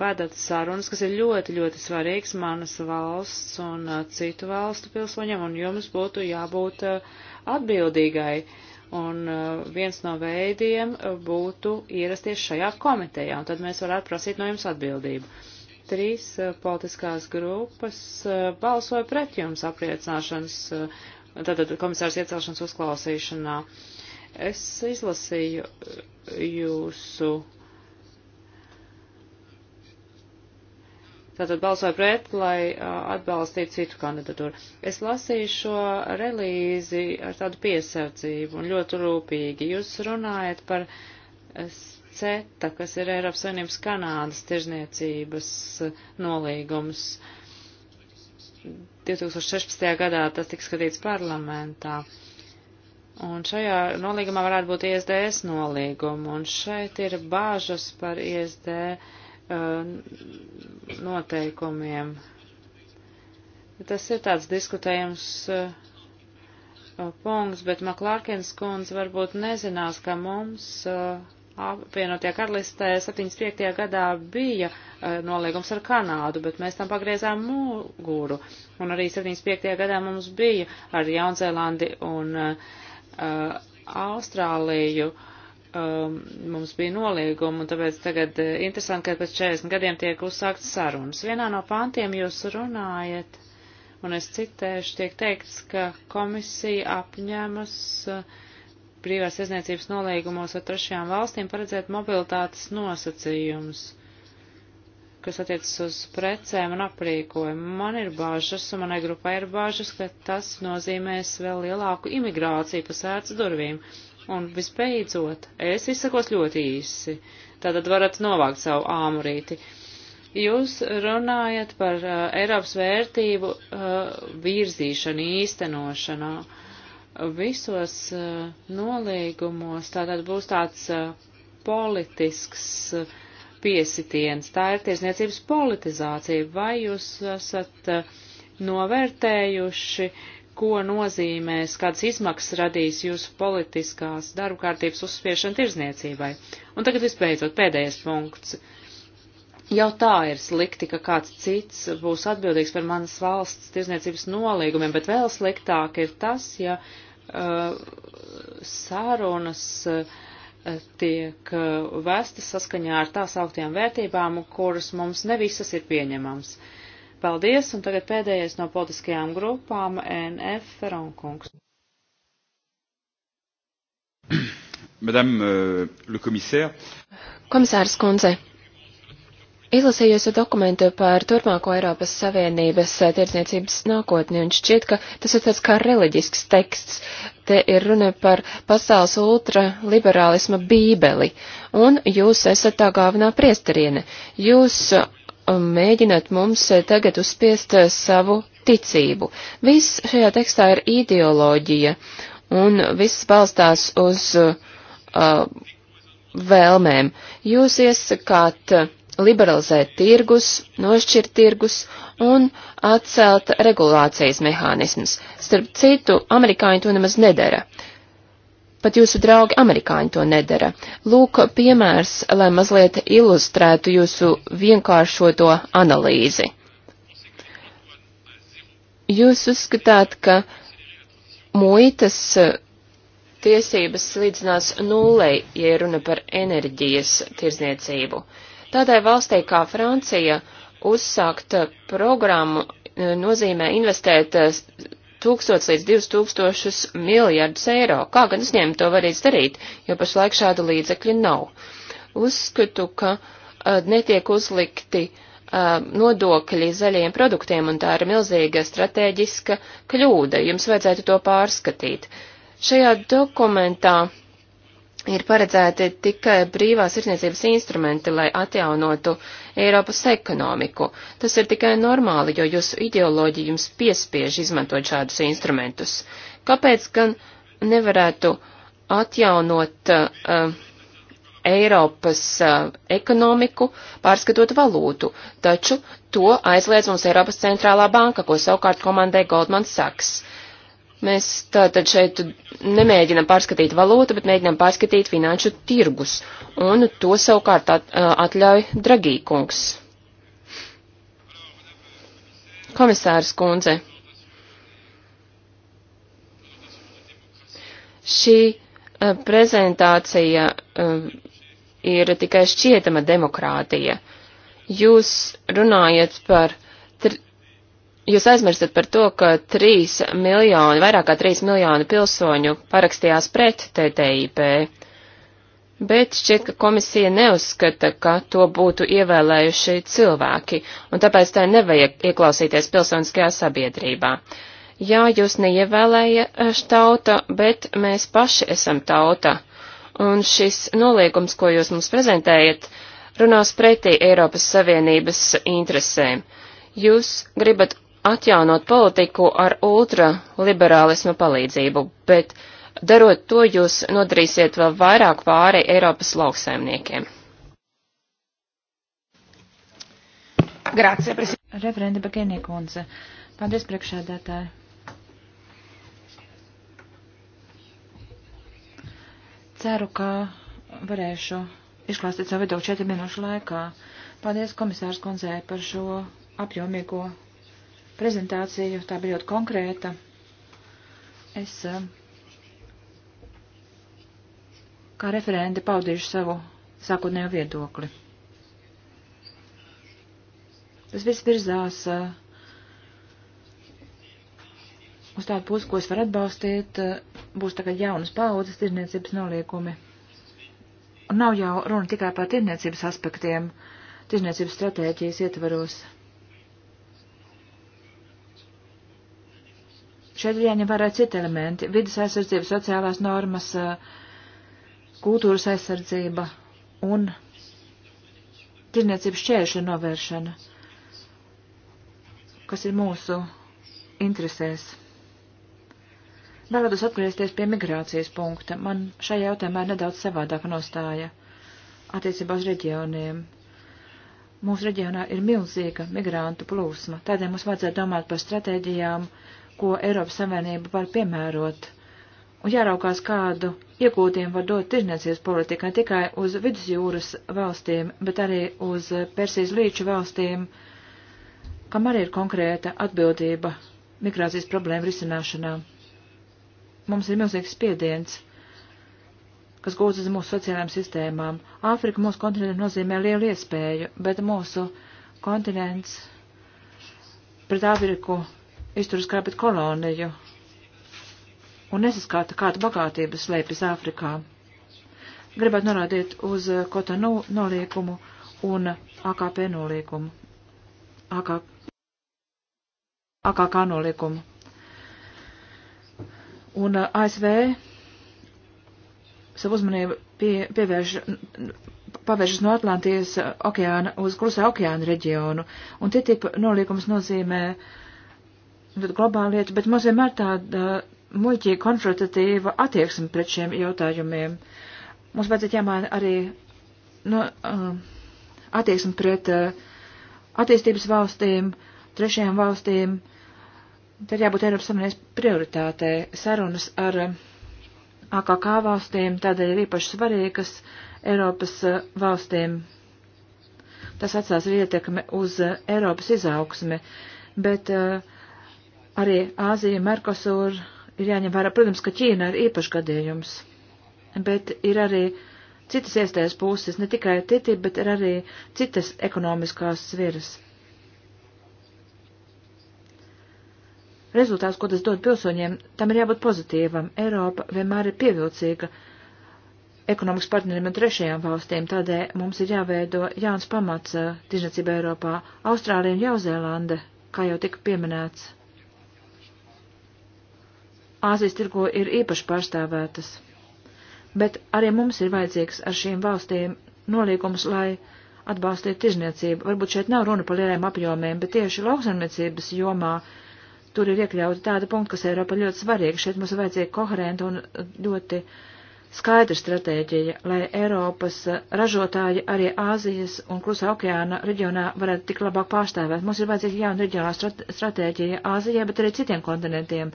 vedat sarunas, kas ir ļoti, ļoti svarīgs manas valsts un eh, citu valstu pilsoņiem, un jums būtu jābūt atbildīgai. Uh, Un uh, viens no veidiem uh, būtu ierasties šajā komitejā, un tad mēs varētu prasīt no jums atbildību. Trīs uh, politiskās grupas balsoja pret jums apliecināšanas, tātad komisārs iecelšanas uzklausīšanā. Es izlasīju jūsu uh, tātad balsoja pret, lai atbalstītu citu kandidatūru. Es lasīju šo relīzi ar tādu piesardzību un ļoti rūpīgi. Jūs runājat par CETA, kas ir Eiropas Savienības Kanādas tirzniecības nolīgums. 2016. gadā tas tika skatīts parlamentā. Un šajā nolīgumā varētu būt ISDS nolīguma, un šeit ir bāžas par ISDS Uh, noteikumiem. Tas ir tāds diskutējums uh, uh, punkts, bet Maklārkins kundze varbūt nezinās, ka mums apvienotie karalistē 75. gadā bija noliegums ar Kanādu, bet mēs tam pagriezām muguru. Un arī 75. gadā mums bija ar Jaunzēlandi un uh, Austrāliju uh, um, mums bija nolieguma, un tāpēc tagad eh, interesanti, ka pēc 40 gadiem tiek uzsākts sarunas. Vienā no pāntiem jūs runājat, un es citēšu, tiek teikts, ka komisija apņēmas uh, eh, brīvās izniecības nolīgumos ar trešajām valstīm paredzēt mobilitātes nosacījumus kas attiecas uz precēm un aprīkojumu. Man ir bažas, un manai grupai ir bažas, ka tas nozīmēs vēl lielāku imigrāciju pa sērts durvīm. Un visbeidzot, es izsakos ļoti īsi, tātad varat novākt savu āmurīti. Jūs runājat par uh, Eiropas vērtību uh, virzīšanu, īstenošanā. Visos uh, nolīgumos tātad būs tāds uh, politisks uh, piesitiens, tā ir tiesniecības politizācija. Vai jūs esat uh, novērtējuši uh, ko nozīmēs, kādas izmaksas radīs jūsu politiskās darba kārtības uzspiešana tirzniecībai. Un tagad visbeidzot pēdējais punkts. Jau tā ir slikti, ka kāds cits būs atbildīgs par manas valsts tirzniecības nolīgumiem, bet vēl sliktāk ir tas, ja uh, sārunas uh, tiek uh, vestas saskaņā ar tā sauktajām vērtībām, kuras mums ne visas ir pieņemams. Uh, Paldies, un tagad pēdējais no politiskajām grupām NF Feronkungs.
Madame uh, le commissaire.
Komisārs Kunze, Izlasīju jūsu dokumentu par turpmāko Eiropas Savienības eh, tirdzniecības nākotni, un šķiet, ka tas ir tāds kā reliģisks teksts. Te ir runa par pasaules ultraliberālisma bībeli, un jūs esat tā galvenā priestariene. Jūs mēģināt mums eh, tagad uzspiest eh, savu ticību. Viss šajā tekstā ir ideoloģija, un viss balstās uz uh, vēlmēm. Jūs iesakāt liberalizēt tirgus, nošķirt tirgus un atcelt regulācijas mehānismus. Starp citu, amerikāņi to nemaz nedara. Uh, Pat jūsu draugi amerikāņi to nedara. Lūk, piemērs, lai mazliet ilustrētu jūsu vienkāršoto analīzi. Jūs uzskatāt, ka muitas eh, tiesības līdzinās nulei, ja runa par enerģijas tirzniecību. Tādai valstī kā Francija uzsākt programmu eh, nozīmē investēt eh, 1000 līdz 2000 miljardus eiro. Kā gan uzņēmumi to varēs darīt, jo pašlaik šādu līdzekļu nav. Uzskatu, ka uh, netiek uzlikti uh, nodokļi zaļajiem produktiem, un tā ir milzīga strateģiska kļūda. Jums vajadzētu to pārskatīt. Šajā dokumentā ir paredzēti tikai brīvās izniecības instrumenti, lai atjaunotu Eiropas ekonomiku. Tas ir tikai normāli, jo jūsu ideoloģija jums piespiež izmantot šādus instrumentus. Kāpēc gan nevarētu atjaunot uh, Eiropas uh, ekonomiku, pārskatot valūtu, taču to aizliedz mums Eiropas centrālā banka, ko savukārt komandē Goldman Sachs. Mēs tātad šeit nemēģinam pārskatīt valūtu, bet mēģinam pārskatīt finanšu tirgus, un to savukārt at, atļauj Dragīkungs. Komisārs kundze. Šī uh, prezentācija uh, ir tikai šķietama demokrātija. Jūs runājat par Jūs aizmirstat par to, ka 3 miljoni, vairāk kā 3 miljoni pilsoņu parakstījās pret TTIP, bet šķiet, ka komisija neuzskata, ka to būtu ievēlējuši cilvēki, un tāpēc tai nevajag ieklausīties pilsoniskajā sabiedrībā. Jā, jūs neievēlēja tauta, bet mēs paši esam tauta, un šis noliegums, ko jūs mums prezentējat, runās pretī Eiropas Savienības interesēm jūs gribat atjaunot politiku ar ultraliberālismu palīdzību, bet darot to jūs nodarīsiet vēl vairāk pāri Eiropas lauksaimniekiem.
Grācija, prezidents. Reverenda Bagēnie kundze. Paldies, priekšādātāji. Ceru, ka varēšu izklāstīt savu viedokli četru minūšu laikā. Paldies komisārs kundzei par šo apjomīgo prezentāciju, tā bija ļoti konkrēta. Es eh, kā referenti paudīšu savu sākotnējo viedokli. Tas viss virzās eh, uz tādu pusi, ko es varu atbalstīt, eh, būs tagad jaunas paudzes tirniecības noliekumi. Un nav jau runa tikai par tirniecības aspektiem, tirniecības stratēģijas ietvaros. Šeit ir jāņem vērā citi elementi - vidas aizsardzība, sociālās normas, kultūras aizsardzība un tirniecības šķēršļa novēršana, kas ir mūsu interesēs. Vēlētos atgriezties pie migrācijas punkta. Man šajā jautājumā ir nedaudz savādāka nostāja attiecībā uz reģioniem. Mūsu reģionā ir milzīga migrantu plūsma, tādēļ mums vajadzētu domāt par stratēģijām, uh, ko Eiropas Savienība var piemērot. Un jāraukās, kādu iegūtiem var dot tirniecības politika ne tikai uz vidusjūras valstīm, bet arī uz Persijas līču valstīm, kam arī ir konkrēta atbildība migrācijas problēmu risināšanā. Mums ir milzīgs spiediens kas gūst uz mūsu sociālajām sistēmām. Āfrika mūsu kontinentam nozīmē lielu iespēju, bet mūsu kontinents pret Āfriku izturas kā pret koloniju un nesaskata, kāda bagātība slēpjas Āfrikā. Gribētu norādīt uz Kotanu noliekumu un AKP noliekumu. AK... AKK noliekumu. Un uh, ASV savu uzmanību pie, pievērš, pavēršas no Atlantijas okeāna uz Klusā okeāna reģionu, un TTIP nolīgums nozīmē uh, ļoti globāla lieta, bet mums vienmēr tāda muļķīga konfrontatīva attieksme pret šiem jautājumiem. Mums vajadzētu jāmaina arī nu, um, attieksme pret uh, attīstības valstīm, trešajām valstīm. Tad jābūt Eiropas Savienības prioritātē sarunas ar uh, AKK valstīm, tādēļ ir īpaši svarīgas Eiropas uh, valstīm. Tas atstās ietekmi uz Eiropas izaugsmi, bet uh, Arī Āzija, Merkosur ir jāņem vērā. Protams, ka Ķīna ir īpašs gadījums, bet ir arī citas iestājas puses, ne tikai TTIP, bet ir arī citas ekonomiskās sviras. Rezultāts, ko tas dod pilsoņiem, tam ir jābūt pozitīvam. Eiropa vienmēr ir pievilcīga ekonomikas partneriem un trešajām valstīm, tādēļ mums ir jāveido jauns pamats eh, tirzniecība Eiropā. Austrālija un Jauzēlande, kā jau tika pieminēts, Āzijas tirgo ir īpaši pārstāvētas. Bet arī mums ir vajadzīgs ar šīm valstīm noliekums, lai atbalstītu tirzniecību. Varbūt šeit nav runa par lieliem apjomiem, bet tieši lauksaimniecības jomā tur ir iekļauti tādi punkti, kas Eiropa ļoti svarīgi. Šeit mums vajadzīga koherenta un ļoti skaidra stratēģija, lai Eiropas ražotāji arī Āzijas un Klusā okeāna reģionā varētu tik labāk pārstāvēt. Mums ir vajadzīga jauna reģionāla stratēģija Āzijai, bet arī citiem kontinentiem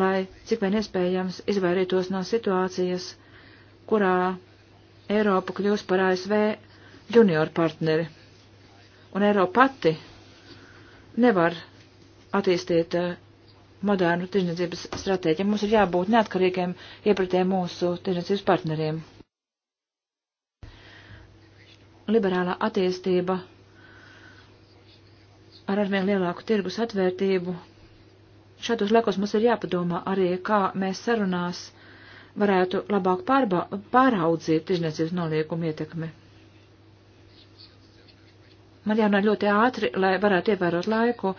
lai cik vien iespējams izvairītos no situācijas, kurā Eiropa kļūs par ASV junior partneri. Un Eiropa pati nevar attīstīt eh, modernu tirdzniecības stratēģiju. Mums ir jābūt neatkarīgiem iepratiem mūsu tirdzniecības partneriem. Liberālā attīstība ar arvien lielāku tirgus atvērtību šādos laikos mums ir jāpadomā arī, kā mēs sarunās varētu labāk pārba, pāraudzīt tirzniecības noliekumu ietekmi. Man jārunā ļoti ātri, lai varētu ievērot laiku,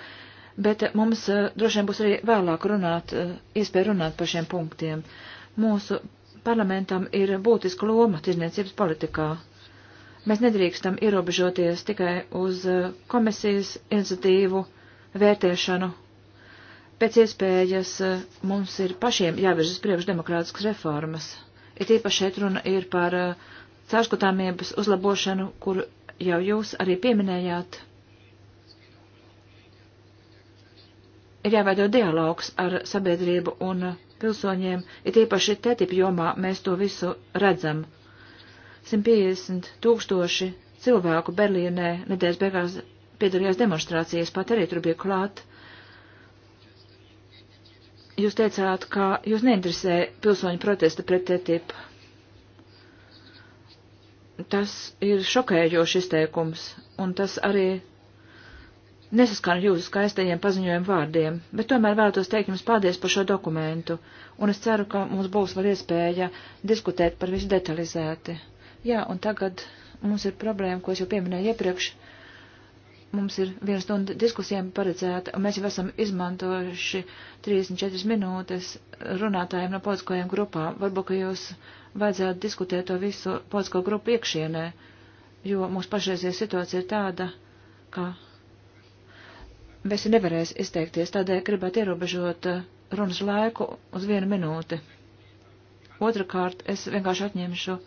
bet mums uh, droši vien būs arī vēlāk runāt, uh, iespēja runāt par šiem punktiem. Mūsu parlamentam ir būtiska loma tirzniecības politikā. Mēs nedrīkstam ierobežoties tikai uz eh, komisijas iniciatīvu vērtēšanu pēc iespējas eh, mums ir pašiem jāvirzas priekš demokrātiskas reformas. Ir īpaši šeit runa ir par eh, caurskatāmības uzlabošanu, kur jau jūs arī pieminējāt. Ir jāveido dialogs ar sabiedrību un pilsoņiem, ir īpaši TTIP jomā mēs to visu redzam. 150 tūkstoši cilvēku Berlīnē nedēļas beigās piedalījās demonstrācijas, pat arī tur bija klāt Jūs teicāt, ka jūs neinteresē pilsoņu protesta pret TTIP. Tas ir šokējošs izteikums, un tas arī nesaskan jūsu skaistajiem paziņojumu vārdiem, bet tomēr vēlētos teikt jums paldies par šo dokumentu, un es ceru, ka mums būs vēl iespēja diskutēt par visu detalizēti. Jā, un tagad mums ir problēma, ko es jau pieminēju iepriekš, mums ir viena stunda diskusijām paredzēta, un mēs jau esam izmantojuši 34 minūtes runātājiem no politiskajām grupām. Varbūt, ka jūs vajadzētu diskutēt to visu politisko grupu iekšienē, jo mūsu pašreizie situācija ir tāda, ka visi nevarēs izteikties, tādēļ gribētu ierobežot eh, runas laiku uz vienu minūti. Otrakārt, es vienkārši atņemšu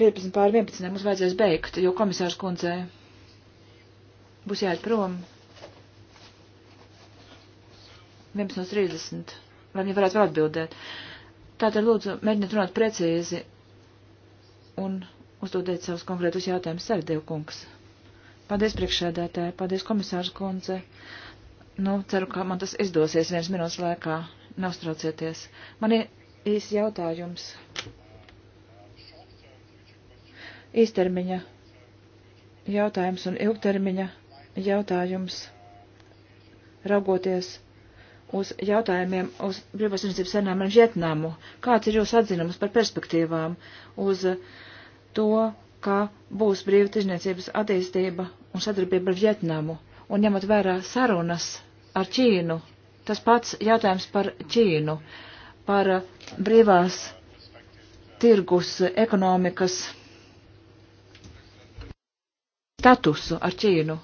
15 pār 11. Mums vajadzēs beigt, jo komisārs kundzei būs jāiet prom. 11.30. Vai viņi varētu vēl atbildēt? Tātad lūdzu, mēģiniet runāt precīzi un uzdodiet savus konkrētus jautājumus, Sardev kungs. Paldies priekšsēdētāji, paldies komisārs kundze. Nu, ceru, ka man tas izdosies viens minūtes laikā. Neuztraucieties. Man ir īsi jautājums īstermiņa jautājums un ilgtermiņa jautājums, raugoties uz jautājumiem uz brīvosniecības senām ar Vietnamu. Kāds ir jūsu atzinums par perspektīvām uz to, ka būs brīva tirzniecības attīstība un sadarbība ar Vietnamu? Un ņemot vērā sarunas ar Ķīnu, tas pats jautājums par Ķīnu, par brīvās tirgus ekonomikas
statusu ar Ķīnu?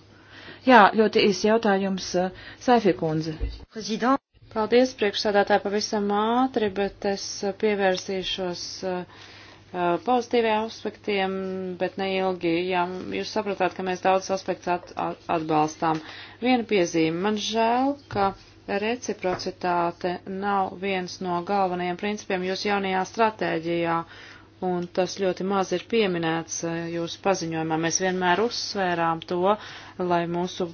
Jā, ļoti īsi jautājums, eh, Saifī kundze.
Paldies, priekšsādātāji, pavisam ātri, bet es pievērsīšos eh, pozitīviem aspektiem, bet neilgi. Jā, jūs sapratāt, ka mēs daudz aspektus at, at, atbalstām. Viena piezīme. Man žēl, ka reciprocitāte nav viens no galvenajiem principiem jūs jaunajā stratēģijā. Uh, un tas ļoti maz ir pieminēts eh, jūsu paziņojumā. Mēs vienmēr uzsvērām to, lai mūsu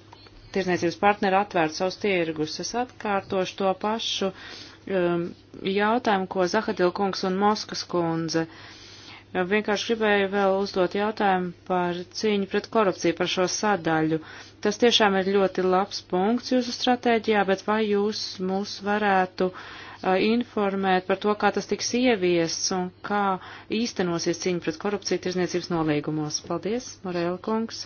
tirzniecības partneri atvērtu savus tirgus. Es atkārtošu to pašu um, jautājumu, ko Zahadil kungs un Moskas kundze. Vienkārši gribēju vēl uzdot jautājumu par cīņu pret korupciju, par šo sadaļu. Tas tiešām ir ļoti labs punkts jūsu stratēģijā, bet vai jūs mūs varētu uh, informēt par to, kā tas tiks ieviests un kā īstenosies cīņa pret korupciju tirzniecības nolīgumos. Paldies, Morēla kungs.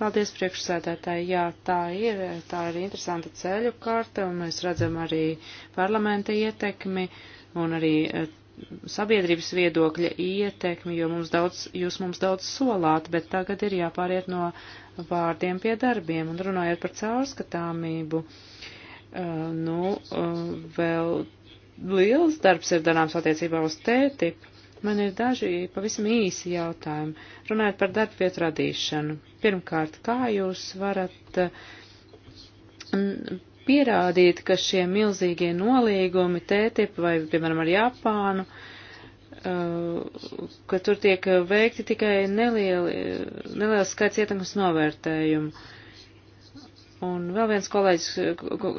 Paldies, priekšsēdētāji. Jā, tā ir, tā ir interesanta ceļu karte, un mēs redzam arī parlamenta ietekmi un arī sabiedrības viedokļa ietekmi, jo mums daudz, jūs mums daudz solāt, bet tagad ir jāpāriet no vārdiem pie darbiem. Un runājot par caurskatāmību, uh, nu, uh, vēl liels darbs ir darāms attiecībā uz tētipu. Man ir daži pavisam īsi jautājumi, runājot par darba vietu radīšanu. Pirmkārt, kā jūs varat eh, pierādīt, ka šie milzīgie nolīgumi TTIP vai, piemēram, ar Japānu, eh, ka tur tiek veikti tikai nelieli, neliels skaits ietekmes novērtējumu. Un vēl viens kolēģis,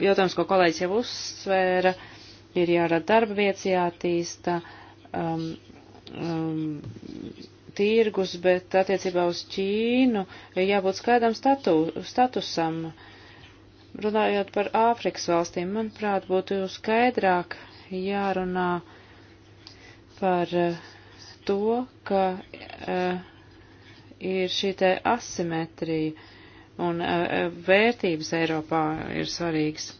jautājums, ko kolēģis jau uzsvēra, uh, ir jārada darba vietas, jātīsta um, um, tirgus, bet attiecībā uz Ķīnu ir jābūt skaidram statu, statusam. Runājot par Āfrikas valstīm, manuprāt, būtu skaidrāk jārunā par eh, to, ka uh, ir šī te asimetrija un uh, vērtības Eiropā ir svarīgas.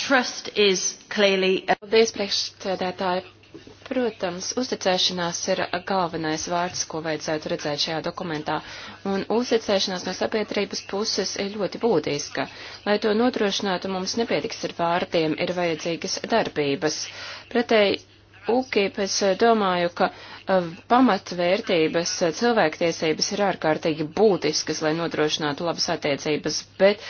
Trust is clearly. Paldies, priekšsēdētāji. Protams, uzticēšanās
ir galvenais vārds, ko vajadzētu redzēt šajā dokumentā, un uzticēšanās no sabiedrības puses ir ļoti būtiska. Lai to nodrošinātu, mums nepietiks ar vārdiem, ir vajadzīgas darbības. Pretēji UKIP, es eh, domāju, ka eh, pamatvērtības eh, cilvēktiesības ir ārkārtīgi būtiskas, lai nodrošinātu labas attiecības, bet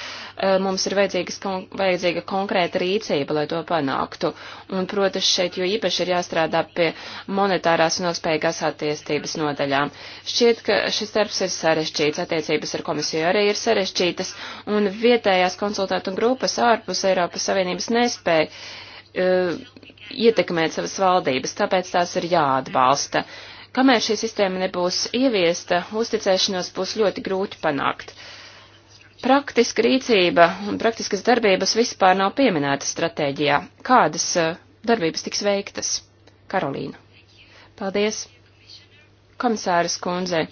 mums ir kon vajadzīga konkrēta rīcība, lai to panāktu. Un, protams, šeit jo īpaši ir jāstrādā pie monetārās un ilgspējīgās attiestības nodaļām. Šķiet, ka šis darbs ir sarežģīts, attiecības ar komisiju arī ir sarežģītas, un vietējās konsultātu grupas ārpus Eiropas Savienības nespēja ietekmēt savas valdības, tāpēc tās ir jāatbalsta. Kamēr šī sistēma nebūs ieviesta, uzticēšanos būs ļoti grūti panākt. Praktiska rīcība un praktiskas darbības vispār nav pieminētas stratēģijā. Kādas eh, darbības tiks veiktas? Karolīna. Paldies. Komisāras kundze,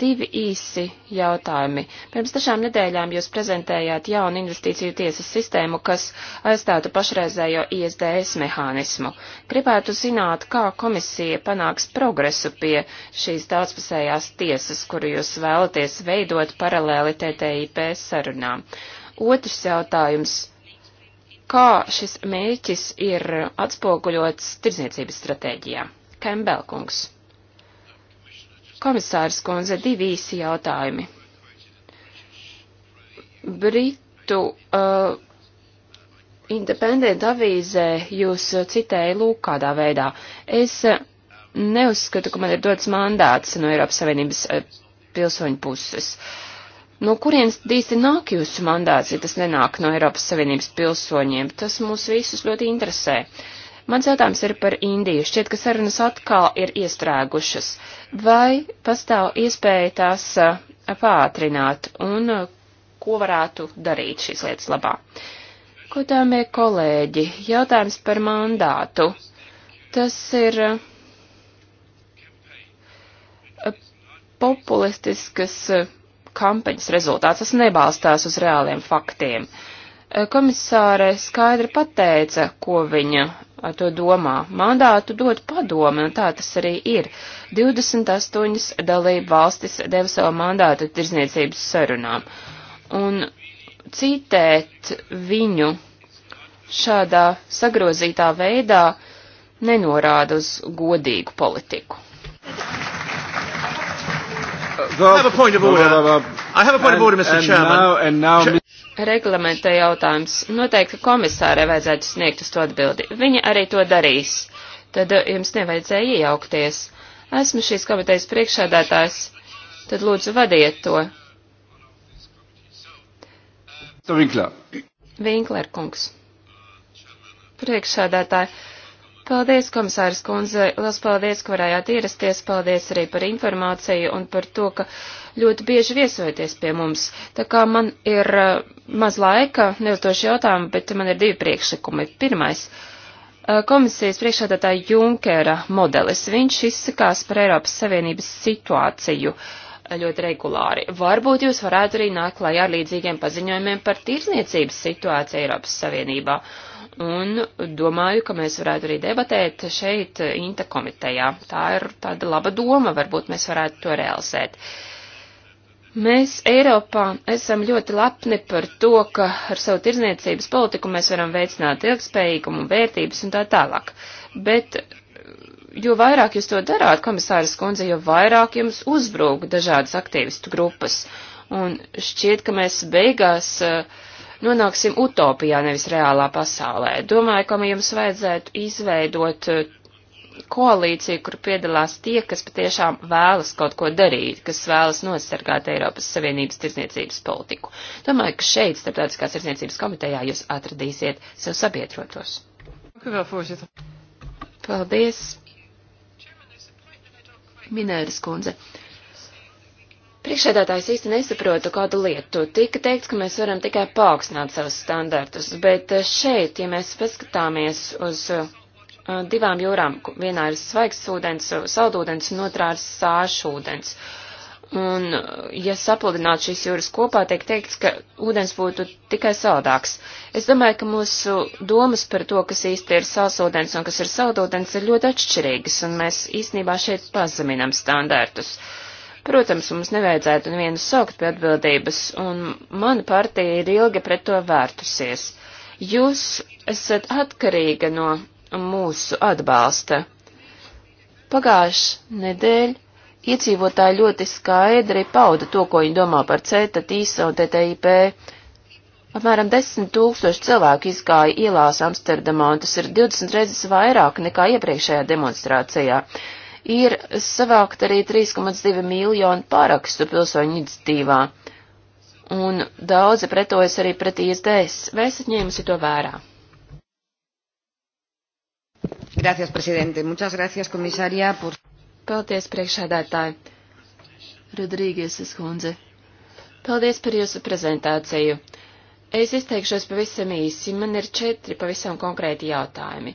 Divi īsi jautājumi. Pirms dažām nedēļām jūs prezentējāt jaunu investīciju tiesas sistēmu, kas aizstātu pašreizējo ISDS mehānismu. Gribētu zināt, kā komisija panāks progresu pie šīs daudzpusējās tiesas, kuru jūs vēlaties veidot paralēli TTIP sarunām. Otrs jautājums. Kā šis mērķis ir atspoguļots tirdzniecības stratēģijā? Kembelkungs. Komisārs Konze, divi īsi jautājumi. Britu uh, Independent avīzē jūs uh, citēja lūk kādā veidā. Es uh, neuzskatu, ka man ir dots mandāts no Eiropas Savienības uh, pilsoņu puses. No kurienes īsti nāk jūsu mandāts, ja tas nenāk no Eiropas Savienības pilsoņiem? Tas mūs visus ļoti interesē. Uh, Mans jautājums ir par Indiju. Šķiet, ka sarunas atkal ir iestrēgušas. Vai pastāv iespēja tās pātrināt un ko varētu darīt šīs lietas labā? Godāmie kolēģi, jautājums par mandātu. Tas ir populistiskas kampaņas rezultāts. Tas nebalstās uz reāliem faktiem. Komisāre skaidri pateica, ko viņa to domā. Mandātu dod padomi, un tā tas arī ir. 28 dalība valstis deva savu mandātu tirzniecības sarunām. Un citēt viņu šādā sagrozītā veidā nenorāda uz godīgu politiku.
Well, Order, and now, and now...
Reglamenta jautājums. Noteikti komisārai vajadzētu sniegt uz to atbildi. Viņa arī to darīs. Tad uh, jums nevajadzēja iejaukties. Esmu šīs komitejas priekšādātājs. Tad lūdzu vadiet to. Vinkler kungs. Priekšādātāji. Paldies, komisārs kundze. Lielas paldies, ka varējāt ierasties. Paldies arī par informāciju un par to, ka ļoti bieži viesojoties pie mums. Tā kā man ir eh, maz laika, neuzdošu jautājumu, bet man ir divi priekšlikumi. Pirmais eh, komisijas priekšādātāja Junkera modelis. Viņš izsakās par Eiropas Savienības situāciju eh, ļoti regulāri. Varbūt jūs varētu arī nākt klajā ar līdzīgiem paziņojumiem par tirzniecības situāciju Eiropas Savienībā. Un domāju, ka mēs varētu arī debatēt šeit Inta komitejā. Tā ir tāda laba doma, varbūt mēs varētu to realizēt. Uh, Mēs Eiropā esam ļoti lepni par to, ka ar savu tirzniecības politiku mēs varam veicināt ilgspējīgumu, vērtības un tā tālāk. Bet jo vairāk jūs to darāt, komisāras kundze, jo vairāk jums uzbrūk dažādas aktīvistu grupas. Un šķiet, ka mēs beigās eh, nonāksim utopijā, nevis reālā pasaulē. Domāju, ka jums vajadzētu izveidot eh, koalīciju, kur piedalās tie, kas patiešām vēlas kaut ko darīt, kas vēlas nosargāt Eiropas Savienības tirsniecības politiku. Domāju, ka šeit, starptautiskās tirsniecības komitejā, jūs atradīsiet sev sabiedrotos. Paldies, Minēras kundze. Priekšsēdētājs īsti nesaprotu kādu lietu. Tika teikts, ka mēs varam tikai paaugstināt savus standartus, bet šeit, ja mēs paskatāmies uz Uh, divām jūrām. Vienā ir svaigs ūdens, uh, saldūdens, un otrā ir sāšūdens. Un, uh, ja sapludinātu šīs jūras kopā, tiek teikts, ka ūdens būtu tikai saldāks. Es domāju, ka mūsu domas par to, kas īsti ir sāsūdens un kas ir saldūdens, ir ļoti atšķirīgas, un mēs īstenībā šeit pazeminam standārtus. Protams, mums nevajadzētu nevienu saukt pie atbildības, un mana partija ir ilgi pret to vērtusies. Jūs esat atkarīga no mūsu atbalsta. Pagājuši nedēļ iedzīvotāji ļoti skaidri pauda to, ko viņi domā par CETA, TISA un TTIP. Apmēram 10 tūkstoši cilvēku izgāja ielās Amsterdamā, un tas ir 20 reizes vairāk nekā iepriekšējā demonstrācijā. Ir savākt arī 3,2 miljonu pārakstu pilsoņu iniciatīvā, un daudzi pretojas arī pret ISDS. Vai esat ņēmusi to vērā? Gracias, prezidente. Muchas gracias, komisārija. Por... Paldies, priekšādātāji. Rodrīgies Skundze. Paldies par jūsu prezentāciju. Es izteikšos pavisam īsi. Man ir četri pavisam konkrēti jautājumi.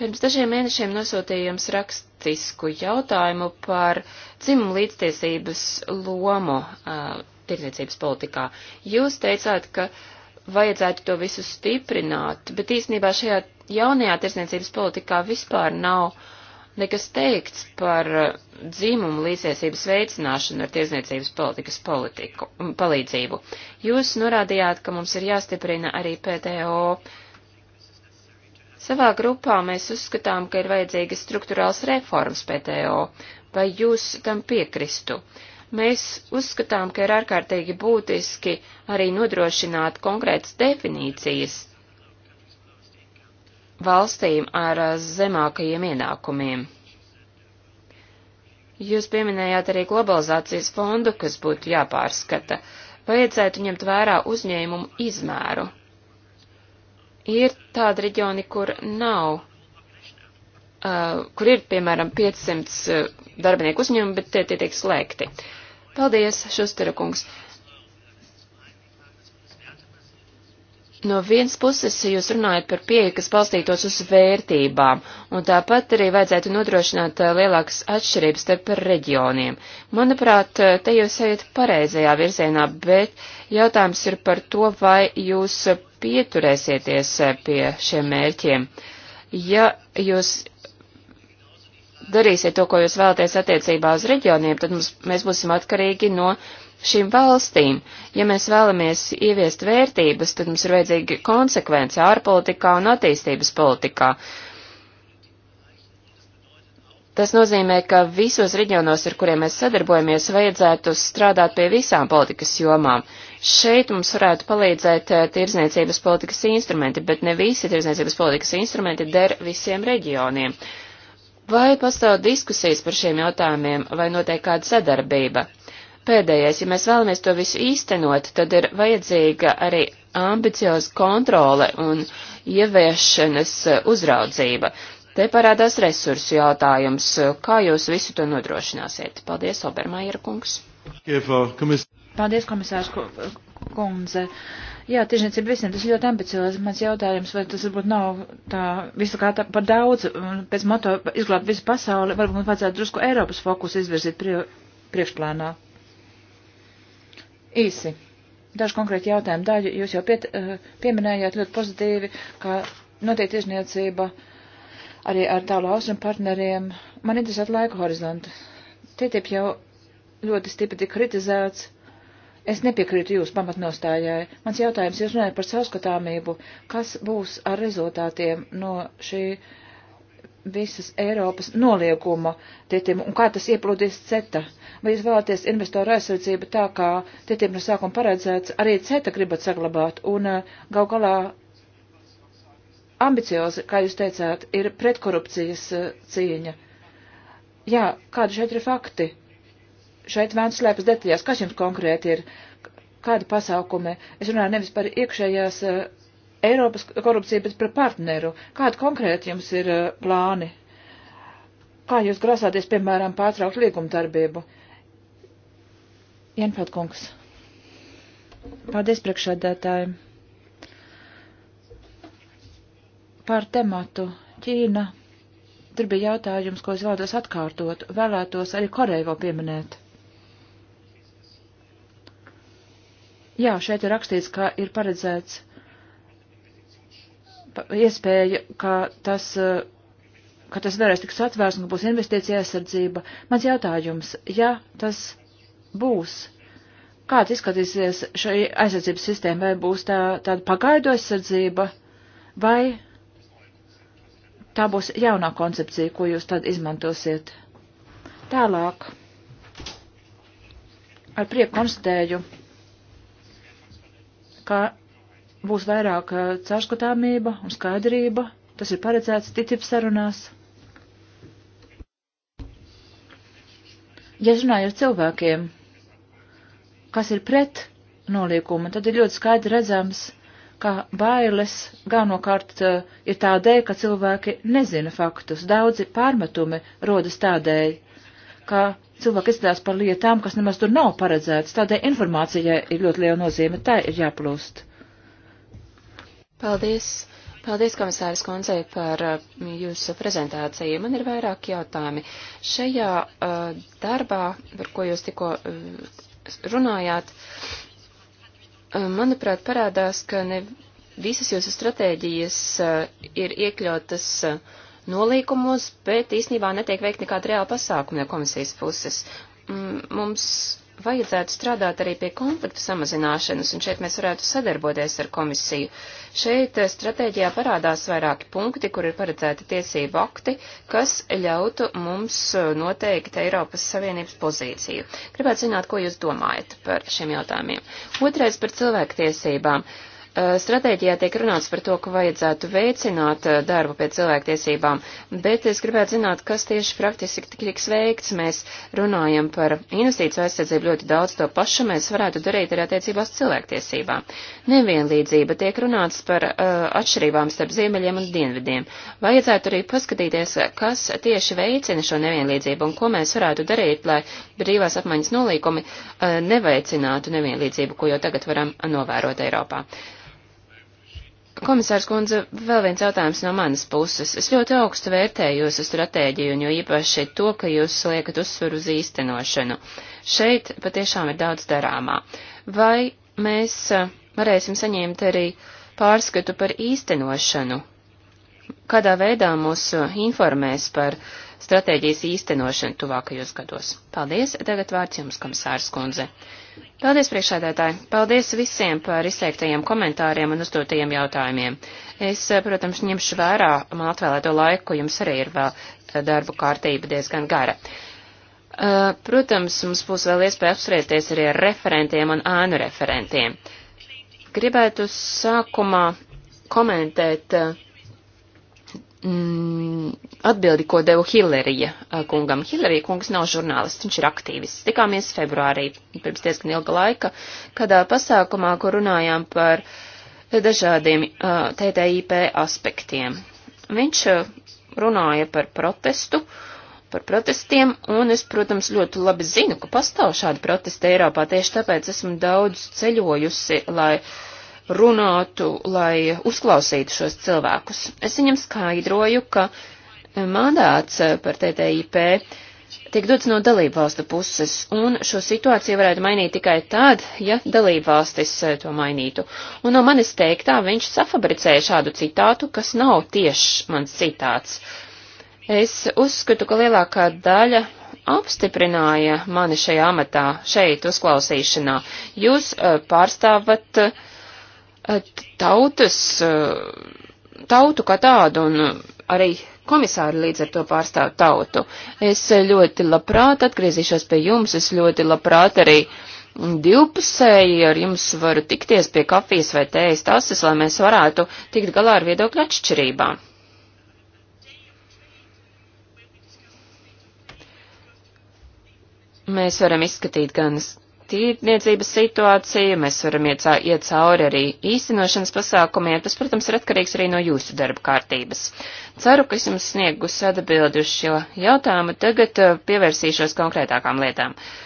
Pirms dažiem mēnešiem nosūtīju jums rakstisku jautājumu par dzimumu līdztiesības lomu uh, tirdzniecības politikā. Jūs teicāt, ka uh, vajadzētu to visu stiprināt, bet īstenībā šajā jaunajā tirsniecības politikā vispār nav nekas teikts par uh, dzimumu līdziesības veicināšanu ar tirsniecības politikas politiku, palīdzību. Jūs norādījāt, ka mums ir jāstiprina arī PTO. Savā grupā mēs uzskatām, ka ir vajadzīgas struktūrāls reformas PTO. Vai jūs tam piekristu? Uh, Mēs uzskatām, ka ir ārkārtīgi būtiski arī nodrošināt konkrētas definīcijas valstīm ar zemākajiem ienākumiem. Jūs pieminējāt arī globalizācijas fondu, kas būtu jāpārskata. Vajadzētu ņemt vērā uzņēmumu izmēru. Ir tādi reģioni, kur nav, uh, kur ir, piemēram, 500 uh, darbinieku uzņēmumi, bet tie, tie tiek slēgti. Uh, Paldies, Šustera kungs. No vienas puses jūs runājat par pieeju, kas balstītos uz vērtībām, un tāpat arī vajadzētu nodrošināt eh, lielākas atšķirības starp reģioniem. Manuprāt, eh, te jūs ejat pareizajā virzienā, bet jautājums ir par to, vai jūs pieturēsieties eh, pie šiem mērķiem. Ja jūs darīsiet to, ko jūs vēlaties attiecībā uz reģioniem, tad mums, mēs būsim atkarīgi no šīm valstīm. Ja mēs vēlamies ieviest vērtības, tad mums ir vajadzīga konsekvence ārpolitikā un attīstības politikā. Tas nozīmē, ka visos reģionos, ar kuriem mēs sadarbojamies, vajadzētu strādāt pie visām politikas jomām. Šeit mums varētu palīdzēt eh, tirzniecības politikas instrumenti, bet ne visi tirzniecības politikas instrumenti der visiem reģioniem. Uh, Vai pastāv diskusijas par šiem jautājumiem, vai notiek kāda sadarbība? Pēdējais, ja mēs vēlamies to visu īstenot, tad ir vajadzīga arī ambicioza kontrole un ieviešanas eh, uzraudzība. Te parādās resursu jautājums. Kā jūs visu to
nodrošināsiet? Paldies, Obermaier kungs.
Paldies,
komisārs kundze. Ko Jā, tiešniecība visiem tas ļoti ambiciozi. Mans jautājums, vai tas varbūt nav tā visu kā tā par daudz, pēc moto izglābt visu pasauli, varbūt mums vajadzētu drusku Eiropas fokusu izvirzīt prie, priekšplānā. Īsi. Daži konkrēti jautājumi. Daļu jūs jau piet, eh, pieminējāt ļoti pozitīvi, ka notiek tiešniecība arī ar tālu austrumu partneriem. Man interesē laika horizontu. TTIP jau ļoti stipri tika kritizēts Es nepiekrītu jūsu pamatnostājai. Mans jautājums, jūs runājat par sauskatāmību, kas būs ar rezultātiem no šī visas Eiropas nolieguma tietiem un kā tas ieplūdīs CETA? Vai jūs vēlaties investoru aizsardzību tā, kā tietiem no sākuma paredzēts, arī CETA gribat saglabāt un uh, gal galā ambiciozi, kā jūs teicāt, ir pretkorupcijas uh, cīņa? Jā, kādi šeit ir fakti? šeit vērts slēpjas detaļās. Kas jums konkrēti ir? Kādi pasākumi? Es runāju nevis par iekšējās eh, Eiropas korupciju, bet par partneru. Kādi konkrēti jums ir eh, plāni? Kā jūs grasāties, piemēram, pārtraukt līgumdarbību? Jenfeld kungs. Paldies priekšādētājiem. Par tematu Ķīna. Tur bija jautājums, ko es vēlētos atkārtot. Vēlētos arī Koreju vēl pieminēt. Jā, šeit ir rakstīts, ka ir paredzēts iespēja, ka tas, eh, ka tas varēs tiks atvērts un ka būs investīcija aizsardzība. Mans jautājums, ja tas būs, kāds izskatīsies šī aizsardzības sistēma, vai būs tā, tāda pagaidu aizsardzība, vai tā būs jaunā koncepcija, ko jūs tad izmantosiet? Tālāk. Ar prieku konstatēju ka būs vairāk eh, caurskatāmība un skaidrība. Tas ir paredzēts ticības sarunās. Ja runāju ar cilvēkiem, kas ir pret noliekumu, tad ir ļoti skaidri redzams, ka bailes galvenokārt eh, ir tādēļ, ka cilvēki nezina faktus. Daudzi pārmetumi rodas tādēļ, ka cilvēki izstāsta par lietām, kas nemaz tur nav paredzētas. Tādēļ informācijai ir ļoti liela nozīme, tā ir jāplūst.
Paldies! Paldies, komisāris Koncei, par uh, jūsu prezentāciju. Man ir vairāki jautājumi. Šajā uh, darbā, par ko jūs tikko uh, runājāt, uh, manuprāt, parādās, ka ne visas jūsu stratēģijas uh, ir iekļautas uh, nolīkumos, bet īsnībā netiek veikt nekāda reāla pasākuma no komisijas puses. Mm, mums vajadzētu strādāt arī pie konfliktu samazināšanas, un šeit mēs varētu sadarboties ar komisiju. Šeit eh, stratēģijā parādās vairāki punkti, kur ir paredzēti tiesību akti, kas ļautu mums eh, noteikt Eiropas Savienības pozīciju. Gribētu zināt, ko jūs domājat par šiem jautājumiem. Otrais par cilvēktiesībām. Uh, Eh, stratēģijā tiek runāts par to, ka vajadzētu veicināt eh, darbu pie cilvēktiesībām, bet es gribētu zināt, kas tieši praktiski tiks veikts. Mēs runājam par investīciju aizsardzību ļoti daudz, to pašu mēs varētu darīt arī attiecībās cilvēktiesībām. Nevienlīdzība tiek runāts par uh, atšķirībām starp ziemeļiem un dienvidiem. Vajadzētu arī paskatīties, kas tieši veicina šo nevienlīdzību un ko mēs varētu darīt, lai brīvās apmaiņas nolīkumi uh, neveicinātu nevienlīdzību, ko jau tagad varam novērot Eiropā. Komisārs kundze, vēl viens jautājums no manas puses. Es ļoti augstu vērtēju jūsu stratēģiju un jo īpaši to, ka jūs liekat uzsveru uz īstenošanu. Šeit patiešām ir daudz darāmā. Vai mēs eh, varēsim saņemt arī pārskatu par īstenošanu kādā veidā mūs uh, informēs par stratēģijas īstenošanu tuvākajos gados. Paldies, tagad vārds jums, komisārs kundze. Paldies, priekšādētāji. Paldies visiem par izteiktajiem komentāriem un uzdotajiem jautājumiem. Es, uh, protams, ņemšu vērā man atvēlēto laiku, jums arī ir vēl uh, darbu kārtība diezgan gara. Protams, mums būs vēl iespēja apspriesties arī ar referentiem un ānu referentiem. Gribētu sākumā komentēt uh, mm, atbildi, ko devu Hillerija uh, kungam. Hillerija kungs nav žurnālists, viņš ir aktīvists. Tikāmies februārī, pirms diezgan ilga laika, kādā pasākumā, kur runājām par dažādiem uh, TTIP aspektiem. Viņš uh, runāja par protestu, par protestiem, un es, protams, ļoti labi zinu, ka pastāv šādi protesti Eiropā, tieši tāpēc esmu daudz ceļojusi, lai uh, runātu, lai uzklausītu šos cilvēkus. Es viņam skaidroju, ka mandāts par TTIP tiek dots no dalību valstu puses, un šo situāciju varētu mainīt tikai tad, ja dalību valstis to mainītu. Un no manis teiktā viņš safabricēja šādu citātu, kas nav tieši mans citāts. Es uzskatu, ka lielākā daļa apstiprināja mani šajā amatā, šeit uzklausīšanā. Jūs eh, pārstāvat uh, tautas, eh, tautu kā tādu un arī komisāri līdz ar to pārstāv tautu. Es ļoti labprāt atgriezīšos pie jums, es ļoti labprāt arī divpusēji ar jums varu tikties pie kafijas vai tējas tases, lai mēs varētu tikt galā ar viedokļu atšķirībām. Mēs varam izskatīt gan tīrniecības situācija, mēs varam iecā, iet cauri arī īstenošanas pasākumiem, tas, protams, ir atkarīgs arī no jūsu darba kārtības. Ceru, ka es jums sniegus atbildi uz šo jautājumu, tagad uh, pievērsīšos konkrētākām lietām. Uh,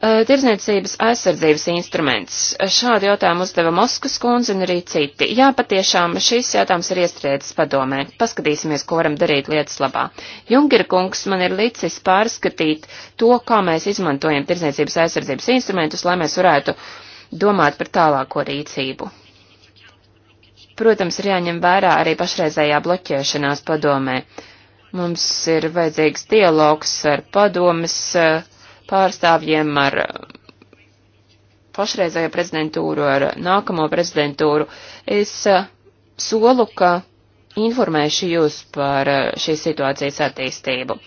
Uh, tirzniecības aizsardzības instruments. Šādu jautājumu uzdeva Moskas kundze un arī citi. Jā, patiešām šis jautājums ir iestrēdzis padomē. Paskatīsimies, ko varam darīt lietas labā. Junkera kungs man ir licis pārskatīt to, kā mēs izmantojam tirzniecības aizsardzības instrumentus, lai mēs varētu domāt par tālāko rīcību. Protams, ir jāņem vērā arī pašreizējā bloķēšanās padomē. Mums ir vajadzīgs dialogs ar padomes uh, pārstāvjiem, ar eh, pašreizējo prezidentūru, ar nākamo prezidentūru. Es eh, solu, ka informēšu jūs par eh, šīs situācijas attīstību.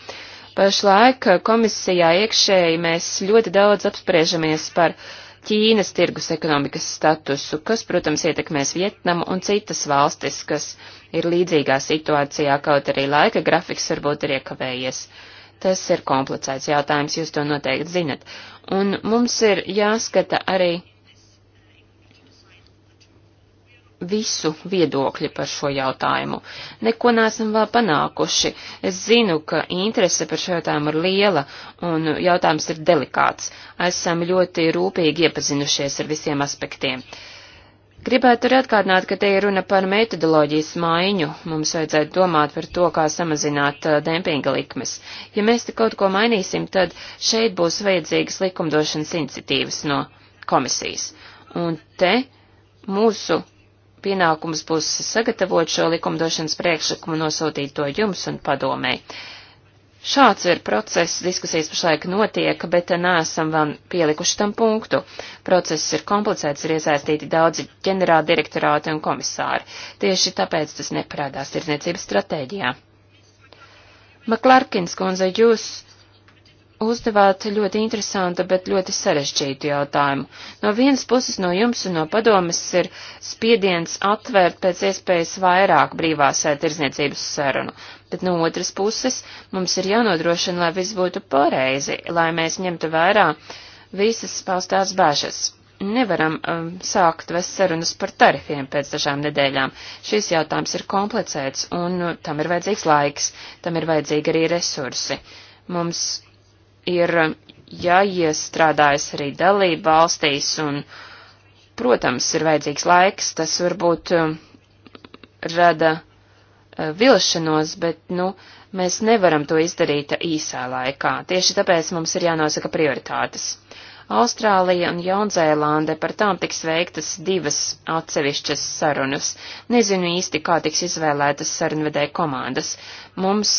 Pašlaik komisijā iekšēji mēs ļoti daudz apspriežamies par Ķīnas tirgus ekonomikas statusu, kas, protams, ietekmēs Vietnamu un citas valstis, kas ir līdzīgā situācijā, kaut arī laika grafiks varbūt ir iekavējies. Uh, Tas ir komplicēts jautājums, jūs to noteikti zinat. Un mums ir jāskata arī visu viedokļi par šo jautājumu. Neko neesam vēl panākuši. Es zinu, ka interese par šo jautājumu ir liela un jautājums ir delikāts. Esam ļoti rūpīgi iepazinušies ar visiem aspektiem. Uh, Gribētu arī atkārtināt, ka te ir runa par metodoloģijas maiņu. Mums vajadzētu domāt par to, kā samazināt uh, dempinga likmes. Ja mēs te kaut ko mainīsim, tad šeit būs vajadzīgas likumdošanas iniciatīvas no komisijas. Un te mūsu pienākums būs sagatavot šo likumdošanas priekšlikumu, nosūtīt to jums un padomēji. Šāds ir process, diskusijas pašlaik notiek, bet neesam vēl pielikuši tam punktu. Process ir komplicēts, ir iesaistīti daudzi ģenerāli direktorāti un komisāri. Tieši tāpēc tas neparādās tirdzniecības stratēģijā. Maklārkins kundze, jūs uzdevāt ļoti interesantu, bet ļoti sarežģītu jautājumu. No vienas puses no jums un no padomas ir spiediens atvērt pēc iespējas vairāk brīvās eh, tirzniecības sarunu bet no otras puses mums ir jānodrošina, lai viss būtu pareizi, lai mēs ņemtu vērā visas paustās bažas. Nevaram um, sākt vest sarunas par tarifiem pēc dažām nedēļām. Šis jautājums ir komplicēts un uh, tam ir vajadzīgs laiks, tam ir vajadzīgi arī resursi. Mums ir um, jāiestrādājas arī dalība valstīs un, protams, ir vajadzīgs laiks, tas varbūt um, rada Eh, vilšanos, bet, nu, mēs nevaram to izdarīt īsā laikā. Tieši tāpēc mums ir jānosaka prioritātes. Austrālija un Jaunzēlande par tām tiks veiktas divas atsevišķas sarunas. Nezinu īsti, kā tiks izvēlētas sarunvedēja komandas. Mums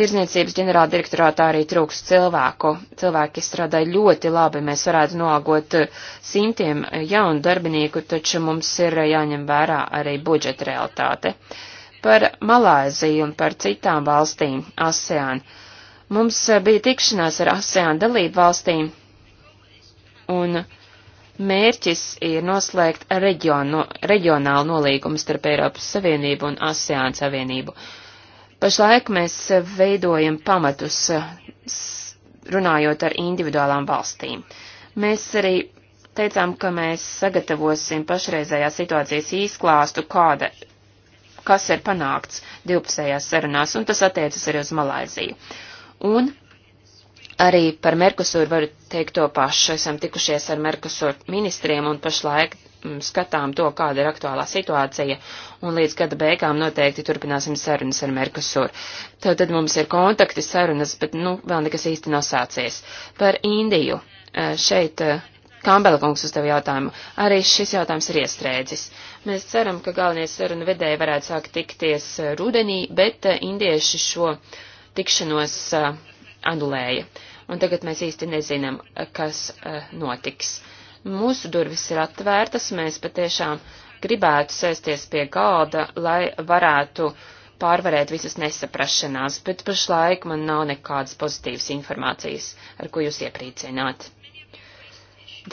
Tirzniecības ģenerāla direktorātā arī trūks cilvēku. Cilvēki strādā ļoti labi, mēs varētu noalgot simtiem jaunu darbinieku, taču mums ir jāņem vērā arī budžeta realitāte. Uh, par Malāziju un par citām valstīm ASEAN. Mums eh, bija tikšanās ar ASEAN dalību valstīm, un mērķis ir noslēgt reģionu, reģionālu nolīgumu starp Eiropas Savienību un ASEAN Savienību. Pašlaik mēs eh, veidojam pamatus eh, runājot ar individuālām valstīm. Mēs arī teicām, ka mēs sagatavosim pašreizējā situācijas īsklāstu, kāda kas ir panākts divpusējās sarunās, un tas attiecas arī uz Malaiziju. Un arī par Merkusuru varu teikt to pašu. Esam tikušies ar Merkusuru ministriem un pašlaik mm, skatām to, kāda ir aktuālā situācija, un līdz gada beigām noteikti turpināsim sarunas ar Merkusuru. Tad, tad mums ir kontakti sarunas, bet, nu, vēl nekas īsti nav sācies. Par Indiju. Šeit Kambela kungs uz tevi jautājumu. Arī šis jautājums ir iestrēdzis. Uh, Mēs ceram, ka galvenie sarunu vedēji varētu sākt tikties eh, rudenī, bet eh, indieši šo tikšanos eh, anulēja. Un tagad mēs īsti nezinām, kas notiks. Mūsu durvis ir atvērtas, mēs patiešām gribētu sēsties pie galda, lai varētu pārvarēt visas nesaprašanās, bet pašlaik man nav nekādas pozitīvas informācijas, ar ko jūs iepriecināt.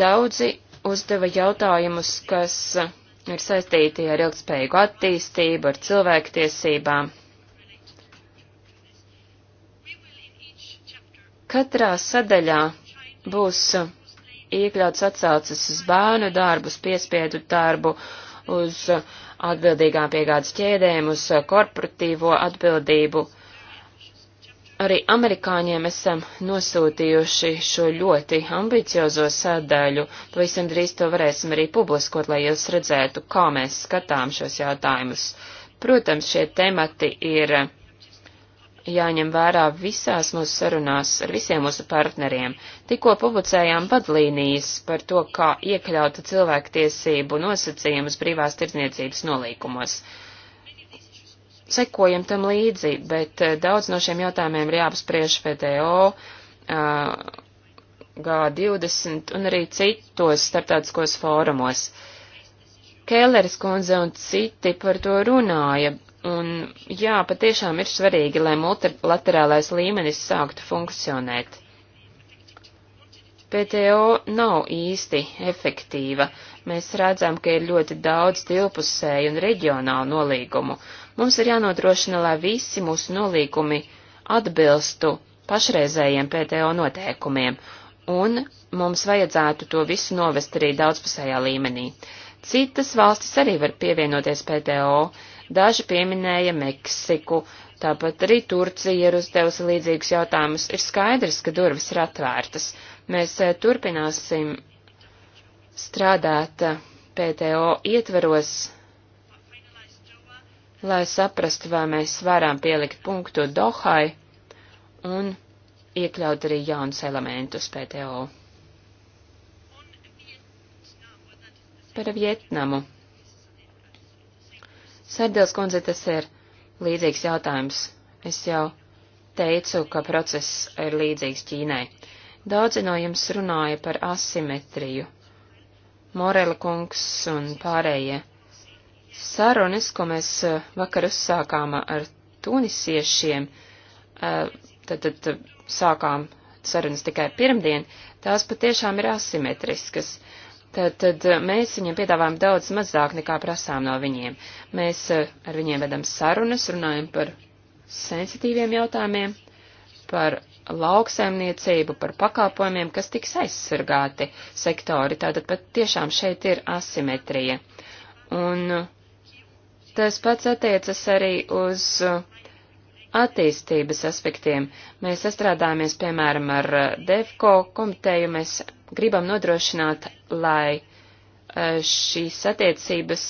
Daudzi uzdeva jautājumus, kas ir saistīti ar ilgspējīgu attīstību, ar cilvēktiesībām. Katrā sadaļā būs iekļauts atsaucas uz bērnu darbu, uz piespiedu darbu, uz atbildīgām piegādes ķēdēm, uz korporatīvo atbildību. Arī amerikāņiem esam nosūtījuši šo ļoti ambiciozo sēdēļu. Pavisam drīz to varēsim arī publiskot, lai jūs redzētu, kā mēs skatām šos jautājumus. Protams, šie temati ir jāņem vērā visās mūsu sarunās ar visiem mūsu partneriem. Tikko publicējām vadlīnijas par to, kā iekļaut cilvēktiesību nosacījumus brīvās tirdzniecības nolīkumos sekojam tam līdzi, bet eh, daudz no šiem jautājumiem ir jāapspriež PTO, eh, G20 un arī citos starptautiskos fórumos. Kēlers kundze un citi par to runāja, un jā, patiešām ir svarīgi, lai multilaterālais līmenis sāktu funkcionēt. PTO nav īsti efektīva. Mēs redzam, ka ir ļoti daudz divpusēju un reģionālu nolīgumu. Mums ir jānodrošina, lai visi mūsu nolīgumi atbilstu pašreizējiem PTO noteikumiem, un mums vajadzētu to visu novest arī daudzpusējā līmenī. Citas valstis arī var pievienoties PTO. Daži pieminēja Meksiku, tāpat arī Turcija ir uzdevusi līdzīgus jautājumus. Ir skaidrs, ka durvis ir atvērtas Mēs eh, turpināsim strādāt eh, PTO ietveros, lai saprastu, vai mēs varam pielikt punktu Dohai un iekļaut arī jaunus elementus PTO. Par Vietnamu. Sardēls kundze, tas ir līdzīgs jautājums. Es jau teicu, ka process ir līdzīgs Ķīnai. Daudzi no jums runāja par asimetriju. Morela kungs un pārējie. Sarunas, ko mēs eh, vakar uzsākām ar tunisiešiem, eh, tad, tad sākām sarunas tikai pirmdien, tās patiešām ir asimetriskas. Tad, tad eh, mēs viņiem piedāvājam daudz mazāk nekā prasām no viņiem. Mēs ar viņiem vedam sarunas, runājam par sensitīviem jautājumiem, par lauksaimniecību, par pakāpojumiem, kas tiks aizsargāti sektori. Tātad pat tiešām šeit ir asimetrija. Un tas pats attiecas arī uz uh, attīstības aspektiem. Mēs sastrādājamies, piemēram, ar uh, DEFCO komiteju, mēs gribam nodrošināt, lai uh, šīs attiecības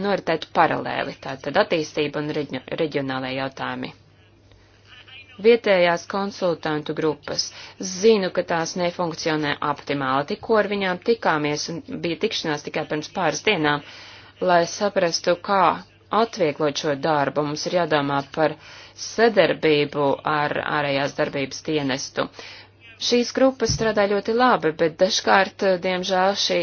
noritētu paralēli, tātad attīstība un reģionālajie jautājumi vietējās konsultantu grupas. Zinu, ka tās nefunkcionē optimāli. Tikko ar viņām tikāmies un bija tikšanās tikai pirms pāris dienām, lai saprastu, kā atvieglot šo darbu. Mums ir jādomā par sadarbību ar ārējās darbības dienestu. Šīs grupas strādā ļoti labi, bet dažkārt, diemžēl, šī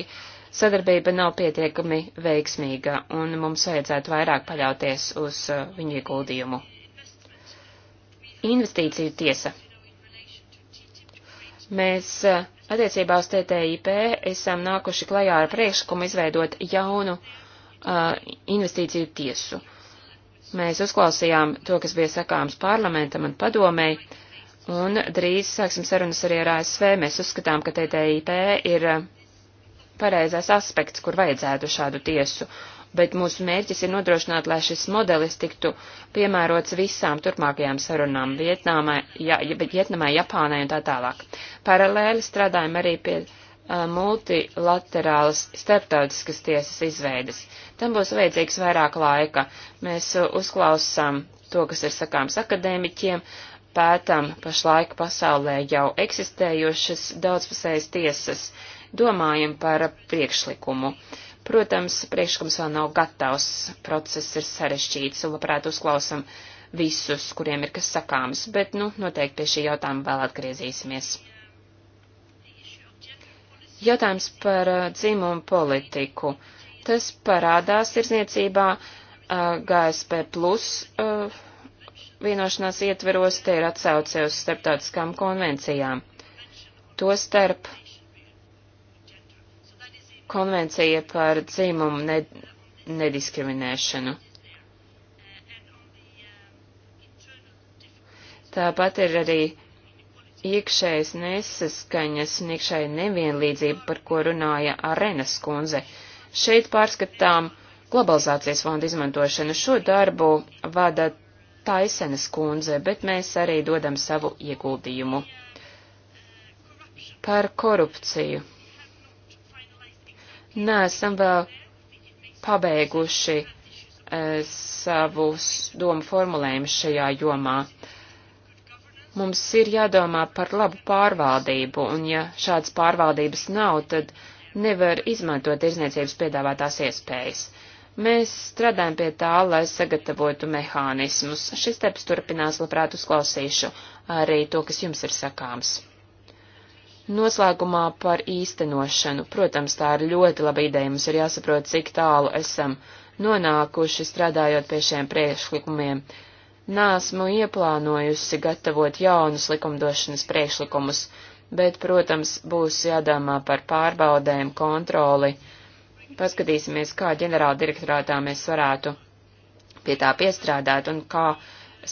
sadarbība nav pietiekami veiksmīga, un mums vajadzētu vairāk paļauties uz uh, viņu ieguldījumu investīciju tiesa. Mēs eh, attiecībā uz TTIP esam nākuši klajā ar priekšlikumu izveidot jaunu uh, investīciju tiesu. Mēs uzklausījām to, kas bija sakāms parlamentam un padomēji, un drīz sāksim sarunas arī ar ASV. Mēs uzskatām, ka TTIP ir eh, pareizais aspekts, kur vajadzētu šādu tiesu. Uh, bet mūsu mērķis ir nodrošināt, lai šis modelis tiktu piemērots visām turpmākajām sarunām Vietnamai, ja, Vietnamai Japānai un tā tālāk. Paralēli strādājam arī pie uh, multilaterālas starptautiskas tiesas izveides. Tam būs vajadzīgs vairāk laika. Mēs uh, uzklausām to, kas ir sakāms akadēmiķiem, pētām pašlaik pasaulē jau eksistējošas daudzpusējas tiesas, domājam par priekšlikumu. Uh, Protams, priekšlikums vēl nav gatavs, process ir sarežģīts, un labprāt uzklausam visus, kuriem ir kas sakāms, bet, nu, noteikti pie šī jautājuma vēl atgriezīsimies. Jautājums par uh, dzimumu politiku. Tas parādās tirzniecībā uh, GSP plus uh, vienošanās ietveros, te ir atsauce uz starptautiskām konvencijām. Tostarp konvencija par dzīmumu ned nediskriminēšanu. Tāpat ir arī iekšējas nesaskaņas un iekšēja nevienlīdzība, par ko runāja Arenas kundze. Šeit pārskatām globalizācijas fonda izmantošanu. Šo darbu vada Taisenes kundze, bet mēs arī dodam savu ieguldījumu. Par korupciju neesam vēl pabeiguši e, eh, savus domu formulējumus šajā jomā. Mums ir jādomā par labu pārvaldību, un ja šādas pārvaldības nav, tad nevar izmantot tirzniecības piedāvātās iespējas. Mēs strādājam pie tā, lai sagatavotu mehānismus. Šis darbs turpinās, labprāt, uzklausīšu arī to, kas jums ir sakāms. Noslēgumā par īstenošanu. Protams, tā ir ļoti laba ideja. Mums ir jāsaprot, cik tālu esam nonākuši strādājot pie šiem priekšlikumiem. Nāsmu ieplānojusi gatavot jaunus likumdošanas priekšlikumus, bet, protams, būs jādomā par pārbaudēm, kontroli. Paskatīsimies, kā ģenerāla direktorātā mēs varētu pie tā piestrādāt un kā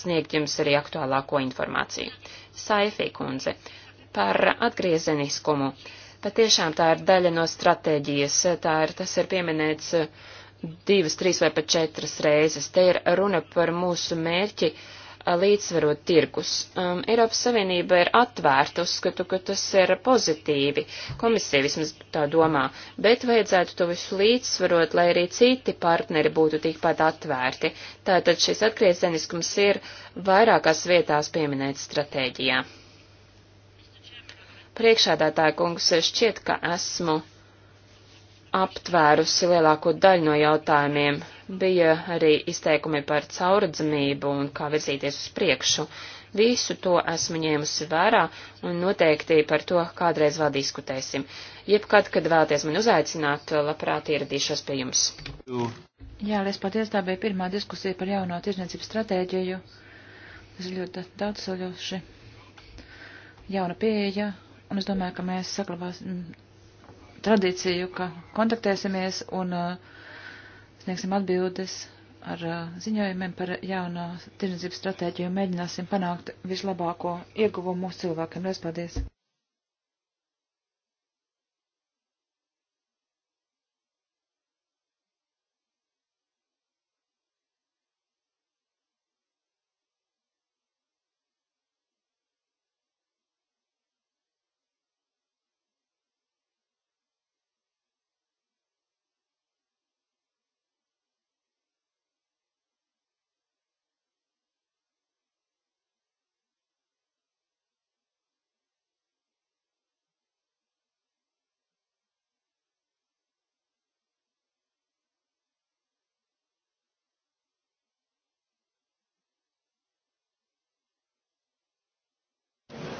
sniegt jums arī aktuālāko informāciju. Saifī kundze. Uh, par atgriezeniskumu. Patiešām tā ir daļa no stratēģijas, tā ir, tas ir pieminēts eh, divas, trīs vai pat četras reizes. Te ir runa par mūsu mērķi eh, līdzsvarot tirgus. Um, Eiropas Savienība ir atvērta, uzskatu, ka tas ir pozitīvi. Komisija vismaz tā domā, bet vajadzētu to visu līdzsvarot, lai arī citi partneri būtu tikpat atvērti. Tātad šis atgriezeniskums ir vairākās vietās pieminēts stratēģijā. Priekšādātāja kungs, šķiet, ka esmu aptvērusi lielāko daļu no jautājumiem. Bija arī izteikumi par cauradzamību un kā virzīties uz priekšu. Visu to esmu ņēmusi vērā un noteikti par to kādreiz vēl diskutēsim. Jebkad, kad vēlaties mani uzaicināt, labprāt ieradīšos pie jums.
Jā, liels paties, tā bija pirmā diskusija par jauno tirzniecības stratēģiju. Tas ļoti daudz soļoši. Jauna pieeja, Un es domāju, ka mēs saglabāsim tradīciju, ka kontaktēsimies un uh, sniegsim atbildes ar uh, ziņojumiem par jaunā tirdzniecības stratēģiju un mēģināsim panākt vislabāko ieguvumu mūsu cilvēkiem. Lies
paldies!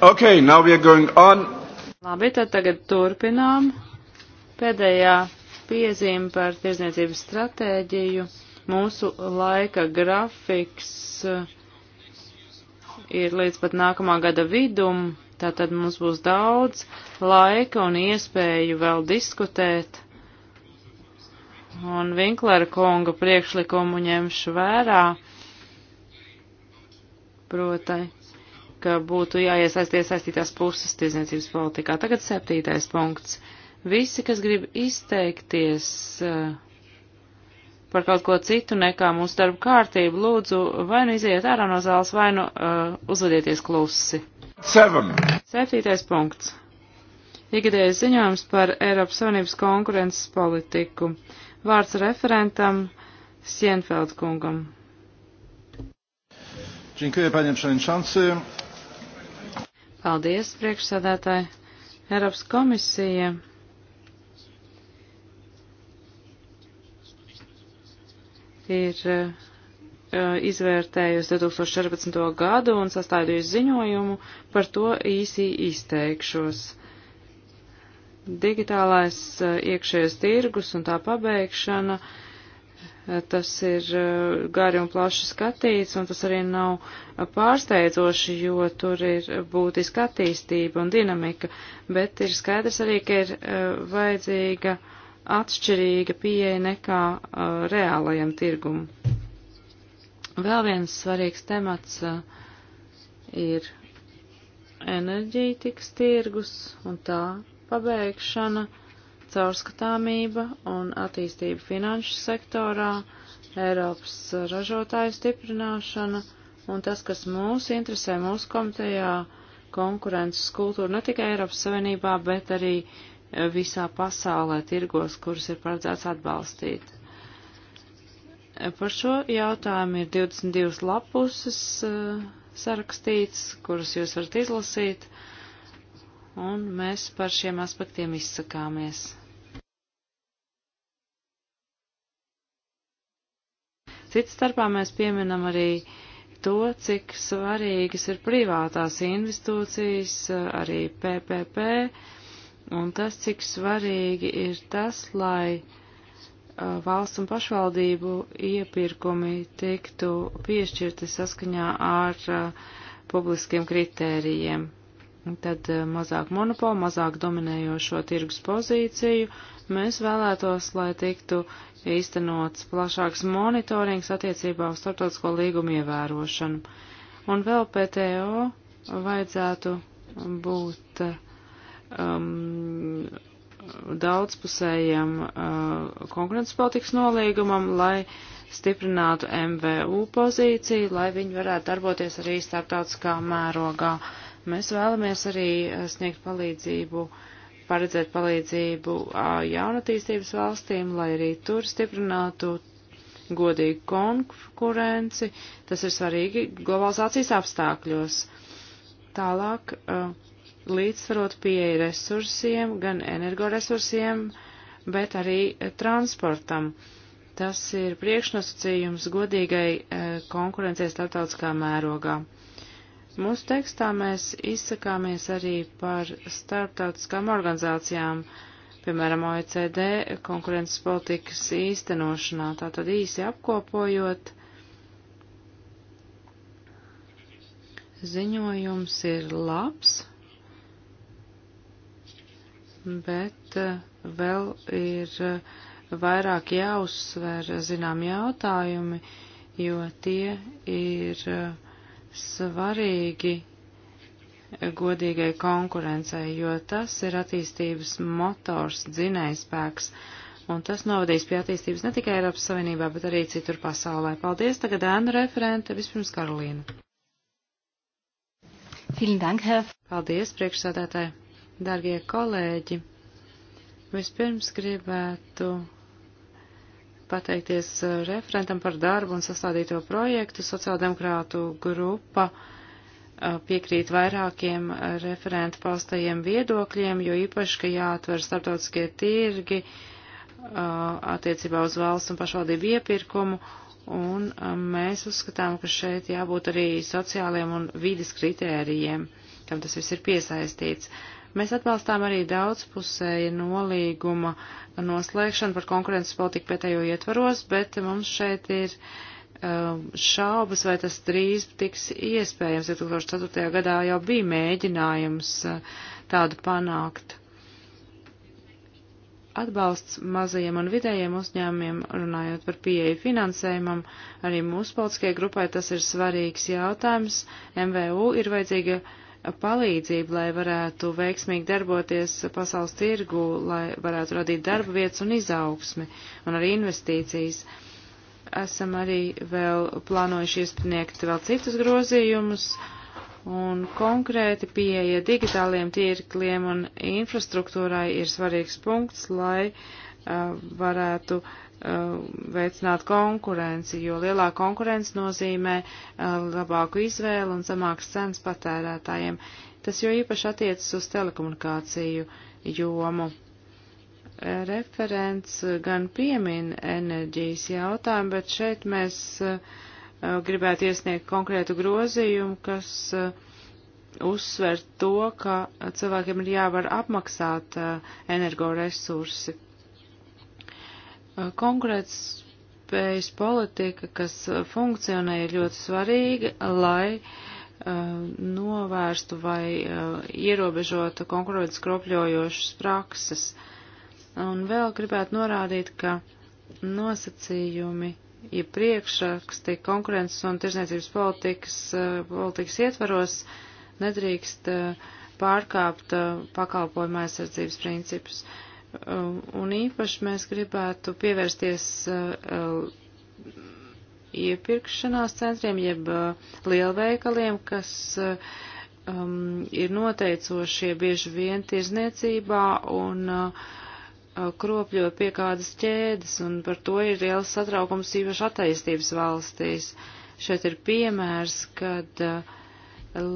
Okay, now we are going on.
Labi, tad tagad turpinām. Pēdējā piezīme par tirzniecības stratēģiju. Mūsu laika grafiks eh, ir līdz pat nākamā gada vidum, tātad mums būs daudz laika un iespēju vēl diskutēt. Un Vinklera konga priekšlikumu ņemšu vērā. Protai ka būtu jāiesaist iesaistītās puses tiesniecības politikā. Tagad septītais punkts. Visi, kas grib izteikties eh, par kaut ko citu nekā mūsu darba kārtību, lūdzu, vai nu iziet ārā no zāles, vai nu uh, uzvedieties klusi. Seven. Septītais punkts. Ikgadējais ziņojums par Eiropas Savienības konkurences politiku. Vārds referentam Sienfeld kungam.
Dziękuję, panie przewodniczący.
Paldies, priekšsādātāji. Eiropas komisija ir uh, izvērtējusi 2014. gadu un sastādījusi ziņojumu, par to īsi izteikšos. Digitālais uh, iekšējais tirgus un tā pabeigšana uh, tas ir eh, gari un plaši skatīts, un tas arī nav pārsteidzoši, jo tur ir būtiska attīstība un dinamika, bet ir skaidrs arī, ka ir eh, vajadzīga atšķirīga pieeja nekā eh, reālajam tirgumam. Vēl viens svarīgs temats ir enerģītikas tirgus un tā pabeigšana. Uh, caurskatāmība un attīstība finanšu sektorā, Eiropas ražotāju stiprināšana un tas, kas mūs interesē mūsu komitejā, konkurences kultūra ne tikai Eiropas Savienībā, bet arī e, visā pasaulē tirgos, kurus ir paredzēts atbalstīt. E, par šo jautājumu ir 22 lapuses e, sarakstīts, kuras jūs varat izlasīt, un mēs par šiem aspektiem izsakāmies. Cits starpā mēs pieminam arī to, cik svarīgas ir privātās institūcijas, arī PPP, un tas, cik svarīgi ir tas, lai valsts un pašvaldību iepirkumi tiktu piešķirti saskaņā ar publiskiem kritērijiem. Tad mazāk monopolu, mazāk dominējošo tirgus pozīciju. Mēs vēlētos, lai tiktu īstenots plašāks monitorings attiecībā uz starptautisko līgumu ievērošanu. Un vēl PTO vajadzētu būt um, daudzpusējam uh, konkurences politikas nolīgumam, lai stiprinātu MVU pozīciju, lai viņi varētu darboties arī starptautiskā mērogā. Mēs vēlamies arī uh, sniegt palīdzību uh, paredzēt palīdzību jaunatīstības valstīm, lai arī tur stiprinātu godīgu konkurenci. Tas ir svarīgi globalizācijas apstākļos. Tālāk līdzsvarot pieeja resursiem, gan energoresursiem, bet arī transportam. Tas ir priekšnosacījums godīgai konkurencei starptautiskā mērogā. Mūsu tekstā mēs izsakāmies arī par starptautiskām organizācijām, piemēram, OECD konkurences politikas īstenošanā. Tātad īsi apkopojot, ziņojums ir labs, bet eh, vēl ir eh, vairāk jāuzsver zinām jautājumi, jo tie ir uh, svarīgi godīgai konkurencei, jo tas ir attīstības motors, dzinējspēks, un tas novadīs pie attīstības ne tikai Eiropas Savienībā, bet arī citur pasaulē. Paldies, tagad ēnu referente, vispirms Karolīna. Paldies, priekšsādātāji, dārgie kolēģi. Vispirms gribētu pateikties uh, referentam par darbu un sastādīto projektu. Sociāldemokrātu grupa uh, piekrīt vairākiem uh, referentu paustajiem viedokļiem, jo īpaši, ka jāatver starptautiskie tirgi attiecībā uz valsts un pašvaldību iepirkumu, un mēs uzskatām, ka šeit jābūt arī sociāliem un vides kritērijiem, kam tas viss ir piesaistīts. Uh, Mēs atbalstām arī daudzpusēja nolīguma noslēgšanu par konkurences politiku pētējo ietvaros, bet mums šeit ir um, šaubas, vai tas drīz tiks iespējams. 2004. gadā jau bija mēģinājums uh, tādu panākt. Atbalsts mazajiem un vidējiem uzņēmumiem, runājot par pieeju finansējumam, arī mūsu politiskajai grupai tas ir svarīgs jautājums. MVU ir vajadzīga palīdzību, lai varētu veiksmīgi darboties pasaules tirgu, lai varētu radīt darba vietas un izaugsmi un arī investīcijas. Esam arī vēl plānojuši iesniegt vēl citus grozījumus un konkrēti pieeja digitāliem tirkliem un infrastruktūrai ir svarīgs punkts, lai uh, varētu uh, Uh, veicināt konkurenci, jo lielā konkurence nozīmē uh, labāku izvēlu un zemākas cenas patērētājiem. Tas jo īpaši attiecas uz telekomunikāciju jomu. Referents gan piemin enerģijas jautājumu, bet šeit mēs uh, gribētu iesniegt konkrētu grozījumu, kas uzsver to, ka cilvēkiem ir jāvar apmaksāt energoresursi Eh, Konkrēts spējas politika, kas eh, funkcionē, ir ļoti svarīga, lai eh, novērstu vai ierobežotu konkurētas kropļojošas prakses. Un vēl gribētu norādīt, ka nosacījumi ja priekšraksti konkurences un tirzniecības politikas, politikas ietvaros nedrīkst pārkāpt pakalpojuma aizsardzības principus. Uh, un īpaši mēs gribētu pievērsties uh, iepirkšanās centriem, jeb uh, lielveikaliem, kas um, ir noteicošie bieži vien tirzniecībā un uh, kropļo pie kādas ķēdes, un par to ir liels satraukums īpaši attaistības valstīs. Šeit ir piemērs, kad uh,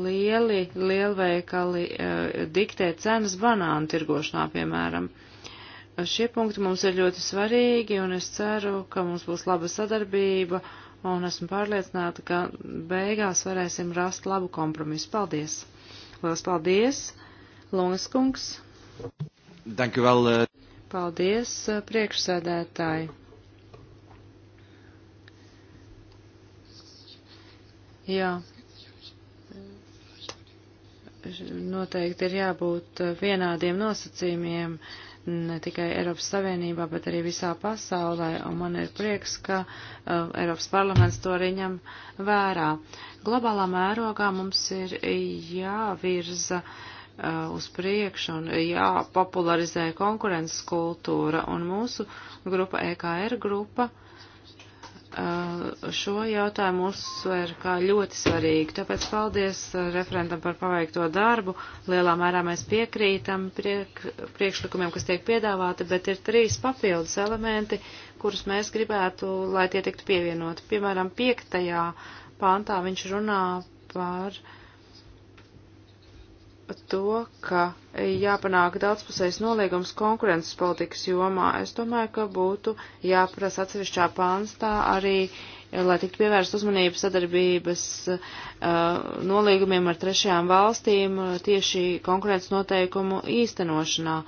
lieli lielveikali uh, diktē cenas banānu tirgošanā, piemēram. Uh, šie punkti mums ir ļoti svarīgi, un es ceru, ka mums būs laba sadarbība, un esmu pārliecināta, ka beigās varēsim rast labu kompromisu. Paldies! Lielas paldies, Lungas kungs!
Danku vēl! Uh,
paldies, uh, priekšsēdētāji! Jā, noteikti ir jābūt uh, vienādiem nosacījumiem ne tikai Eiropas Savienībā, bet arī visā pasaulē, un man ir prieks, ka uh, Eiropas parlaments to arī ņem vērā. Globālā mērogā mums ir jāvirza uh, uz priekšu un jāpopularizē konkurences kultūra, un mūsu grupa EKR grupa uh, Eh, šo jautājumu uzsver kā ļoti svarīgu. Tāpēc paldies eh, referentam par paveikto darbu. Lielā mērā mēs piekrītam priek, priekšlikumiem, kas tiek piedāvāti, bet ir trīs papildus elementi, kurus mēs gribētu, lai tie tiktu pievienoti. Piemēram, piektajā pāntā viņš runā par uh, to, ka jāpanāk daudzpusējs noliegums konkurences politikas jomā, es domāju, ka būtu jāprasa atsevišķā pānstā arī, lai tiktu pievērst uzmanību sadarbības uh, nolīgumiem ar trešajām valstīm uh, tieši konkurences noteikumu īstenošanā.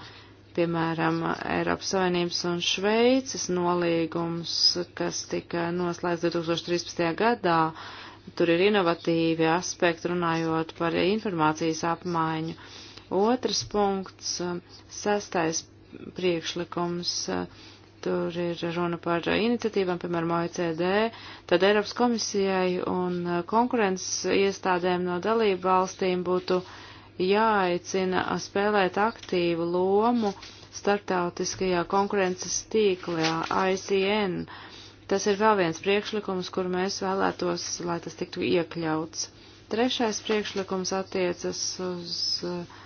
Piemēram, Eiropas Savienības un Šveices nolīgums, kas tika noslēgts 2013. gadā, Tur ir inovatīvi aspekti runājot par informācijas apmaiņu. Otrs punkts, um, sastais priekšlikums, uh, tur ir runa par iniciatīvām, piemēram, OECD, tad Eiropas komisijai un uh, konkurences iestādēm no dalību valstīm būtu jāaicina spēlēt aktīvu lomu starptautiskajā konkurences tīklā ICN. Uh, Tas ir vēl viens priekšlikums, kur mēs vēlētos, lai tas tiktu iekļauts. Trešais priekšlikums attiecas uz uh,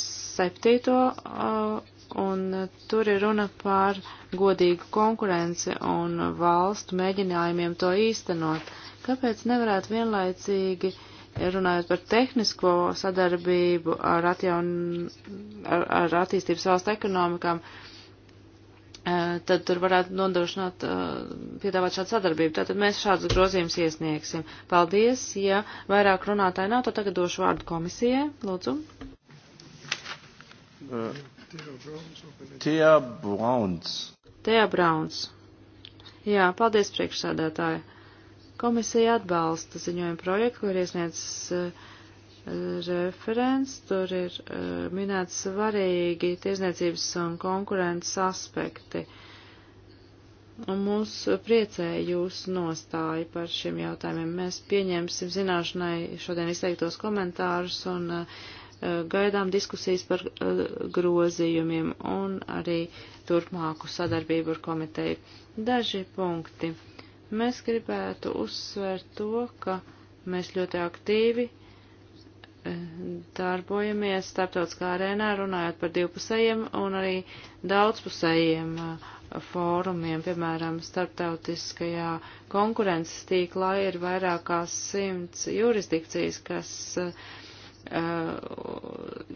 septīto, uh, un tur ir runa par godīgu konkurenci un valstu mēģinājumiem to īstenot. Kāpēc nevarētu vienlaicīgi, runājot par tehnisko sadarbību ar, atjaun, ar, ar attīstības valstu ekonomikām, uh, Eh, tad tur varētu nodrošināt, eh, piedāvāt šādu sadarbību. Tātad mēs šādus grozījumus iesniegsim. Paldies, ja vairāk runātāji nav, tad tagad došu vārdu komisijai. Lūdzu.
Eh, Tēja Brauns.
Tēja Brauns. Jā, paldies priekšsādātāji. Komisija atbalsta ziņojumu projektu, kur iesniedzis uh, referents, tur ir uh, eh, minēts svarīgi tirzniecības un konkurences aspekti. Un mūs priecēja jūsu nostāja par šiem jautājumiem. Mēs pieņemsim zināšanai šodien izteiktos komentārus un uh, gaidām diskusijas par uh, grozījumiem un arī turpmāku sadarbību ar komiteju. Daži punkti. Mēs gribētu uzsvērt to, ka mēs ļoti aktīvi uh, darbojamies starptautiskā arēnā, runājot par divpusējiem un arī daudzpusējiem uh, fórumiem. Piemēram, starptautiskajā konkurences tīklā ir vairākās simts jurisdikcijas, kas uh,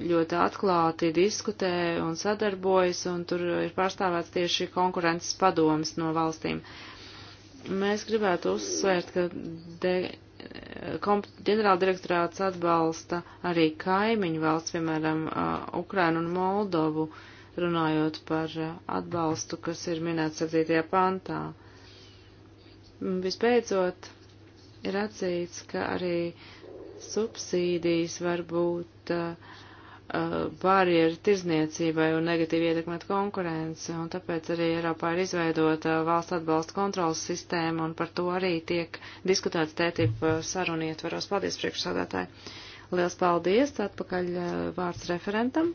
ļoti atklāti diskutē un sadarbojas, un tur ir pārstāvēts tieši konkurences padomas no valstīm. Mēs gribētu uzsvērt, ka ģenerāldirektorāts atbalsta arī kaimiņu valsts, piemēram, Ukrainu un Moldovu, runājot par atbalstu, kas ir minēts 7. pantā. Mm, visbeidzot, ir atzīts, ka arī subsīdijas var būt uh, Uh, barjeru tirzniecībai un negatīvi ietekmēt konkurenci, un tāpēc arī Eiropā ir izveidota valsts atbalsta kontrolas sistēma, un par to arī tiek diskutēts tētību uh, sarunu ietvaros. Paldies, priekšsādātāji! Liels paldies! Atpakaļ uh, vārds referentam.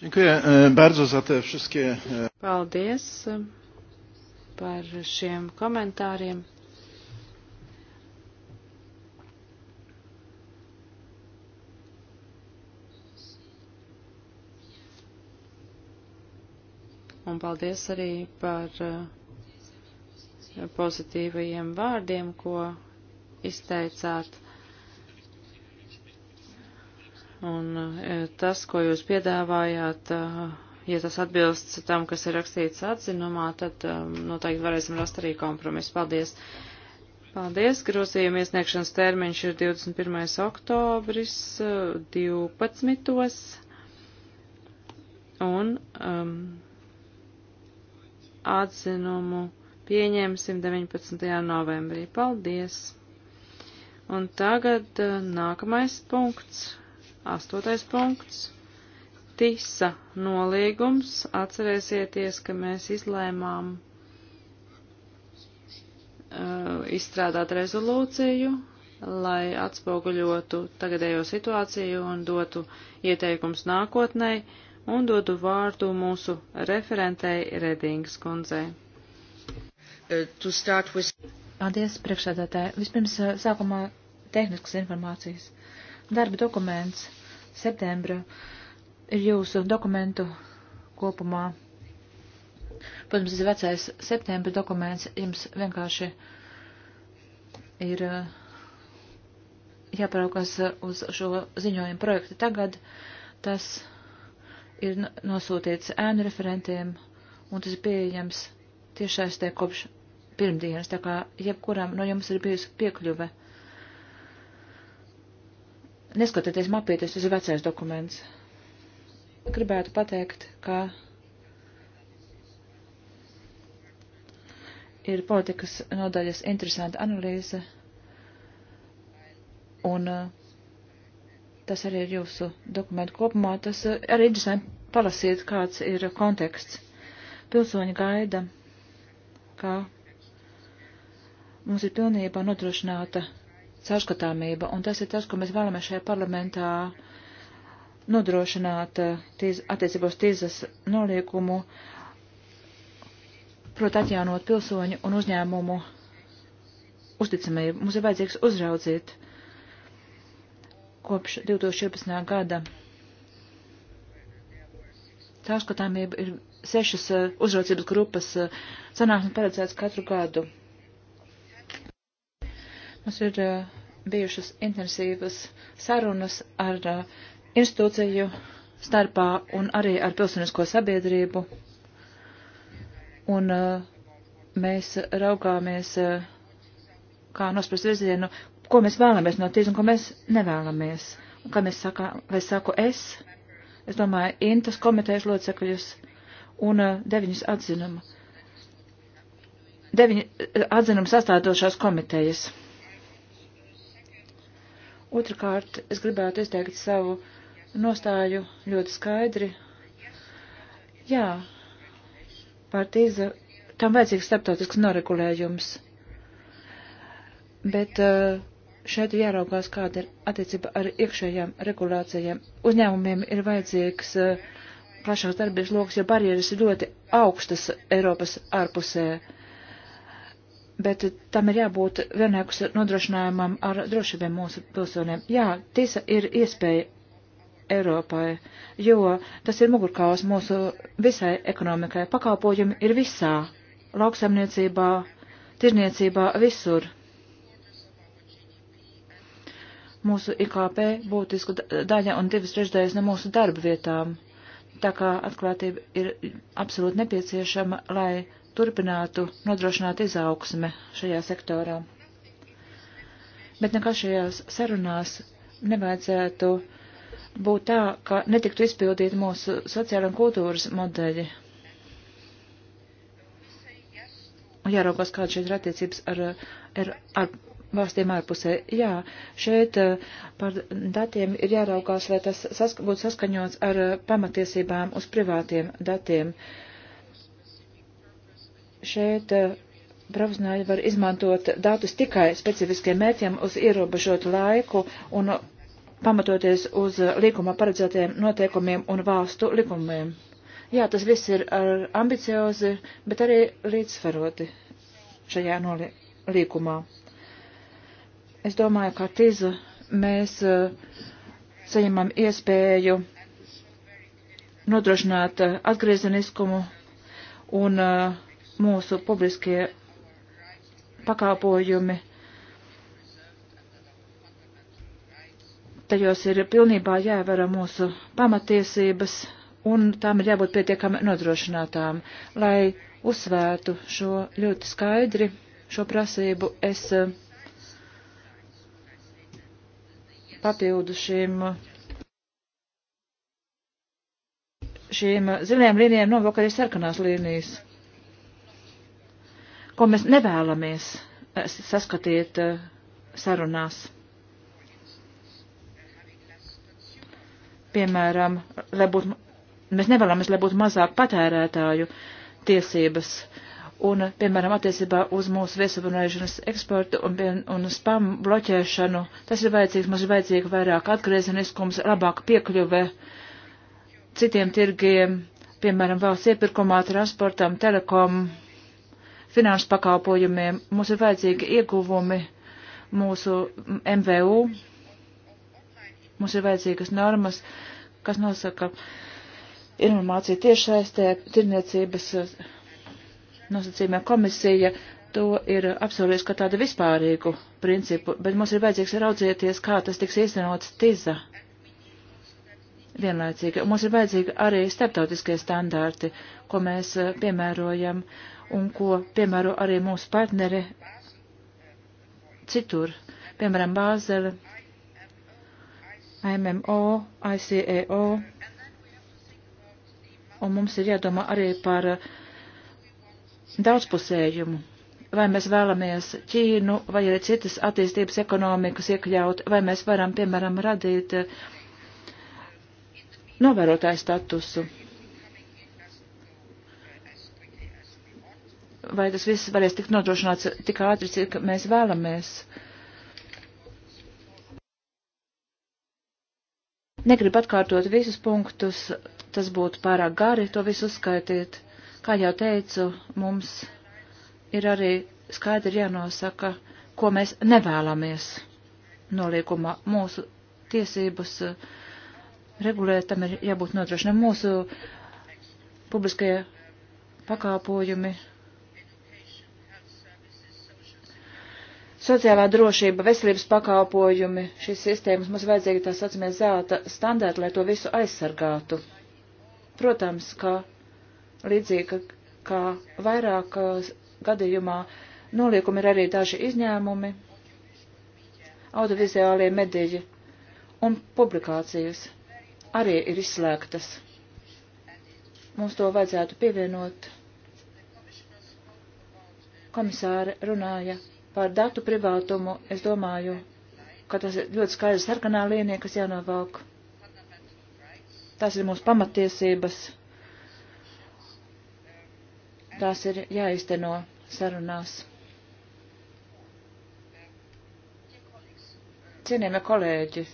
Dziękuję e, bardzo za te wszystkie. E,
paldies e, par šiem komentāriem. un paldies arī par eh, pozitīvajiem vārdiem, ko izteicāt. Un eh, tas, ko jūs piedāvājāt, eh, ja tas atbilst tam, kas ir rakstīts atzinumā, tad noteikti varēsim rast arī kompromisu. Paldies! Paldies! Grozījuma iesniegšanas termiņš ir 21. oktobris 12. Un um, atzinumu pieņemsim 19. novembrī. Paldies! Un tagad eh, nākamais punkts, astotais punkts. Tisa nolīgums. Atcerēsieties, ka mēs izlēmām uh, izstrādāt rezolūciju, lai atspoguļotu tagadējo situāciju un dotu ieteikums nākotnēji un dodu vārdu mūsu referentei Redingas kundzei. Uh, with...
Paldies, priekšsēdētāji. Vispirms uh, sākumā tehniskas informācijas. Darba dokuments septembra ir jūsu dokumentu kopumā. Protams, tas ir vecais septembra dokuments, jums vienkārši ir uh, jāparaukas uz šo ziņojumu projektu tagad. Tas ir nosūtīts ēnu referentiem, un tas ir pieejams tiešais te kopš pirmdienas, tā kā jebkuram no jums ir bijusi piekļuve. Neskatieties mapīties, tas ir vecais dokuments. Gribētu pateikt, ka ir politikas nodaļas interesanta analīze, un uh, tas arī ir jūsu dokumentu kopumā. Tas uh, arī interesanti palasiet, kāds ir konteksts. Pilsoņi gaida, ka mums ir pilnībā nodrošināta caurskatāmība, un tas ir tas, ko mēs vēlamies šajā parlamentā nodrošināt eh, tīz, attiecībos tīzas noliekumu, proti atjaunot pilsoņu un uzņēmumu uzticamību. Mums ir vajadzīgs uzraudzīt kopš 2014. gada caurskatāmība ir sešas eh, uzraucības grupas eh, sanāksmes paredzētas katru gadu. Mums ir eh, bijušas intensīvas sarunas ar institūciju starpā un arī ar pilsonisko sabiedrību. Un mēs raugāmies, kā nosprast virzienu, ko mēs vēlamies no tīzes un ko mēs nevēlamies. Un kā mēs sakām, vai saku es, es domāju, Intas komitejas locekļus un uh, deviņus atzinumu. Deviņu uh, atzinumu sastādošās komitejas. Otrakārt, es gribētu izteikt savu nostāju ļoti skaidri. Jā, partīza, tam vajadzīgs starptautisks noregulējums. Bet uh, šeit jāraugās, kāda ir attiecība ar iekšējām regulācijām. Uzņēmumiem ir vajadzīgs eh, plašāks darbības lokus, jo barjeras ir ļoti augstas Eiropas ārpusē. Bet tam ir jābūt vienlaikus nodrošinājumam ar drošībiem mūsu pilsoniem. Jā, tisa ir iespēja Eiropai, jo tas ir mugurkaus mūsu visai ekonomikai. Pakalpojumi ir visā, lauksamniecībā, tirniecībā, visur mūsu IKP būtisku daļa un divas trešdaļas no mūsu darba vietām. Tā kā atklātība ir absolūti nepieciešama, lai turpinātu nodrošināt izaugsme šajā sektorā. Bet nekā šajās sarunās nevajadzētu būt tā, ka netiktu izpildīt mūsu sociāla un kultūras modeļi. Jāraugās, kāda šeit ir attiecības ar, ar, ar valstīm ārpusē. Jā, šeit eh, par datiem ir jāraukās, lai tas sask būtu saskaņots ar eh, pamatiesībām uz privātiem datiem. Šeit eh, profesionāļi var izmantot datus tikai specifiskiem mērķiem uz ierobežotu laiku un pamatoties uz līguma paredzētajiem noteikumiem un valstu likumiem. Jā, tas viss ir ambiciozi, bet arī līdzsvaroti šajā nolīkumā. Noli Es domāju, ka tiza mēs eh, saņemam iespēju nodrošināt eh, atgriezeniskumu un eh, mūsu publiskie pakāpojumi. Tajos ir pilnībā jāievara mūsu pamatiesības un tām ir jābūt pietiekami nodrošinātām. Lai uzsvērtu šo ļoti skaidri, šo prasību, es uh, papildu šīm, šīm zilajām līnijām novāk arī sarkanās līnijas, ko mēs nevēlamies eh, saskatīt eh, sarunās. Piemēram, lai būtu, mēs nevēlamies, lai būtu mazāk patērētāju tiesības. Uh, un, piemēram, attiecībā uz mūsu viesabunēšanas eksportu un, un spam bloķēšanu, tas ir vajadzīgs, mums ir vajadzīga vairāk atgriezeniskums, labāka piekļuve citiem tirgiem, piemēram, valsts iepirkumā, transportam, telekom, finanšu pakalpojumiem. Mums ir vajadzīgi ieguvumi mūsu MVU, mums ir vajadzīgas normas, kas nosaka informāciju tiešsaistē, tirniecības nosacījumā komisija to ir apsolījusi kā tādu vispārīgu principu, bet mums ir vajadzīgs raudzieties, kā tas tiks īstenots tiza vienlaicīgi. Un mums ir vajadzīgi arī starptautiskie standārti, ko mēs eh, piemērojam un ko piemēro arī mūsu partneri citur, piemēram, Bāzele, IMO, ICAO. E un mums ir jādomā arī par uh, daudzpusējumu. Vai mēs vēlamies Ķīnu vai arī citas attīstības ekonomikas iekļaut, vai mēs varam, piemēram, radīt eh, novērotāju statusu. Vai tas viss varēs tikt nodrošināts tik ātri, cik mēs vēlamies? Negribu atkārtot visus punktus, tas būtu pārāk gari to visu uzskaitīt. Kā jau teicu, mums ir arī skaidri jānosaka, ko mēs nevēlamies noliekumā. Mūsu tiesības eh, regulēt tam ir jābūt nodrošinām. Mūsu publiskie pakāpojumi, sociālā drošība, veselības pakāpojumi, šīs sistēmas mums vajadzīga tā saucamie zelta standarti, lai to visu aizsargātu. Protams, ka līdzīgi kā vairāk eh, gadījumā noliekumi ir arī daži izņēmumi, audiovizuālie mediji un publikācijas arī ir izslēgtas. Mums to vajadzētu pievienot. Komisāri runāja par datu privātumu. Es domāju, ka tas ir ļoti skaidrs sarkanā līnija, kas jānovelk. Tas ir mūsu pamatiesības Tās ir jāizteno sarunās. Cienījamie kolēģi,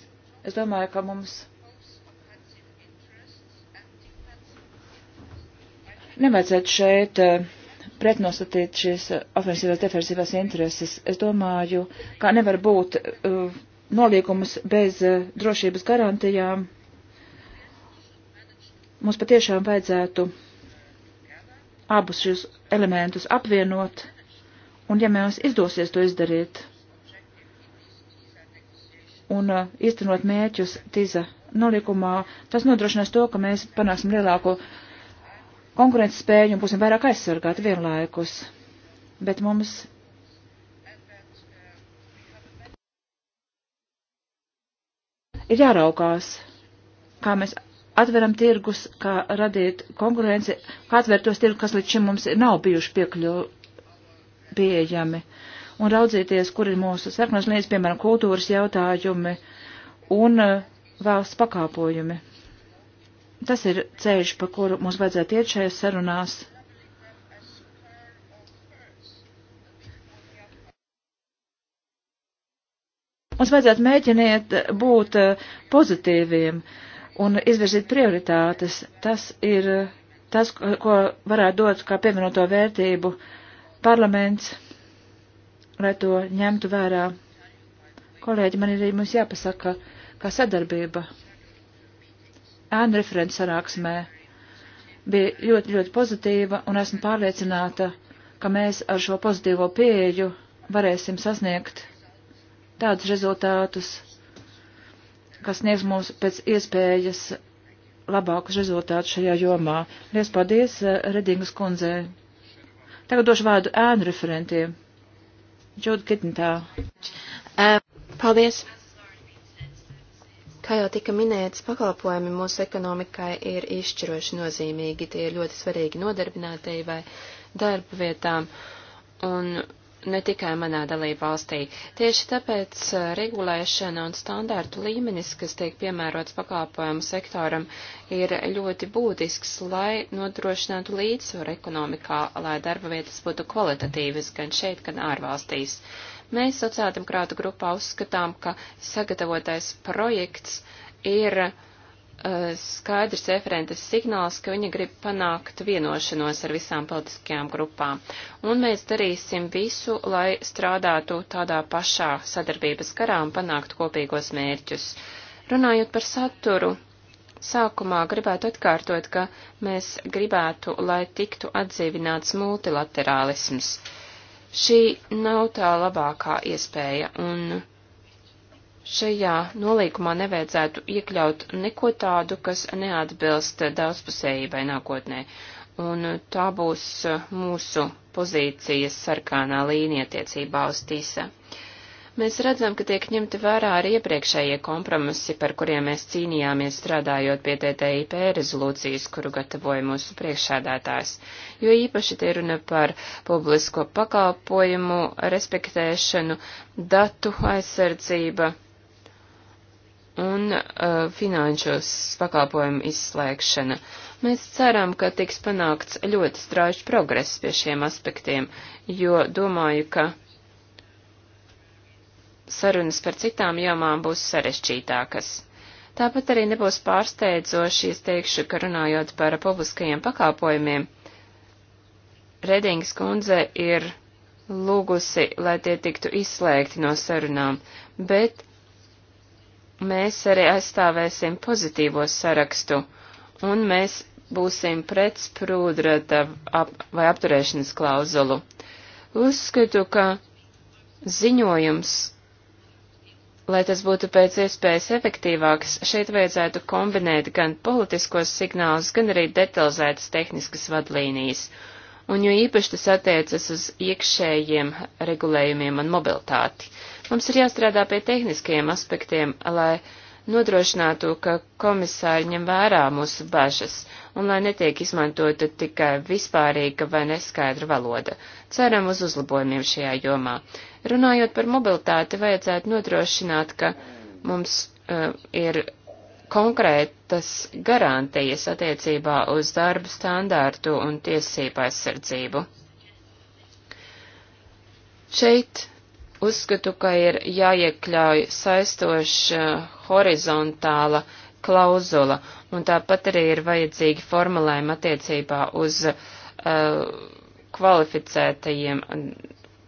es domāju, ka mums nevajadzētu šeit eh, pretnostatīt šīs ofensīvās defensīvās intereses. Es domāju, ka nevar būt uh, eh, nolīgums bez uh, drošības garantijām. Mums patiešām vajadzētu abus šos elementus apvienot, un ja mums izdosies to izdarīt un uh, īstenot mērķus tiza nolikumā, tas nodrošinās to, ka mēs panāksim lielāko konkurences spēju un būsim vairāk aizsargāti vienlaikus. Bet mums. Ir jāraukās, kā mēs atveram tirgus, kā radīt konkurenci, kā atvērt tos tirgus, kas līdz šim mums nav bijuši piekļu pieejami, un raudzīties, kur ir mūsu sarkanās lietas, piemēram, kultūras jautājumi un eh, valsts pakāpojumi. Tas ir ceļš, pa kuru mums vajadzētu iet šajās sarunās. Mums vajadzētu mēģiniet būt eh, pozitīviem. Uh, un izvirzīt prioritātes. Tas ir tas, ko varētu dot kā pievienoto vērtību parlaments, lai to ņemtu vērā. Kolēģi, man ir arī mums jāpasaka, kā sadarbība. Ēnu referents sanāksmē bija ļoti, ļoti pozitīva, un esmu pārliecināta, ka mēs ar šo pozitīvo pieeju varēsim sasniegt tādus rezultātus, kas sniegs mums pēc iespējas labākus rezultātus šajā jomā. Lies paldies eh, Redingas kundzē. Tagad došu vārdu ēnu referentiem. Džūda Kitnitā. Eh, paldies. Kā jau tika minēts, pakalpojumi mūsu
ekonomikai ir izšķiroši nozīmīgi. Tie ir ļoti svarīgi nodarbinātībai, darba vietām. Un ne tikai manā dalība valstī. Tieši tāpēc uh, regulēšana un standārtu līmenis, kas tiek piemērots pakāpojumu sektoram, ir ļoti būtisks, lai nodrošinātu līdzsvaru ekonomikā, lai darba vietas būtu kvalitatīvas gan šeit, gan ārvalstīs. Mēs sociāldemokrātu grupā uzskatām, ka sagatavotais projekts ir uh, Eh, skaidrs referentes signāls, ka viņa grib panākt vienošanos ar visām politiskajām grupām. Un mēs darīsim visu, lai strādātu tādā pašā sadarbības garā un panākt kopīgos mērķus. Runājot par saturu, sākumā gribētu atkārtot, ka mēs gribētu, lai tiktu atdzīvināts multilaterālisms. Šī nav tā labākā iespēja, un šajā nolīkumā nevajadzētu iekļaut neko tādu, kas neatbilst daudzpusējībai nākotnē. Un tā būs mūsu pozīcijas sarkanā līnija attiecībā uz TISA. Mēs redzam, ka tiek ņemti vērā arī iepriekšējie kompromisi, par kuriem mēs cīnījāmies strādājot pie TTIP rezolūcijas, kuru gatavoja mūsu priekšsēdētājs, jo īpaši tie runa par publisko pakalpojumu respektēšanu, datu aizsardzība, un uh, finanšu pakalpojumu izslēgšana. Mēs ceram, ka tiks panākts ļoti strauji progress pie šiem aspektiem, jo domāju, ka sarunas par citām jomām būs sarešķītākas. Tāpat arī nebūs pārsteidzoši, es teikšu, ka runājot par publiskajiem pakalpojumiem, Redings kundze ir lūgusi, lai tie tiktu izslēgti no sarunām, bet mēs arī aizstāvēsim pozitīvo sarakstu, un mēs būsim pret sprūdrata ap, vai apturēšanas klauzulu. Uzskatu, ka ziņojums, lai tas būtu pēc iespējas efektīvāks, šeit vajadzētu kombinēt gan politiskos signālus, gan arī detalizētas tehniskas vadlīnijas, un jo īpaši tas attiecas uz iekšējiem regulējumiem un mobilitāti. Mums ir jāstrādā pie tehniskajiem aspektiem, lai nodrošinātu, ka komisāri ņem vērā mūsu bažas un lai netiek izmantota tikai vispārīga vai neskaidra valoda. Ceram uz uzlabojumiem šajā jomā. Runājot par mobilitāti, vajadzētu nodrošināt, ka mums uh, ir konkrētas garantijas attiecībā uz darba standārtu un tiesību aizsardzību. Šeit Uzskatu, ka ir jāiekļauj saistoša horizontāla klauzula, un tāpat arī ir vajadzīgi formulējumi attiecībā uz uh, kvalificētajiem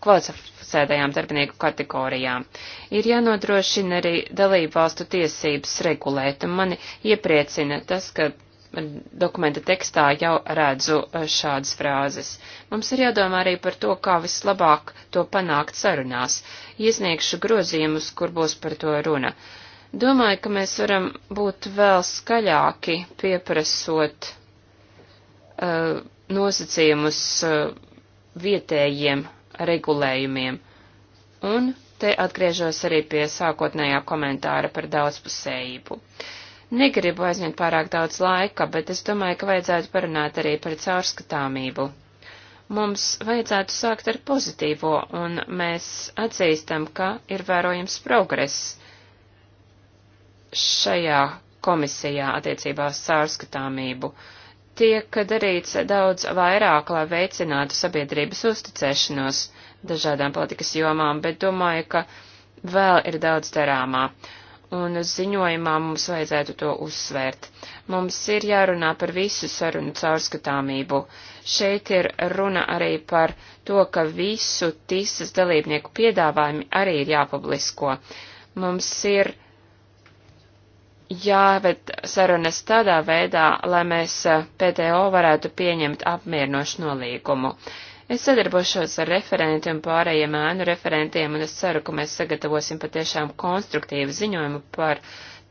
kvalificētajām darbinieku kategorijām. Ir jānodrošina arī dalību valstu tiesības regulēt, un mani iepriecina tas, ka dokumenta tekstā jau redzu e, šādas frāzes. Mums ir jādomā arī par to, kā vislabāk to panākt sarunās. Iesniegšu grozījumus, kur būs par to runa. Domāju, ka mēs varam būt vēl skaļāki pieprasot uh, nosacījumus uh, vietējiem regulējumiem. Un te atgriežos arī pie sākotnējā komentāra par daudzpusējību. Uh, Negribu aizņemt pārāk daudz laika, bet es domāju, ka vajadzētu parunāt arī par caurskatāmību. Mums vajadzētu sākt ar pozitīvo, un mēs atzīstam, ka ir vērojams progress šajā komisijā attiecībā uz caurskatāmību. Tiek darīts daudz vairāk, lai veicinātu sabiedrības uzticēšanos dažādām politikas jomām, bet domāju, ka vēl ir daudz darāmā. Uh, un ziņojumā mums vajadzētu to uzsvērt. Mums ir jārunā par visu sarunu caurskatāmību. Šeit ir runa arī par to, ka visu tīsas dalībnieku piedāvājumi arī ir jāpublisko. Mums ir jāved sarunas tādā veidā, lai mēs eh, PTO varētu pieņemt apmierinošu nolīgumu. Uh, Es sadarbošos ar referentu un pārējiem ēnu referentiem, un es ceru, ka mēs sagatavosim patiešām konstruktīvu ziņojumu par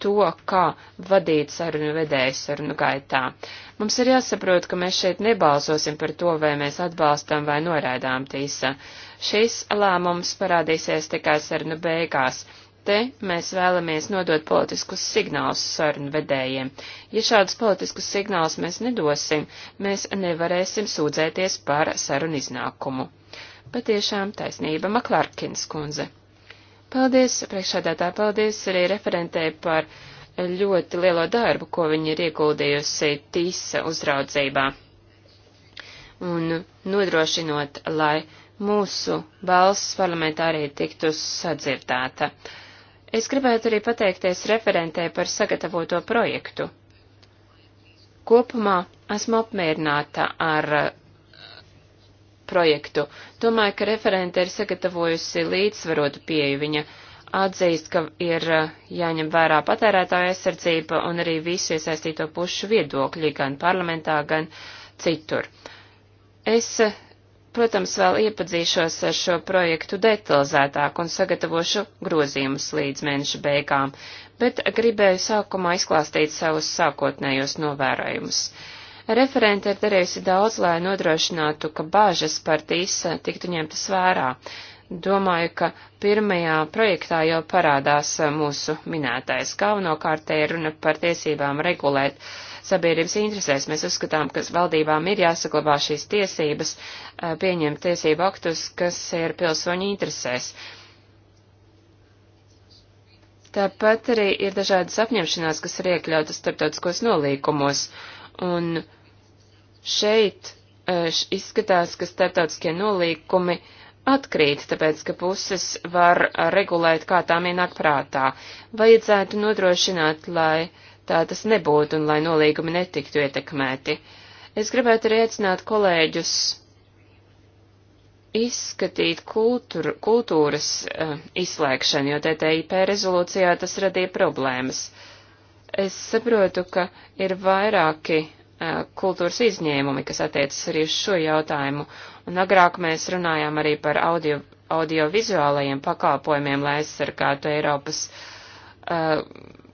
to, kā vadīt sarunu vedēju sarunu gaitā. Mums ir jāsaprot, ka mēs šeit nebalsosim par to, vai mēs atbalstam vai noraidām tīsa. Šis lēmums parādīsies tikai sarunu beigās Te mēs vēlamies nodot politiskus signālus sarunu vedējiem. Ja šādus politiskus signālus mēs nedosim, mēs nevarēsim sūdzēties par sarunu iznākumu. Patiešām taisnība Maklārkins kundze. Paldies, priekšādātāji, paldies arī referentē par ļoti lielo darbu, ko viņi ir ieguldījusi tīsa uzraudzībā. Un nodrošinot, lai mūsu balss parlamentā arī tiktu sadzirdēta. Uh, Es gribētu arī pateikties referentē par sagatavoto projektu. Kopumā esmu apmierināta ar uh, projektu. Domāju, ka referente ir sagatavojusi līdzsvarotu pieju. Viņa atzīst, ka ir uh, jāņem vērā patērētāja aizsardzība un arī visu iesaistīto pušu viedokļi gan parlamentā, gan citur. Es uh, Protams, vēl iepazīšos ar šo projektu detalizētāk un sagatavošu grozījumus līdz mēneša beigām, bet gribēju sākumā izklāstīt savus sākotnējos novērojumus. Referente ir darījusi daudz, lai nodrošinātu, ka bāžas par tīsa tiktu ņemtas vērā. Domāju, ka pirmajā projektā jau parādās mūsu minētais. Galvenokārt te ir runa par tiesībām regulēt sabiedrības interesēs. Mēs uzskatām, ka valdībām ir jāsaglabā šīs tiesības, eh, pieņemt tiesību aktus, kas ir pilsoņu interesēs. Tāpat arī ir dažādas apņemšanās, kas ir iekļautas starptautiskos nolīkumos, un šeit eh, izskatās, ka starptautiskie nolīkumi atkrīt, tāpēc, ka puses var eh, regulēt, kā tām ienāk prātā. Vajadzētu nodrošināt, lai uh, tā tas nebūtu un lai nolīgumi netiktu ietekmēti. Es gribētu arī aicināt kolēģus izskatīt kultūr, kultūras uh, izslēgšanu, jo TTIP rezolūcijā tas radīja problēmas. Es saprotu, ka ir vairāki uh, kultūras izņēmumi, kas attiecas arī uz šo jautājumu, un agrāk mēs runājām arī par audio, audiovizuālajiem pakalpojumiem, lai aizsargātu Eiropas uh,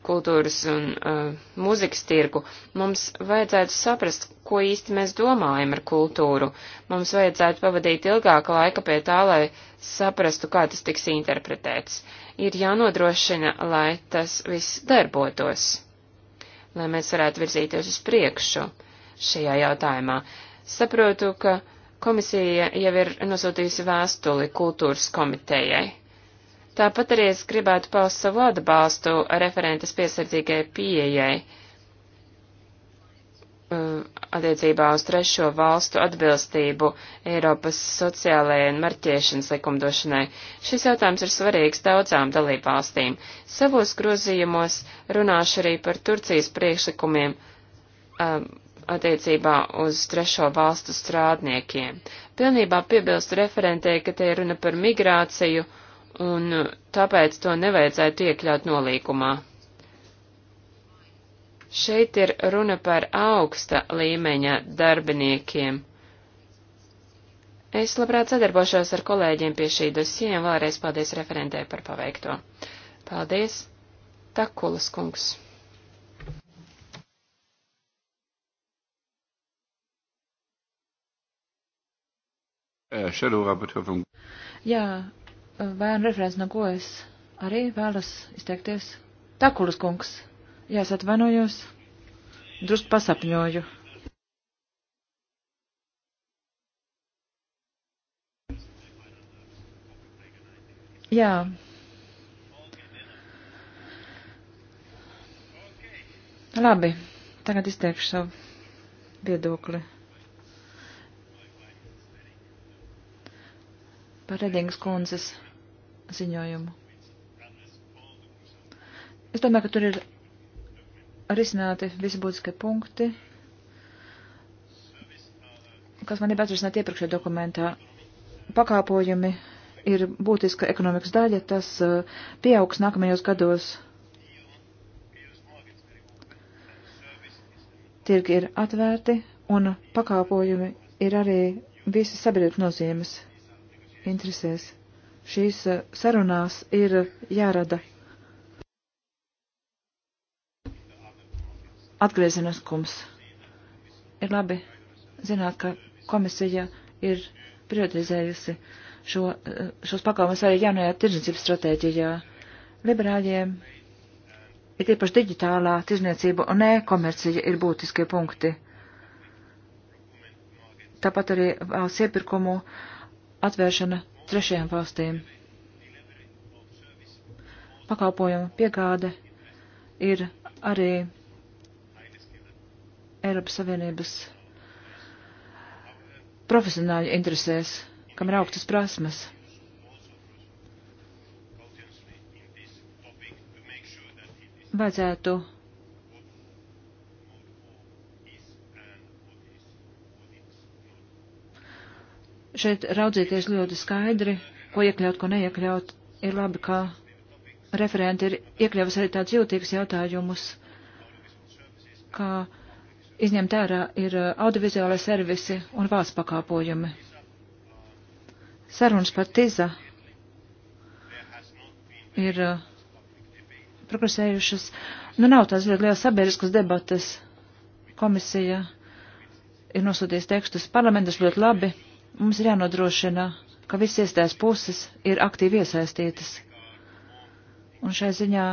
kultūras un uh, mūzikas tirgu, mums vajadzētu saprast, ko īsti mēs domājam ar kultūru. Mums vajadzētu pavadīt ilgāku laiku pie tā, lai saprastu, kā tas tiks interpretēts. Ir jānodrošina, lai tas viss darbotos, lai mēs varētu virzīties uz priekšu šajā jautājumā. Saprotu, ka komisija jau ir nosūtījusi vēstuli kultūras komitejai Tāpat arī es gribētu paust savu atbalstu referentes piesardzīgai pieejai uh, attiecībā uz trešo valstu atbilstību Eiropas sociālajai un marķiešanas likumdošanai. Šis jautājums ir svarīgs daudzām dalībvalstīm. Savos grozījumos runāšu arī par Turcijas priekšlikumiem um, attiecībā uz trešo valstu strādniekiem. Pilnībā piebilstu referentē, ka te ir runa par migrāciju un uh, tāpēc to nevajadzētu iekļaut nolīkumā. Šeit ir runa par augsta līmeņa darbiniekiem. Es labprāt sadarbošos ar kolēģiem pie šī dosija un vēlreiz paldies referentē par paveikto. Paldies, Takulas kungs.
Uh,
Jā, bērnu referents no ko es arī vēlas izteikties. Takulas kungs, jā, es atvainojos, drusku pasapņoju. Jā. Labi, tagad izteikšu savu viedokli. Par Redingas kundzes ziņojumu. Es domāju, ka tur ir risināti visi būtiskie punkti, kas man ir atrisināt iepriekšējā dokumentā. Pakāpojumi ir būtiska ekonomikas daļa, tas eh, pieaugs nākamajos gados. Tirgi ir atvērti un pakāpojumi ir arī visas sabiedrības nozīmes interesēs šīs eh, sarunās ir jārada atgriezeniskums. Ir labi zināt, ka komisija ir prioritizējusi šo, eh, šos pakalpojumus arī jaunajā tirdzniecības stratēģijā. Liberāļiem ir īpaši digitālā tirdzniecība un e-komercija ir būtiskie punkti. Tāpat arī valsts iepirkumu atvēršana trešajām valstīm. Pakalpojumu piegāde ir arī Eiropas Savienības profesionāļu interesēs, kam ir augstas prasmes. Vajadzētu šeit raudzīties ļoti skaidri, ko iekļaut, ko neiekļaut. Ir labi, ka referenti ir iekļāvis arī tāds jūtīgs jautājumus, kā izņemt ārā ir audiovizuālai servisi un valsts pakāpojumi. Sarunas par tiza ir uh, progresējušas. Nu, nav tās ļoti liels sabiedriskas debatas. Komisija ir nosūties tekstus parlamentas ļoti labi. Mums ir jānodrošina, ka visas iestājas puses ir aktīvi iesaistītas. Un šai ziņā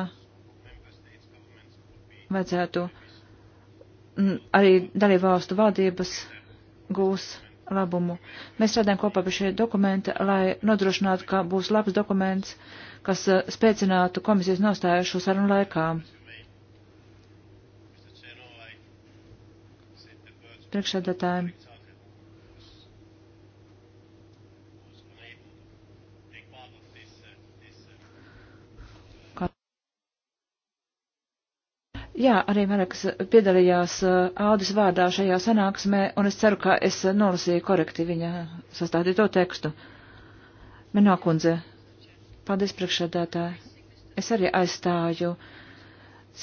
vajadzētu arī dalībvalstu valdības gūs labumu. Mēs strādājam kopā pie šī dokumenta, lai nodrošinātu, ka būs labs dokuments, kas eh, spēcinātu komisijas nostājušo sarunu laikā.
Priekšsēdētājiem.
Jā, arī Mareks piedalījās Ādis uh, vārdā šajā sanāksmē, un es ceru, ka es nolasīju korekti viņa sastādīto tekstu. Menokundze, paldies priekšsēdētāji. Es arī aizstāju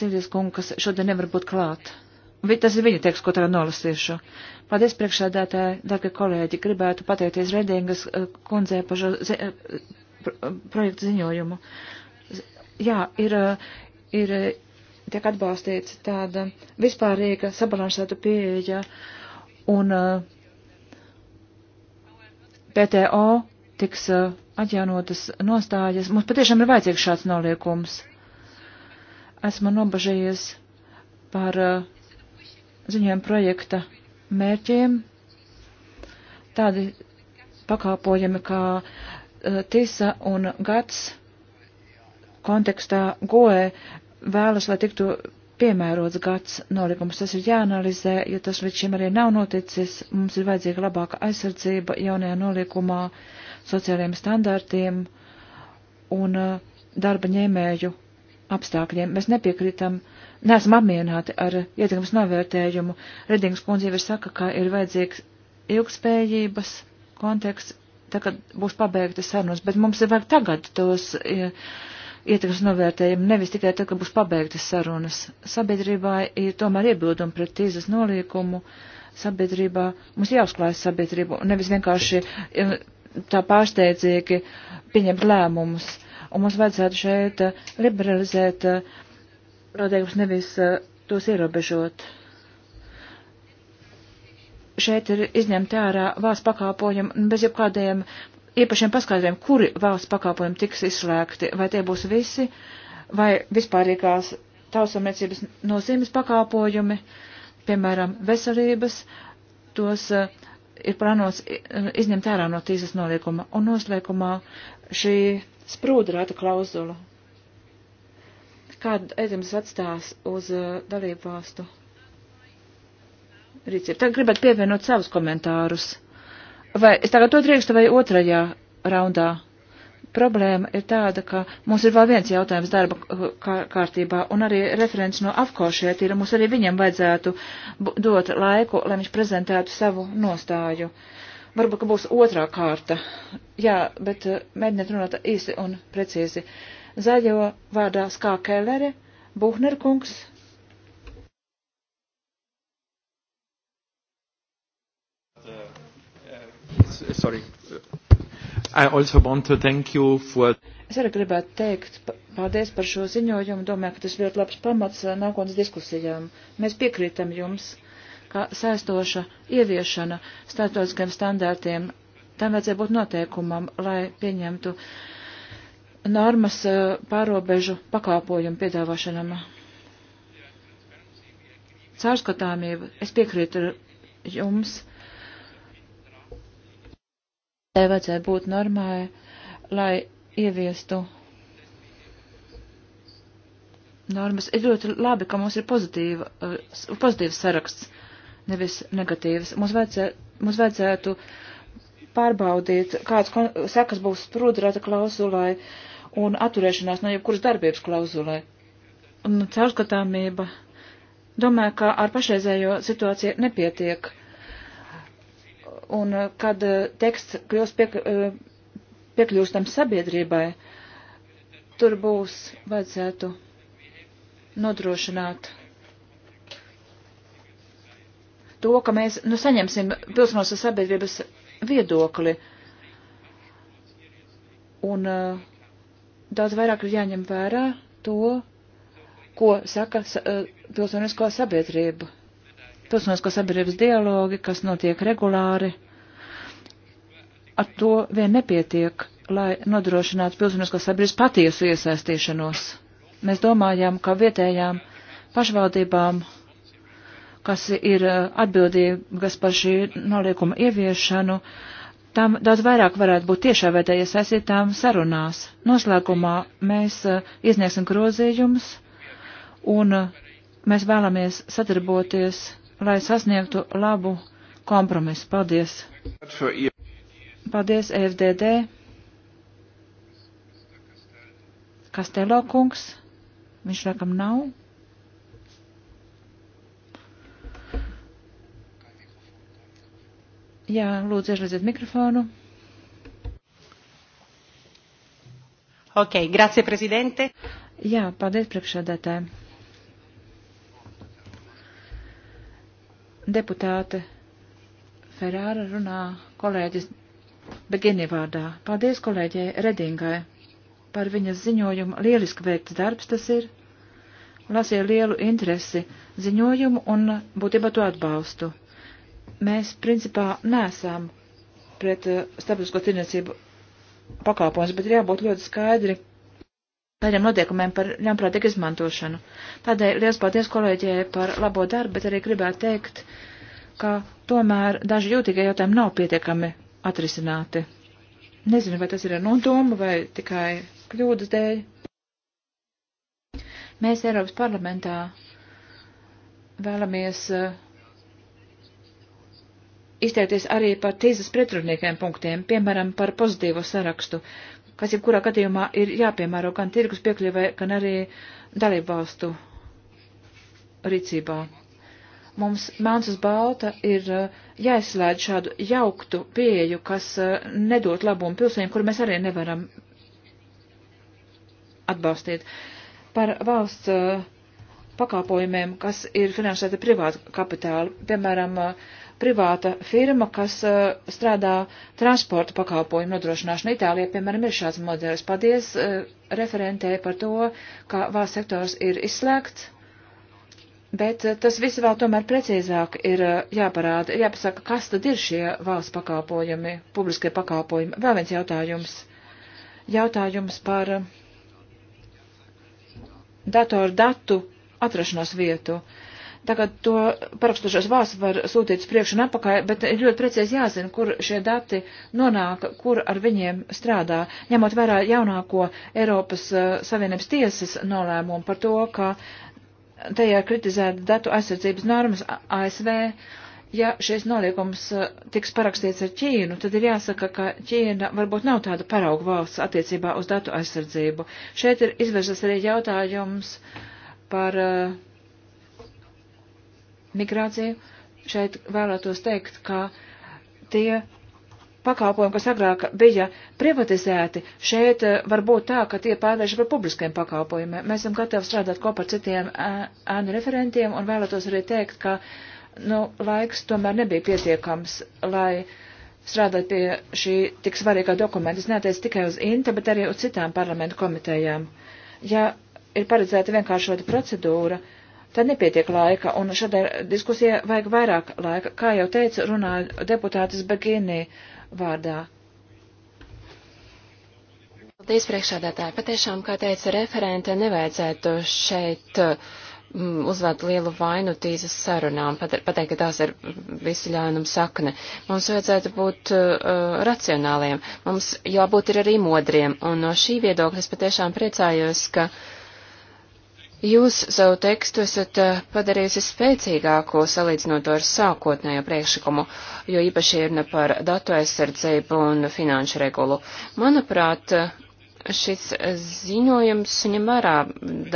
Silvijas kungu, kas šodien nevar būt klāt. Vi, tas ir viņa teksts, ko tagad nolasīšu. Paldies priekšsēdētāji, darbie kolēģi, gribētu pateikties Redingas uh, kundzē par šo zi, uh, projektu ziņojumu. Jā, ir, ir tiek atbalstīts tāda vispārīga sabalansēta pieeja un eh, PTO tiks eh, atjaunotas nostājas. Mums patiešām ir vajadzīgs šāds noliekums. Esmu nobažījies par eh, ziņojumu projekta mērķiem. Tādi pakāpojumi kā TISA un GATS kontekstā GOE vēlas, lai tiktu piemērots gads nolikums. Tas ir jāanalizē, jo tas līdz šim arī nav noticis. Mums ir vajadzīga labāka aizsardzība jaunajā nolikumā, sociālajiem standārtiem un uh, darba ņēmēju apstākļiem. Mēs nepiekrītam, neesam apmierināti ar ietekmes novērtējumu. Redings kundze jau ir saka, ka ir vajadzīgs ilgspējības konteksts, tagad būs pabeigtas sarunas, bet mums ir vajag tagad tos. Ja, ietekmes novērtējumu nevis tikai tad, kad būs pabeigtas sarunas. Sabiedrībā ir tomēr iebildumi pret tīzas nolīkumu. Sabiedrībā mums jāuzklājas sabiedrību, nevis vienkārši eh, tā pārsteidzīgi pieņemt lēmumus. Un mums vajadzētu šeit eh, liberalizēt noteikumus, eh, nevis tos ierobežot. Šeit ir izņemta ārā valsts pakāpojumi bez jebkādiem īpašiem paskaidrojumiem, kuri valsts pakalpojumi tiks izslēgti, vai tie būs visi, vai vispārīgās tausamniecības nozīmes pakalpojumi, piemēram, veselības, tos uh, ir plānots eh, izņemt ārā no tīzas noliekuma un noslēgumā šī sprūdrāta klauzula. Kādu ēdams atstās uz uh, dalību valstu? Rīcību. Tagad gribētu pievienot savus komentārus. Vai es tagad to drīkstu vai otrajā raundā? Problēma ir tāda, ka mums ir vēl viens jautājums darba kārtībā, un arī referents no AFCO šeit ir, un mums arī viņam vajadzētu dot laiku, lai viņš prezentētu savu nostāju. Varbūt, ka būs otrā kārta. Jā, bet eh, mēģiniet runāt īsi un precīzi. Zaļo vārdā Skā Kellere, Buhner kungs,
Uh, sorry. I also want to thank you for.
Es arī gribētu teikt paldies par šo ziņojumu. Domāju, ka tas ļoti labs pamats uh, nākotnes diskusijām. Mēs piekrītam jums, ka saistoša ieviešana starptautiskiem standārtiem tam vajadzēja būt noteikumam, lai pieņemtu normas uh, pārobežu pakāpojumu piedāvāšanam. Caurskatāmība, es piekrītu jums, tai vajadzēja būt normai, lai ieviestu normas. Ir ļoti labi, ka mums ir pozitīva, uh, pozitīvs saraksts, nevis negatīvs. Mums, vajadzē, mums vajadzētu pārbaudīt, kāds sekas būs sprūdrāta klauzulai un atturēšanās no jebkuras darbības klauzulai. Un caurskatāmība. Domāju, ka ar pašreizējo situāciju nepietiek un eh, kad eh, teksts kļūst piek, eh, piekļūstams sabiedrībai, tur būs vajadzētu nodrošināt to, ka mēs nu, saņemsim pilsonos sabiedrības viedokli. Un uh, daudz vairāk ir jāņem vērā to, ko saka uh, pilsoniskā sabiedrība pilsoniskās sabiedrības dialogi, kas notiek regulāri. Ar to vien nepietiek, lai nodrošinātu pilsoniskās sabiedrības patiesu iesaistīšanos. Mēs domājām, ka vietējām pašvaldībām, kas ir eh, atbildīgas par šī noliekuma ieviešanu, tam daudz vairāk varētu būt tiešā veidā iesaistītām sarunās. Noslēgumā mēs eh, iesniegsim grozījumus un eh, mēs vēlamies sadarboties lai sasniegtu labu kompromisu. Paldies! Paldies, EFDD! Kastelo kungs, viņš laikam nav. Jā, lūdzu, ieslēdziet mikrofonu. Ok, grazie, prezidente. Jā, paldies priekšsēdētājiem. deputāte Ferāra runā kolēģis Begini vārdā. Paldies kolēģei Redingai par viņas ziņojumu. Lieliski veikts darbs tas ir. Lasīju lielu interesi ziņojumu un būtībā to atbalstu. Mēs principā nesam pret uh, starptautisko tirniecību pakāpojums, bet ir jābūt ļoti skaidri tādiem notiekumiem par ļaunprātīgu izmantošanu. Tādēļ liels paldies kolēģijai par labo darbu, bet arī gribētu teikt, ka tomēr daži jūtīgie jautājumi nav pietiekami atrisināti. Nezinu, vai tas ir ar nodomu vai tikai kļūdas dēļ. Mēs Eiropas parlamentā vēlamies uh, izteikties arī par tīzas pretrunīgiem punktiem, piemēram, par pozitīvo sarakstu, kas jebkurā gadījumā ir jāpiemēro gan tirgus piekļuvē, gan arī dalību valstu rīcībā. Mums melns uz balta ir eh, jāizslēdz šādu jauktu pieeju, kas eh, nedot labumu pilsēm, kur mēs arī nevaram atbalstīt. Par valsts eh, pakalpojumiem, kas ir finansēta privāta kapitāla, piemēram, uh, privāta firma, kas uh, strādā transporta pakalpojumu nodrošināšanu Itālijā, piemēram, ir šāds modelis. Paldies uh, referentē par to, ka valsts sektors ir izslēgts, bet uh, tas viss vēl tomēr precīzāk ir uh, jāparāda, ir jāpasaka, kas tad ir šie valsts pakalpojumi, publiskie pakalpojumi. Vēl viens jautājums. Jautājums par uh, datoru datu atrašanos vietu. Uh, Tagad to parakstušos vārsts var sūtīt uz priekšu un apakai, bet ir ļoti precīzi jāzina, kur šie dati nonāk, kur ar viņiem strādā, ņemot vērā jaunāko Eiropas eh, Savienības tiesas nolēmumu par to, ka tajā kritizēta datu aizsardzības normas ASV. Ja šis noliekums eh, tiks parakstīts ar Ķīnu, tad ir jāsaka, ka Ķīna varbūt nav tāda parauga valsts attiecībā uz datu aizsardzību. Šeit ir izvērsas arī jautājums par uh, migrāciju, šeit vēlētos teikt, ka tie pakalpojumi, kas agrāk bija privatizēti, šeit eh, var būt tā, ka tie pārvērš par publiskiem pakalpojumiem. Mēs esam gatavi strādāt kopā ar citiem eh, ēnu referentiem un vēlētos arī teikt, ka nu, laiks tomēr nebija pietiekams, lai strādāt pie šī tik svarīgā dokumenta. Es neteicu tikai uz INTA, bet arī uz citām parlamentu komitejām. Ja ir paredzēta vienkāršota procedūra, uh, tad nepietiek laika, un šādai diskusijai vajag vairāk laika. Kā jau teicu, runāju deputātis Begīnī vārdā. Paldies, priekšādātāji. Patiešām, kā teica referente,
nevajadzētu šeit mm, uzvērt lielu vainu tīzas sarunām, pateikt, ka tās ir visu ļaunumu sakne. Mums vajadzētu būt uh, racionāliem, mums jābūt ir arī modriem, un no šī viedokļa es patiešām priecājos, ka uh, Jūs savu tekstu esat eh, padarījusi spēcīgāko salīdzinot ar sākotnējo priekšlikumu, jo īpaši ir ne par datu aizsardzību un finanšu regulu. Manuprāt, šis ziņojums ņem vērā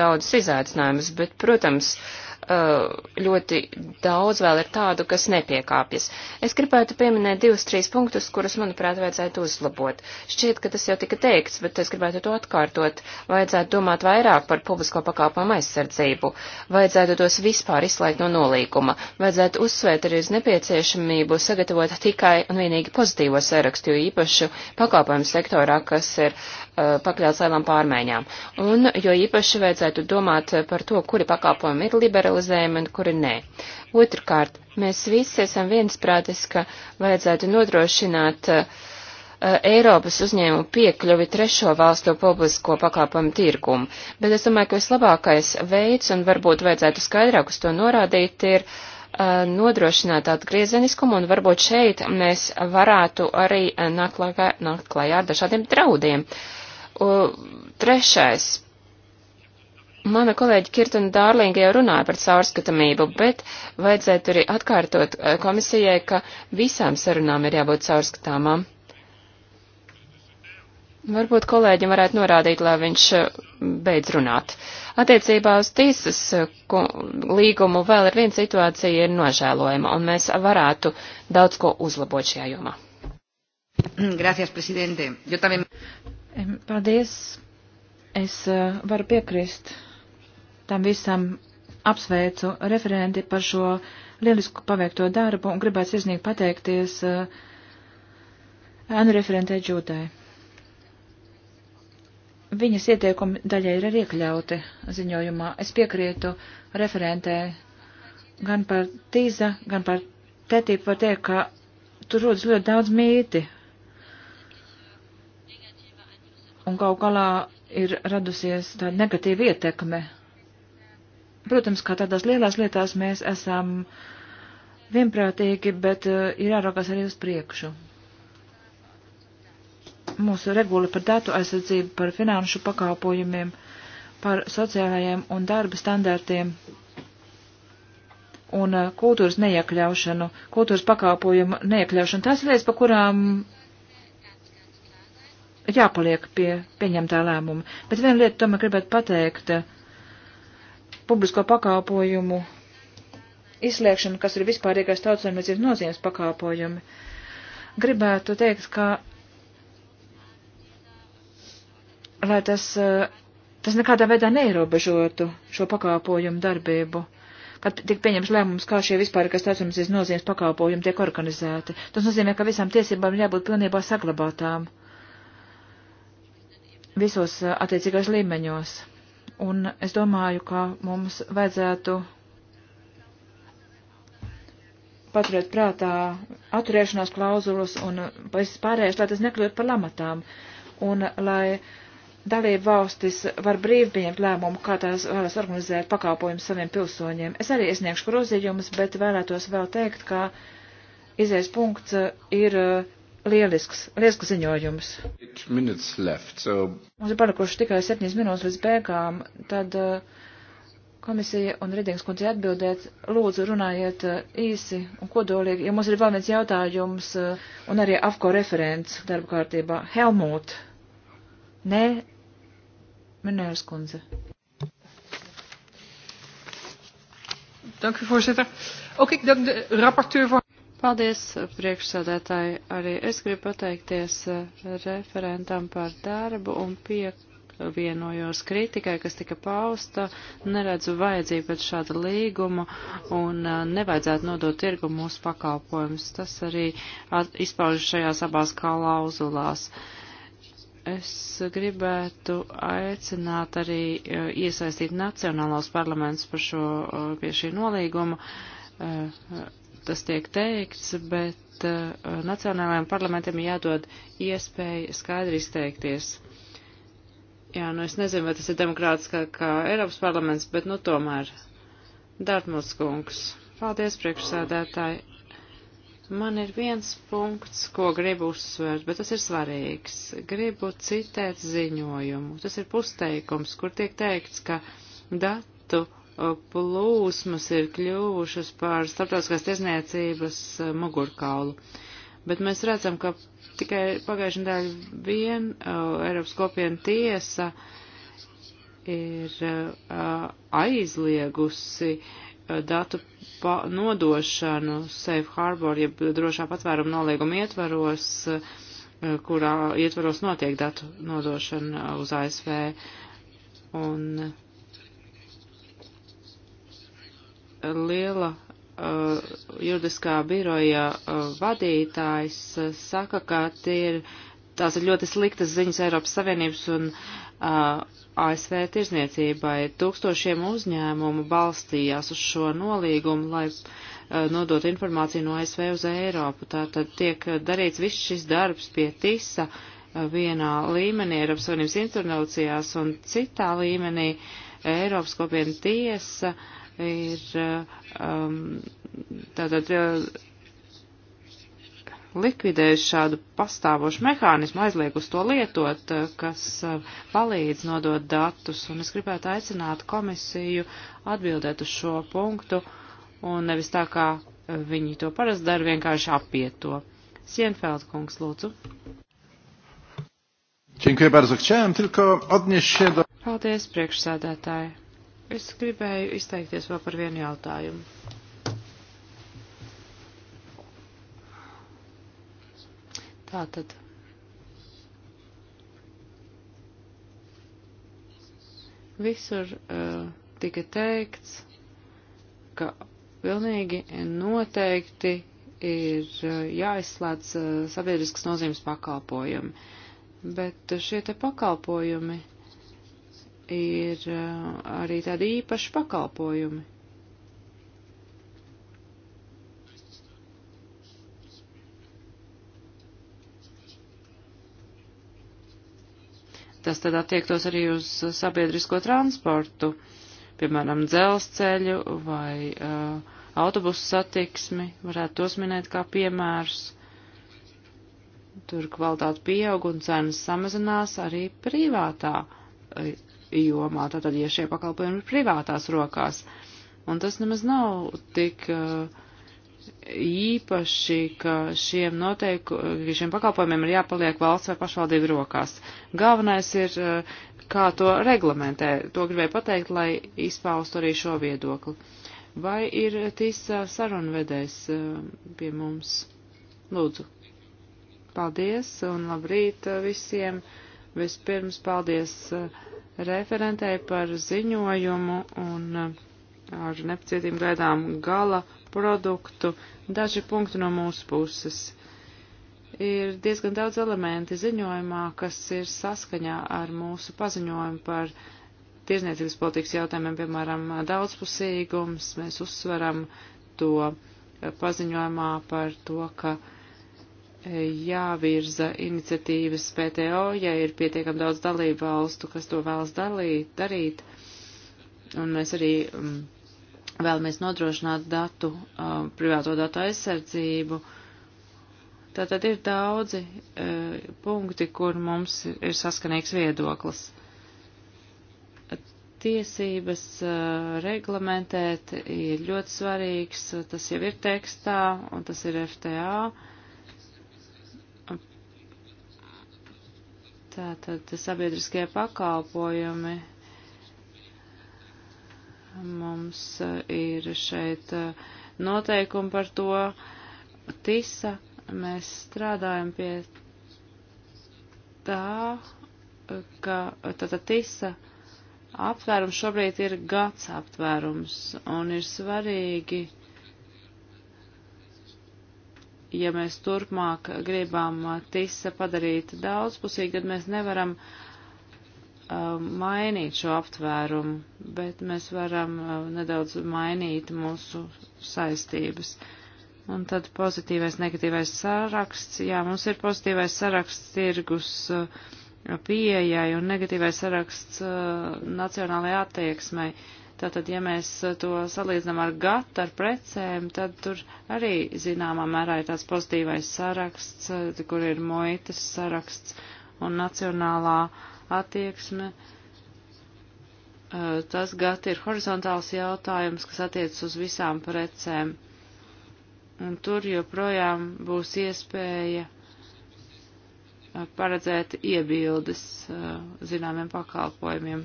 daudzas izaicinājumus, bet, protams, uh, Uh, ļoti daudz vēl ir tādu, kas nepiekāpjas. Es gribētu pieminēt divus, trīs punktus, kurus, manuprāt, vajadzētu uzlabot. Šķiet, ka tas jau tika teikts, bet es gribētu to atkārtot. Vajadzētu domāt vairāk par publisko pakāpumu aizsardzību. Vajadzētu tos vispār izslēgt no nolīguma. Vajadzētu uzsvērt arī uz nepieciešamību sagatavot tikai un vienīgi pozitīvo sarakstu, jo īpaši pakāpojumu sektorā, kas ir uh, pakļauts lielām pārmaiņām. Un jo īpaši vajadzētu domāt par to, kuri pakāpojumi ir liberalizēti realizējami un kuri nē. Otrkārt, mēs visi esam viensprātis, ka vajadzētu nodrošināt uh, uh Eiropas uzņēmumu piekļuvi trešo valstu publisko pakāpojumu tirgumu, bet es domāju, ka vislabākais veids, un varbūt vajadzētu skaidrāk uz to norādīt, ir uh, nodrošināt atgriezeniskumu, un varbūt šeit mēs varētu arī uh, nākt klajā ar dažādiem draudiem. Uh, trešais Mana kolēģi Kirtuna Dārlinga jau runāja par caurskatāmību, bet vajadzētu arī atkārtot eh, komisijai, ka visām sarunām ir jābūt caurskatāmām. Varbūt kolēģim varētu norādīt, lai viņš eh, beidz runāt. Attiecībā uz tīsas eh, līgumu vēl ir viena situācija ir nožēlojama, un mēs varētu daudz ko uzlabot šajā jomā.
Gracias,
presidente. Jo también... Paldies. Es uh, varu piekrist tam visam apsveicu referenti par šo lielisku paveikto darbu un gribētu sirsnīgi pateikties eh, ēnu uh, referentē Džūtai. Viņas ieteikumi daļai ir arī iekļauti ziņojumā. Es piekrītu referentē gan par tīza, gan par tētību var teikt, ka tur rodas ļoti daudz mīti. Un kaut galā ir radusies tāda negatīva ietekme Protams, kā tādās lielās lietās mēs esam vienprātīgi, bet eh, ir jāraugās arī uz priekšu. Mūsu regula par datu aizsardzību, par finanšu pakāpojumiem, par sociālajiem un darba standartiem un eh, kultūras neiekļaušanu, kultūras pakāpojumu neiekļaušanu. Tās lietas, pa kurām jāpaliek pie pieņemtā lēmuma. Bet viena lieta tomēr gribētu pateikt eh, publisko pakāpojumu izslēgšanu, kas ir vispārīgais tautsēmniecības nozīmes pakāpojumi. Gribētu teikt, ka lai tas, eh, tas nekādā veidā neierobežotu šo pakāpojumu darbību, kad tiek pieņems lēmums, kā šie vispārīgais tautsēmniecības nozīmes pakāpojumi tiek organizēti. Tas nozīmē, ka visām tiesībām jābūt pilnībā saglabātām visos eh, attiecīgās līmeņos un es domāju, ka mums vajadzētu paturēt prātā atturēšanās klauzulas un visas pārējais, lai tas nekļūtu par lamatām, un lai dalību valstis var brīvi pieņemt lēmumu, kā tās vēlas organizēt pakāpojumus saviem pilsoņiem. Es arī iesniegšu grozījumus, bet vēlētos vēl teikt, ka izējas punkts ir lielisks, lielisks ziņojums. Left, so... Mums ir palikuši tikai 7 minūtes līdz beigām, tad uh, komisija un Redings kundze atbildēt, lūdzu runājiet uh, īsi un kodolīgi, ja mums ir vēl viens jautājums uh, un arī AFCO referents darba kārtībā. Helmut, nē, Minēras kundze.
Dank u voorzitter. Ook ik dank de rapporteur voor. Paldies, priekšsādētāji. Arī es gribu pateikties eh, referentam par darbu un pievienojos kritikai, kas tika pausta. Neredzu vajadzību pēc šāda līguma un eh, nevajadzētu nodot tirgu mūsu pakalpojumus. Tas arī izpaužas šajās abās klauzulās es gribētu aicināt arī eh, iesaistīt nacionālos parlaments par šo, pie šī nolīguma tas tiek teikts, bet uh, nacionālajiem parlamentiem jādod iespēja skaidri izteikties. Jā, nu es nezinu, vai tas ir demokrātiskā kā Eiropas parlaments, bet nu tomēr. Dārtmūts kungs. Paldies, priekšsēdētāji. Man ir viens punkts, ko gribu uzsvērt, bet tas ir svarīgs. Gribu citēt ziņojumu. Tas ir pusteikums, kur tiek teikts, ka datu plūsmas ir kļuvušas par starptautiskās tiesniecības eh, mugurkaulu. Bet mēs redzam, ka tikai pagājušajā nedēļā vien uh, Eiropas kopiena tiesa ir uh, aizliegusi uh, datu nodošanu Safe Harbor, jeb drošā patvēruma nolieguma ietvaros, uh, kurā ietvaros notiek datu nodošana uz ASV. Un, uh, liela uh, juridiskā biroja uh, vadītājs uh, saka, ka tie ir, tās ir ļoti sliktas ziņas Eiropas Savienības un uh, ASV tirzniecībai. Tūkstošiem uzņēmumu balstījās uz šo nolīgumu, lai uh, nodot informāciju no ASV uz Eiropu. Tātad tiek darīts viss šis darbs pie TISA uh, vienā līmenī Eiropas Savienības institūcijās un citā līmenī Eiropas kopiena tiesa. Uh, ir um, tātad uh, likvidējuši šādu pastāvošu mehānismu, aizlieg uz to lietot, uh, kas uh, palīdz nodot datus, un es gribētu aicināt komisiju atbildēt uz šo punktu, un nevis tā kā viņi to parasti dara, vienkārši apiet to. Sienfeld kungs, lūdzu.
Dziękuję bardzo. Chciałem tylko odnieść się do...
Paldies, priekšsēdētāji. Es gribēju izteikties vēl par vienu jautājumu. Tātad. Visur uh, tika teikts, ka pilnīgi noteikti ir uh, jāizslēdz uh, sabiedriskas nozīmes pakalpojumi. Bet šie te pakalpojumi ir eh, arī tādi īpaši pakalpojumi. Tas tad attiektos arī uz sabiedrisko transportu, piemēram, dzelzceļu vai uh, autobusu satiksmi, varētu tos minēt kā piemērus. Tur kvalitāte pieaug un cenas samazinās arī privātā eh, jomā, tātad, ja šie pakalpojumi ir privātās rokās. Un tas nemaz nav tik uh, īpaši, ka šiem, noteiku, šiem pakalpojumiem ir jāpaliek valsts vai pašvaldību rokās. Galvenais ir, uh, kā to reglamentē. To gribēju pateikt, lai izpaustu arī šo viedokli. Vai ir tīsa uh, sarunvedējs pie mums? Lūdzu. Paldies un labrīt visiem. Vispirms paldies uh, referentei par ziņojumu un uh, ar nepacietību gaidām gala produktu. Daži punkti no mūsu puses. Ir diezgan daudz elementi ziņojumā, kas ir saskaņā ar mūsu paziņojumu par tirzniecības politikas jautājumiem, piemēram, daudzpusīgums. Mēs uzsveram to uh, paziņojumā par to, ka uh, jāvirza iniciatīvas PTO, ja ir pietiekam daudz dalību valstu, kas to vēlas dalīt, darīt. Un mēs arī um, vēlamies nodrošināt datu, um, privāto datu aizsardzību. Tātad ir daudzi uh, punkti, kur mums ir saskanīgs viedoklis. Tiesības uh, reglamentēt ir ļoti svarīgs, tas jau ir tekstā un tas ir FTA. Uh, Tātad sabiedriskie pakalpojumi mums uh, ir šeit uh, noteikumi par to. Tisa, mēs strādājam pie tā, ka tātad tisa aptvērums šobrīd ir gads aptvērums un ir svarīgi ja mēs turpmāk gribam uh, tisa padarīt daudzpusīgi, tad mēs nevaram uh, mainīt šo aptvērumu, bet mēs varam uh, nedaudz mainīt mūsu saistības. Un tad pozitīvais, negatīvais saraksts. Jā, mums ir pozitīvais saraksts tirgus pieejai un negatīvais saraksts nacionālajai attieksmei. Tātad, ja mēs to salīdzinām ar gata, ar precēm, tad tur arī zināmā mērā ir tāds pozitīvais saraksts, eh, kur ir muitas saraksts un nacionālā attieksme. Eh, tas gata ir horizontāls jautājums, kas attiecas uz visām precēm. Un tur joprojām būs iespēja eh, paredzēt iebildes zināmiem pakalpojumiem.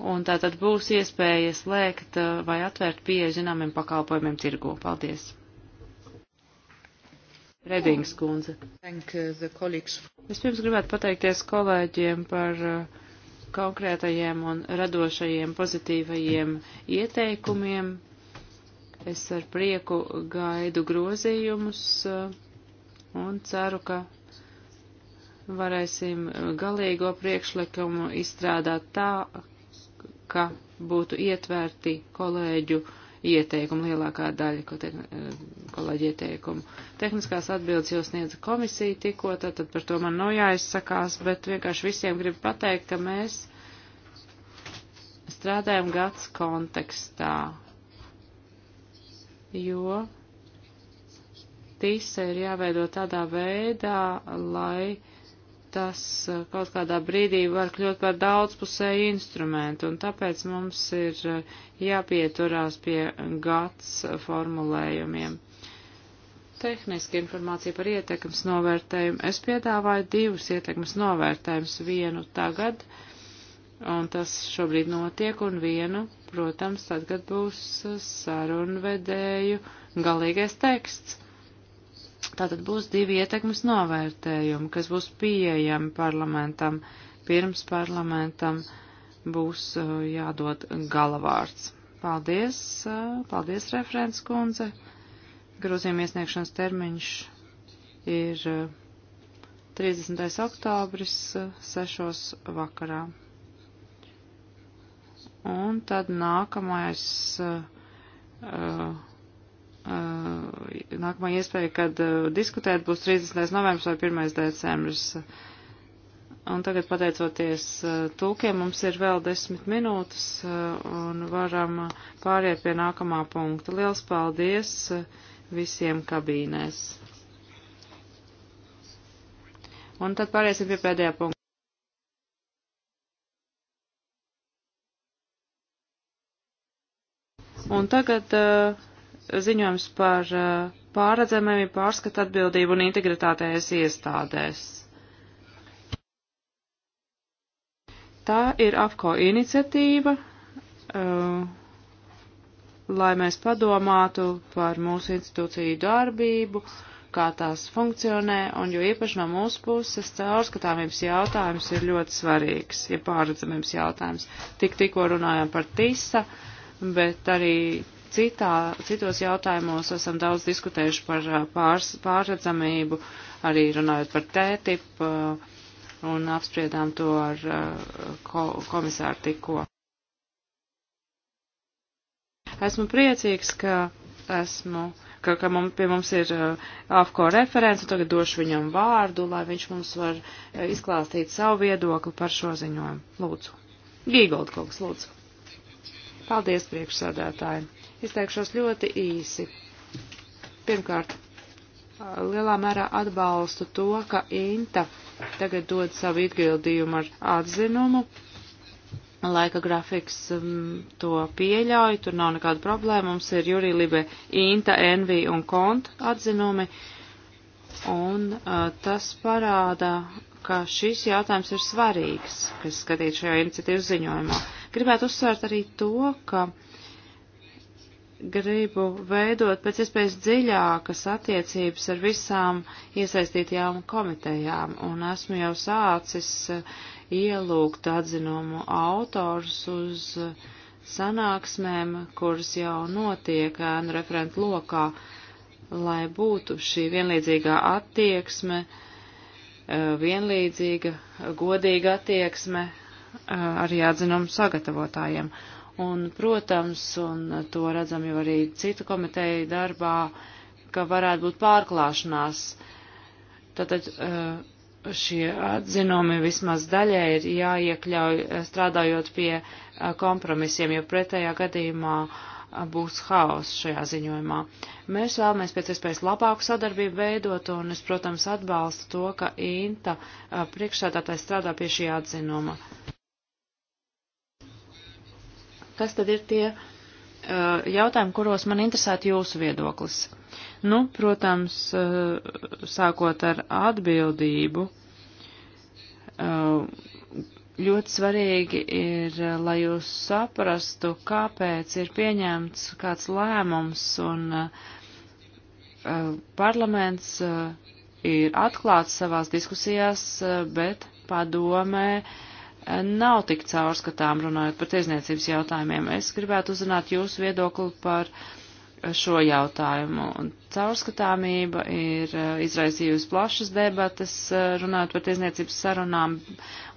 un tā tad būs iespēja slēgt uh, vai atvērt pieeja zināmiem pakalpojumiem tirgu. Paldies! Redings kundze. Uh, Vispirms gribētu pateikties kolēģiem par uh, konkrētajiem un radošajiem pozitīvajiem ieteikumiem. Es ar prieku gaidu grozījumus un ceru, ka varēsim galīgo priekšlikumu izstrādāt tā, ka būtu ietverti kolēģu ieteikumu, lielākā daļa te, eh, kolēģi ieteikumu. Tehniskās atbildes jau sniedza komisija tikko, tātad par to man nav jāizsakās, bet vienkārši visiem gribu pateikt, ka mēs strādājam gads kontekstā, jo tīsa ir jāveido tādā veidā, lai tas eh, kaut kādā brīdī var kļūt par daudzpusēju instrumentu, un tāpēc mums ir eh, jāpieturās pie gads formulējumiem. Tehniski informācija par ietekmes novērtējumu. Es piedāvāju divus ietekmes novērtējumus, vienu tagad, un tas šobrīd notiek, un vienu, protams, tad, kad būs sarunvedēju galīgais teksts. Tātad būs divi ietekmes novērtējumi, kas būs pieejami parlamentam, pirms parlamentam būs uh, jādod galavārds. Paldies, uh, paldies, referents kundze. Grozījuma iesniegšanas termiņš ir 30. Uh, oktobris 6. vakarā. Un tad nākamais. Uh, uh, Uh, nākamā iespēja, kad uh, diskutēt, būs 30. novembris vai 1. decembris. Un tagad, pateicoties uh, tūkiem, mums ir vēl desmit minūtes un varam pāriet pie nākamā punkta. Liels paldies visiem kabīnēs. Un tad pāriesim pie pēdējā punkta. Un tagad uh, ziņojums par uh, pārredzamību, pārskatu atbildību un integritātējas iestādēs. Tā ir AFCO iniciatīva, uh, lai mēs padomātu par mūsu institūciju darbību, kā tās funkcionē, un jo īpaši no mūsu puses caurskatāmības jautājums ir ļoti svarīgs, ir pārredzamības jautājums. Tik tikko runājām par TISA, bet arī citā, citos jautājumos esam daudz diskutējuši par uh, pārs, pārredzamību, arī runājot par tētipu uh, un apspriedām to ar uh, ko, komisāru tikko. Esmu priecīgs, ka esmu, ka, ka mums, pie mums ir AFCO referents, un tagad došu viņam vārdu, lai viņš mums var izklāstīt savu viedokli par šo ziņojumu. Lūdzu. Gīgold kungs, lūdzu. Paldies, priekšsādātāji. Izteikšos ļoti īsi. Pirmkārt, lielā mērā atbalstu to, ka Inta tagad dod savu atbildījumu ar atzinumu. Laika grafiks um, to pieļauj, tur nav nekāda problēma. Mums ir Jurija Libe, Inta, Envi un Kont atzinumi. Un uh, tas parāda, ka šis jautājums ir svarīgs, kas skatīt šajā iniciatīvas ziņojumā. Gribētu uzsvērt arī to, ka uh, gribu veidot pēc iespējas dziļākas attiecības ar visām iesaistītajām komitejām, un esmu jau sācis eh, ielūgt atzinumu autors uz eh, sanāksmēm, kuras jau notiek ēnu referentu lokā, lai būtu šī vienlīdzīgā attieksme, eh, vienlīdzīga, godīga attieksme arī atzinumu sagatavotājiem Un, protams, un to redzam jau arī citu komiteju darbā, ka varētu būt pārklāšanās. Tātad eh, šie atzinumi vismaz daļai ir jāiekļauj eh, strādājot pie eh, kompromisiem, jo pretējā gadījumā būs haoss šajā ziņojumā. Mēs vēlamies pēc iespējas labāku sadarbību veidot, un es, protams, atbalstu to, ka Inta priekšsēdātais strādā pie šī atzinuma kas tad ir tie uh, jautājumi, kuros man interesētu jūsu viedoklis. Nu, protams, uh, sākot ar atbildību, uh, ļoti svarīgi ir, lai jūs saprastu, kāpēc ir pieņemts kāds lēmums un parlaments ir atklāts savās diskusijās, bet padomē uh, nav tik caurskatām runājot par tiesniecības jautājumiem. Es gribētu uzzināt jūsu viedokli par šo jautājumu. Caurskatāmība ir eh, izraisījusi plašas debatas eh, runājot par tiesniecības sarunām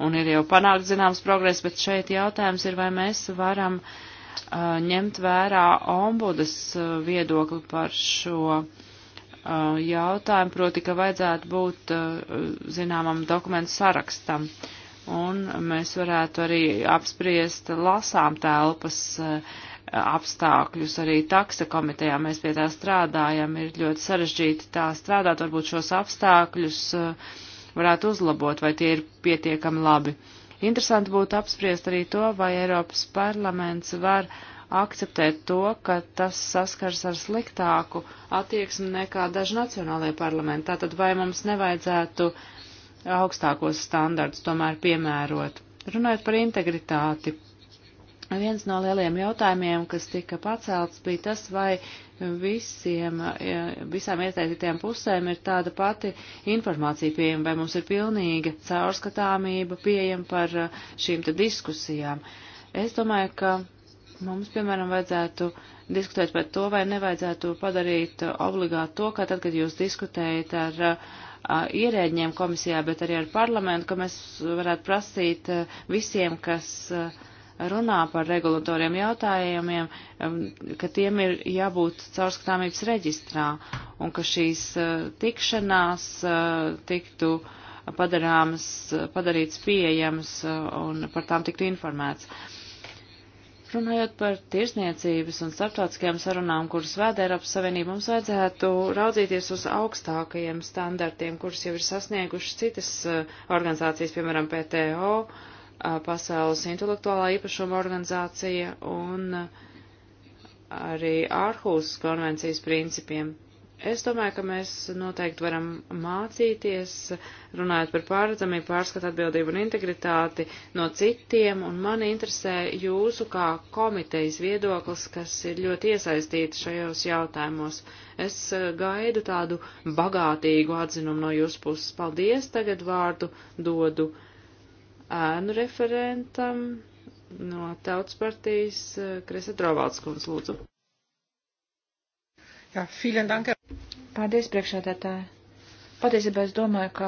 un ir jau panākt zināms progress, bet šeit jautājums ir, vai mēs varam uh, ņemt vērā ombudas viedokli par šo jautājumu, proti, ka vajadzētu būt zināmam dokumentu sarakstam. Uh, un mēs varētu arī apspriest lasām telpas eh, apstākļus arī taksa komitejā. Mēs pie tā strādājam, ir ļoti sarežģīti tā strādāt, varbūt šos apstākļus eh, varētu uzlabot, vai tie ir pietiekami labi. Interesanti būtu apspriest arī to, vai Eiropas parlaments var akceptēt to, ka tas saskars ar sliktāku attieksmi nekā daži nacionālajie parlamenti. Tātad vai mums nevajadzētu uh, augstākos standartus tomēr piemērot. Runājot par integritāti, viens no lieliem jautājumiem, kas tika pacelts, bija tas, vai visiem, e, visām iesaistītajām pusēm ir tāda pati informācija pieejama, vai mums ir pilnīga caurskatāmība pieejama par e, šīm te diskusijām. Es domāju, ka mums, piemēram, vajadzētu diskutēt par to, vai nevajadzētu padarīt obligāti to, ka tad, kad jūs diskutējat ar uh, ierēģiem komisijā, bet arī ar parlamentu, ka mēs varētu prasīt visiem, kas runā par regulatoriem jautājumiem, ka tiem ir jābūt caurskatāmības reģistrā un ka šīs tikšanās tiktu padarāmas, padarītas pieejamas un par tām tiktu informēts. Runājot par tirsniecības un starptautiskajām sarunām, kuras vēda Eiropas Savienība, mums vajadzētu raudzīties uz augstākajiem standartiem, kurus jau ir sasniegušas citas eh, organizācijas, piemēram, PTO, eh, Pasaules intelektuālā īpašuma organizācija un eh, arī ārhūsas konvencijas principiem. Es domāju, ka mēs noteikti varam mācīties, runājot par pārredzamību, pārskatu atbildību un integritāti no citiem, un mani interesē jūsu kā komitejas viedoklis, kas ir ļoti iesaistīts šajos jautājumos. Es eh, gaidu tādu bagātīgu atzinumu no jūsu puses. Paldies, tagad vārdu dodu ēnu referentam no Tautas partijas eh, Kresa Drovalds, kundz lūdzu.
Ja, vielen Dank. Paldies, priekšādātāji. Patiesībā es domāju, ka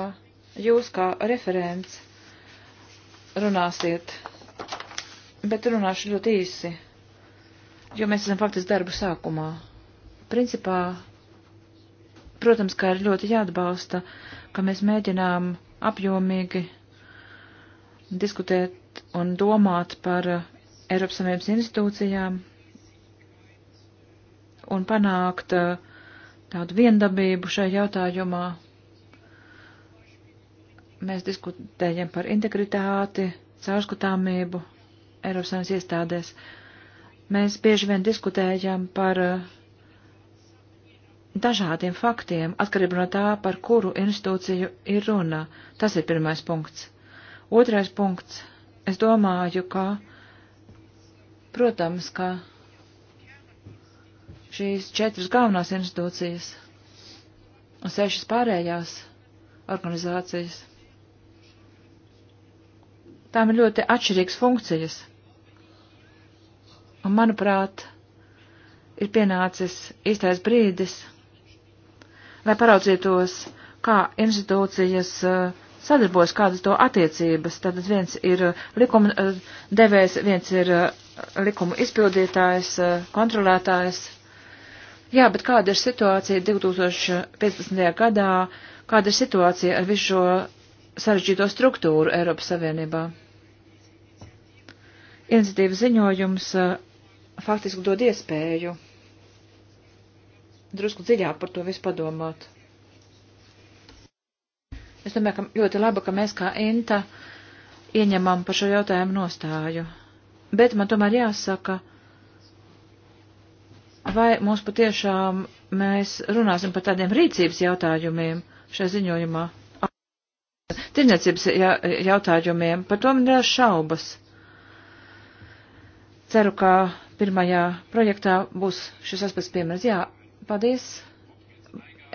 jūs kā referents runāsiet, bet runāšu ļoti īsi, jo mēs esam faktiski darbu sākumā. Principā, protams, kā ir ļoti jāatbalsta, ka mēs mēģinām apjomīgi diskutēt un domāt par Eiropas Savienības institūcijām un panākt uh, tādu viendabību šajā jautājumā. Mēs diskutējam par integritāti, caurskatāmību Eiropas Savienības iestādēs. Mēs bieži vien diskutējam par uh, dažādiem faktiem, atkarībā no tā, par kuru institūciju ir runa. Tas ir pirmais punkts. Otrais punkts. Es domāju, ka, protams, ka šīs četras galvenās institūcijas un sešas pārējās organizācijas. Tām ir ļoti atšķirīgas funkcijas. Un, manuprāt, ir pienācis īstais brīdis, lai paraudzītos, kā institūcijas uh, sadarbojas, kādas to attiecības. Tad viens ir uh, likuma uh, devējs, viens ir likuma izpildītājs, kontrolētājs, Jā, bet kāda ir situācija 2015. gadā, kāda ir situācija ar visu šo sarežģīto struktūru Eiropas Savienībā? Iniciatīvas ziņojums eh, faktiski dod iespēju drusku dziļāk par to visu padomāt. Es domāju, ka ļoti labi, ka mēs kā Inta ieņemam par šo jautājumu nostāju. Bet man tomēr jāsaka, ka vai mums patiešām mēs runāsim par tādiem rīcības jautājumiem šajā ziņojumā, tirniecības jautājumiem, par to man ir šaubas. Ceru, ka pirmajā projektā būs šis aspekts piemērs. Jā, paldies.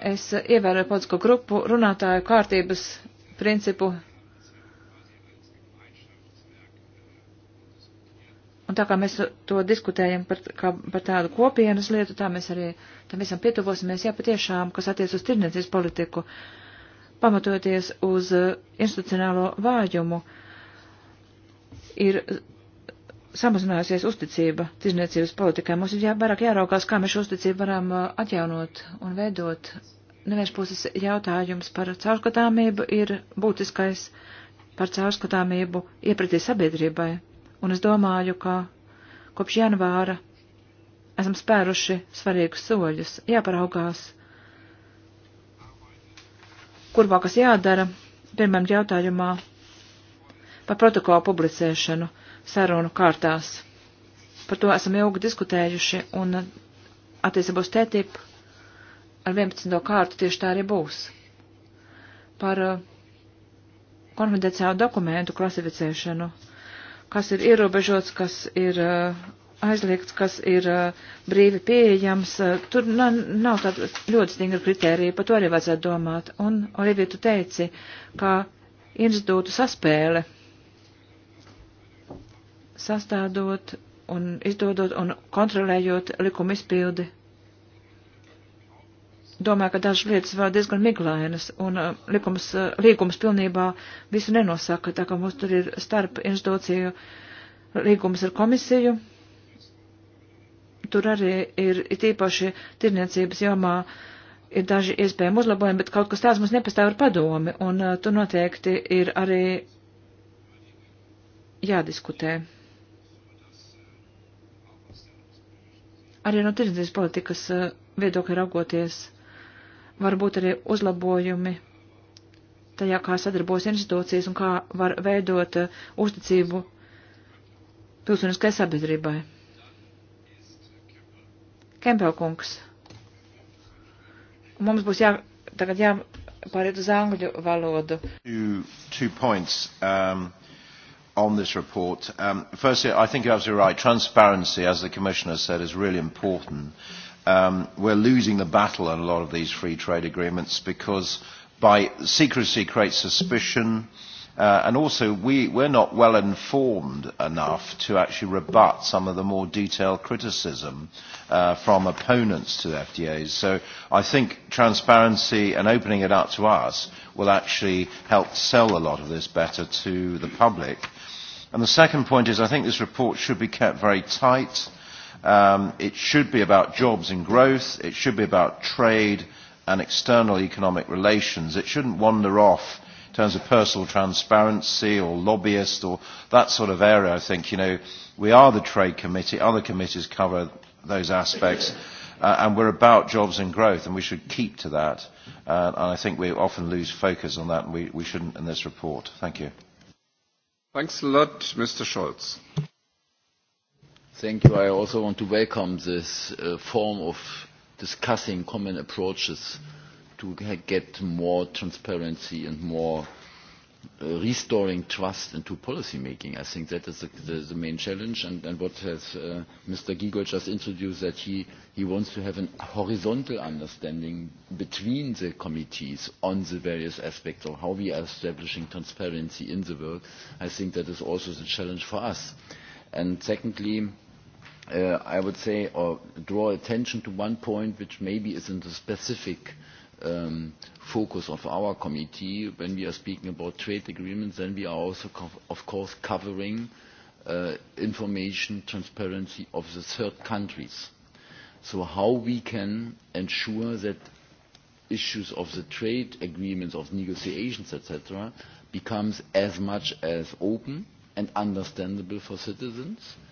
Es ievēroju politisko grupu runātāju kārtības principu Un tā kā mēs to diskutējam par, kā, par tādu kopienas lietu, tā mēs arī tam visam pietuvosimies, ja patiešām, kas attiec uz tirniecības politiku, pamatoties uz uh, institucionālo vājumu, ir uh, samazinājusies uzticība tirniecības politikai. Mums ir jā, vairāk jāraukās, kā mēs šo uzticību varam uh, atjaunot un veidot. Neviens puses jautājums par caurskatāmību ir būtiskais par caurskatāmību iepratī sabiedrībai un es domāju, ka kopš janvāra esam spēruši svarīgus soļus, jāparaugās, kur vēl kas jādara, pirmajam jautājumā par protokolu publicēšanu sarunu kārtās. Par to esam ilgi diskutējuši, un attiecībā uz TTIP ar 11. kārtu tieši tā arī būs. Par uh, konfidenciālu dokumentu klasificēšanu kas ir ierobežots, kas ir eh, aizliegts, kas ir eh, brīvi pieejams. Eh, tur nav tāda ļoti stingra kritērija, par to arī vajadzētu domāt. Un, Olivija, tu teici, ka institūtu saspēle sastādot un izdodot un kontrolējot likuma izpildi domāju, ka dažas lietas vēl diezgan miglainas, un uh, likums, uh, līgums pilnībā visu nenosaka, tā kā mums tur ir starp institūciju līgums ar komisiju. Tur arī ir, ir īpaši tirniecības jomā ir daži iespējami uzlabojumi, bet kaut kas tāds mums nepastāv ar padomi, un uh, tur noteikti ir arī jādiskutē. Arī no tirdzniecības politikas uh, viedokļa raugoties. Uh, varbūt arī uzlabojumi tajā, kā sadarbojas institūcijas un kā var veidot eh, uzticību pilsoniskai sabiedrībai. Kempelkungs. Mums būs jā, tagad jāpāriet uz angļu valodu.
Two, two points, um... On this report, um, firstly, I think you're absolutely right. Transparency, as the Commissioner said, is really important um, we're losing the battle on a lot of these free trade agreements because by secrecy creates suspicion. Uh, and also, we, we're not well informed enough to actually rebut some of the more detailed criticism uh, from opponents to FDAs. So I think transparency and opening it up to us will actually help sell a lot of this better to the public. And the second point is I think this report should be kept very tight. Uh, Um, it should be about jobs and growth. It should be about trade and external economic relations. It shouldn't wander off in terms of personal transparency or lobbyist or that sort of area. I think, you know, we are the trade committee. Other committees cover those aspects. Uh, and we're about jobs and growth, and we should keep to that. Uh, and I think we often lose focus on that, and we, we shouldn't in this report. Thank you.
Thanks a lot, Mr. Scholz. Thank you. I also want to welcome this uh, form of discussing common approaches to get more transparency and more uh, restoring trust into policymaking. I think that is the, the, the main challenge. And, and what has uh, Mr. Giegold just introduced, that he, he wants to have a horizontal understanding between the committees on the various aspects of how we are establishing transparency in the world. I think that is also the challenge for us. And secondly, uh, I would say, or draw attention to one point which maybe is in the specific um, focus of our committee. When we are speaking about trade agreements, then we are also, co of course, covering uh, information transparency of the third countries. So how we can ensure that issues of the trade agreements, of negotiations, etc., becomes as much as open and understandable for citizens, uh,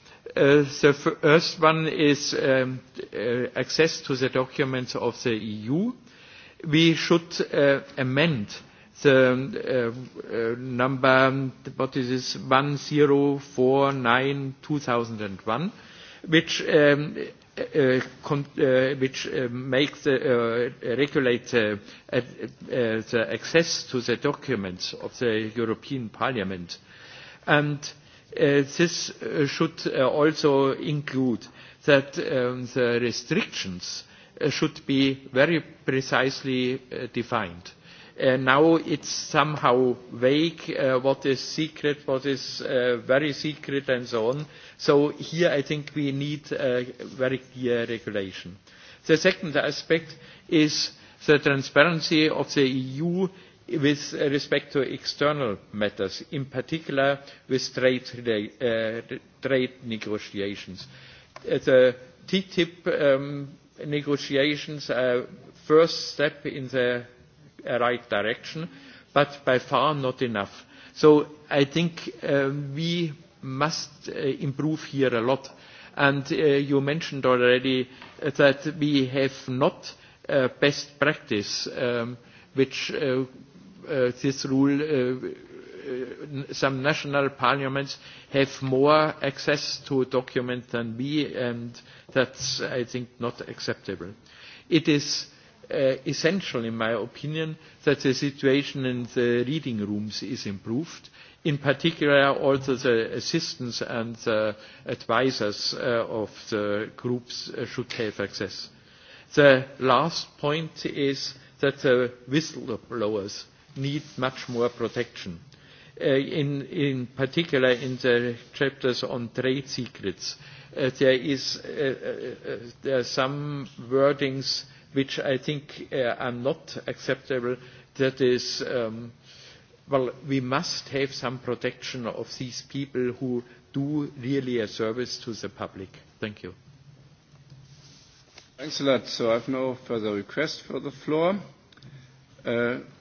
Uh, the first one is um, uh, access to the documents of the EU. We should uh, amend the uh, uh, number, what is this, 1049-2001, which, um, uh, uh, con uh, which uh, makes the, uh, regulate uh, uh, uh, the access to the documents of the European Parliament. And uh, Uh, this uh, should uh, also include that um, the restrictions uh, should be very precisely uh, defined. Uh, now it's somehow vague uh, what is secret, what is uh, very secret and so on. So here I think we need uh, very clear regulation. The second aspect is the transparency of the EU with respect to external matters, in particular with trade, uh, trade negotiations. Uh, the TTIP um, negotiations are first step in the right direction, but by far not enough. So I think um, we must uh, improve here a lot. And uh, you mentioned already uh, that we have not uh, best practice um, which uh, uh, this rule, uh, uh, some national parliaments have more access to a document than we, and that's, I think, not acceptable. It is uh, essential, in my opinion, that the situation in the reading rooms is improved. In particular, also the assistants and uh, advisors uh, of the groups uh, should have access. The last point is that the whistleblowers need much more protection, uh, in, in particular in the chapters on trade secrets. Uh, there is uh, uh, uh, there are some wordings which I think uh, are not acceptable. That is, um, well, we must have some protection of these people who do really a service to the public. Thank you. Thanks a lot. So I have no further request for the floor. Uh,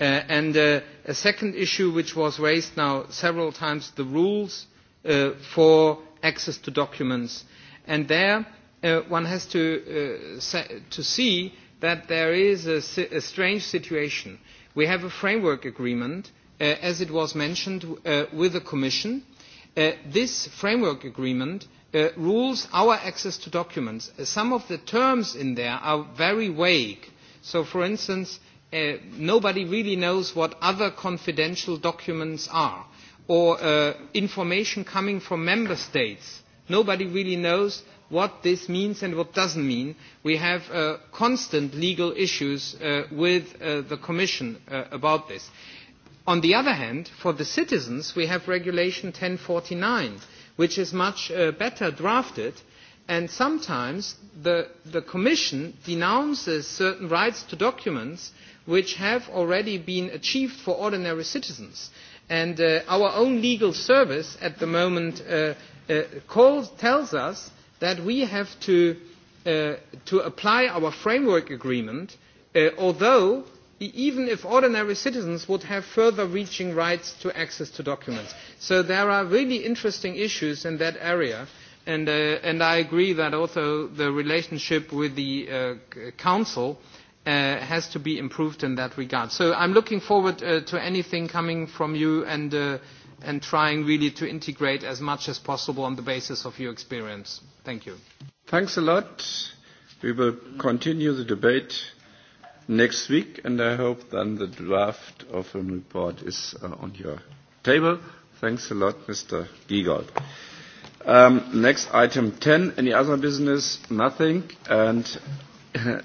Uh, and uh, a second issue which was raised now several times, the rules uh, for access to documents. And there uh, one has to, uh, se- to see that there is a, si- a strange situation. We have a framework agreement, uh, as it was mentioned, uh, with the Commission. Uh, this framework agreement uh, rules our access to documents. Uh, some of the terms in there are very vague. So, for instance, uh, uh, nobody really knows what other confidential documents are, or uh, information coming from member states. Nobody really knows what this means and what doesn't mean. We have uh, constant legal issues uh, with uh, the Commission uh, about this. On the other hand, for the citizens, we have Regulation 1049, which is much uh, better drafted, and sometimes the, the Commission denounces certain rights to documents which have already been achieved for ordinary citizens. And uh, our own legal service at the moment uh, uh, calls, tells us that we have to, uh, to apply our framework agreement, uh, although e-, even if ordinary citizens would have further reaching rights to access to documents. So there are really interesting issues in that area. And, uh, and I agree that also the relationship with the uh, Council uh, uh, has to be improved in that regard. So I'm looking forward uh, to anything coming from you and, uh, and trying really to integrate as much as possible on the basis of your experience. Thank you.
Thanks a lot. We will continue the debate next week, and I hope then the draft of a report is uh, on your table. Thanks a lot, Mr. Giegold. Um, next item 10, any other business? Nothing. And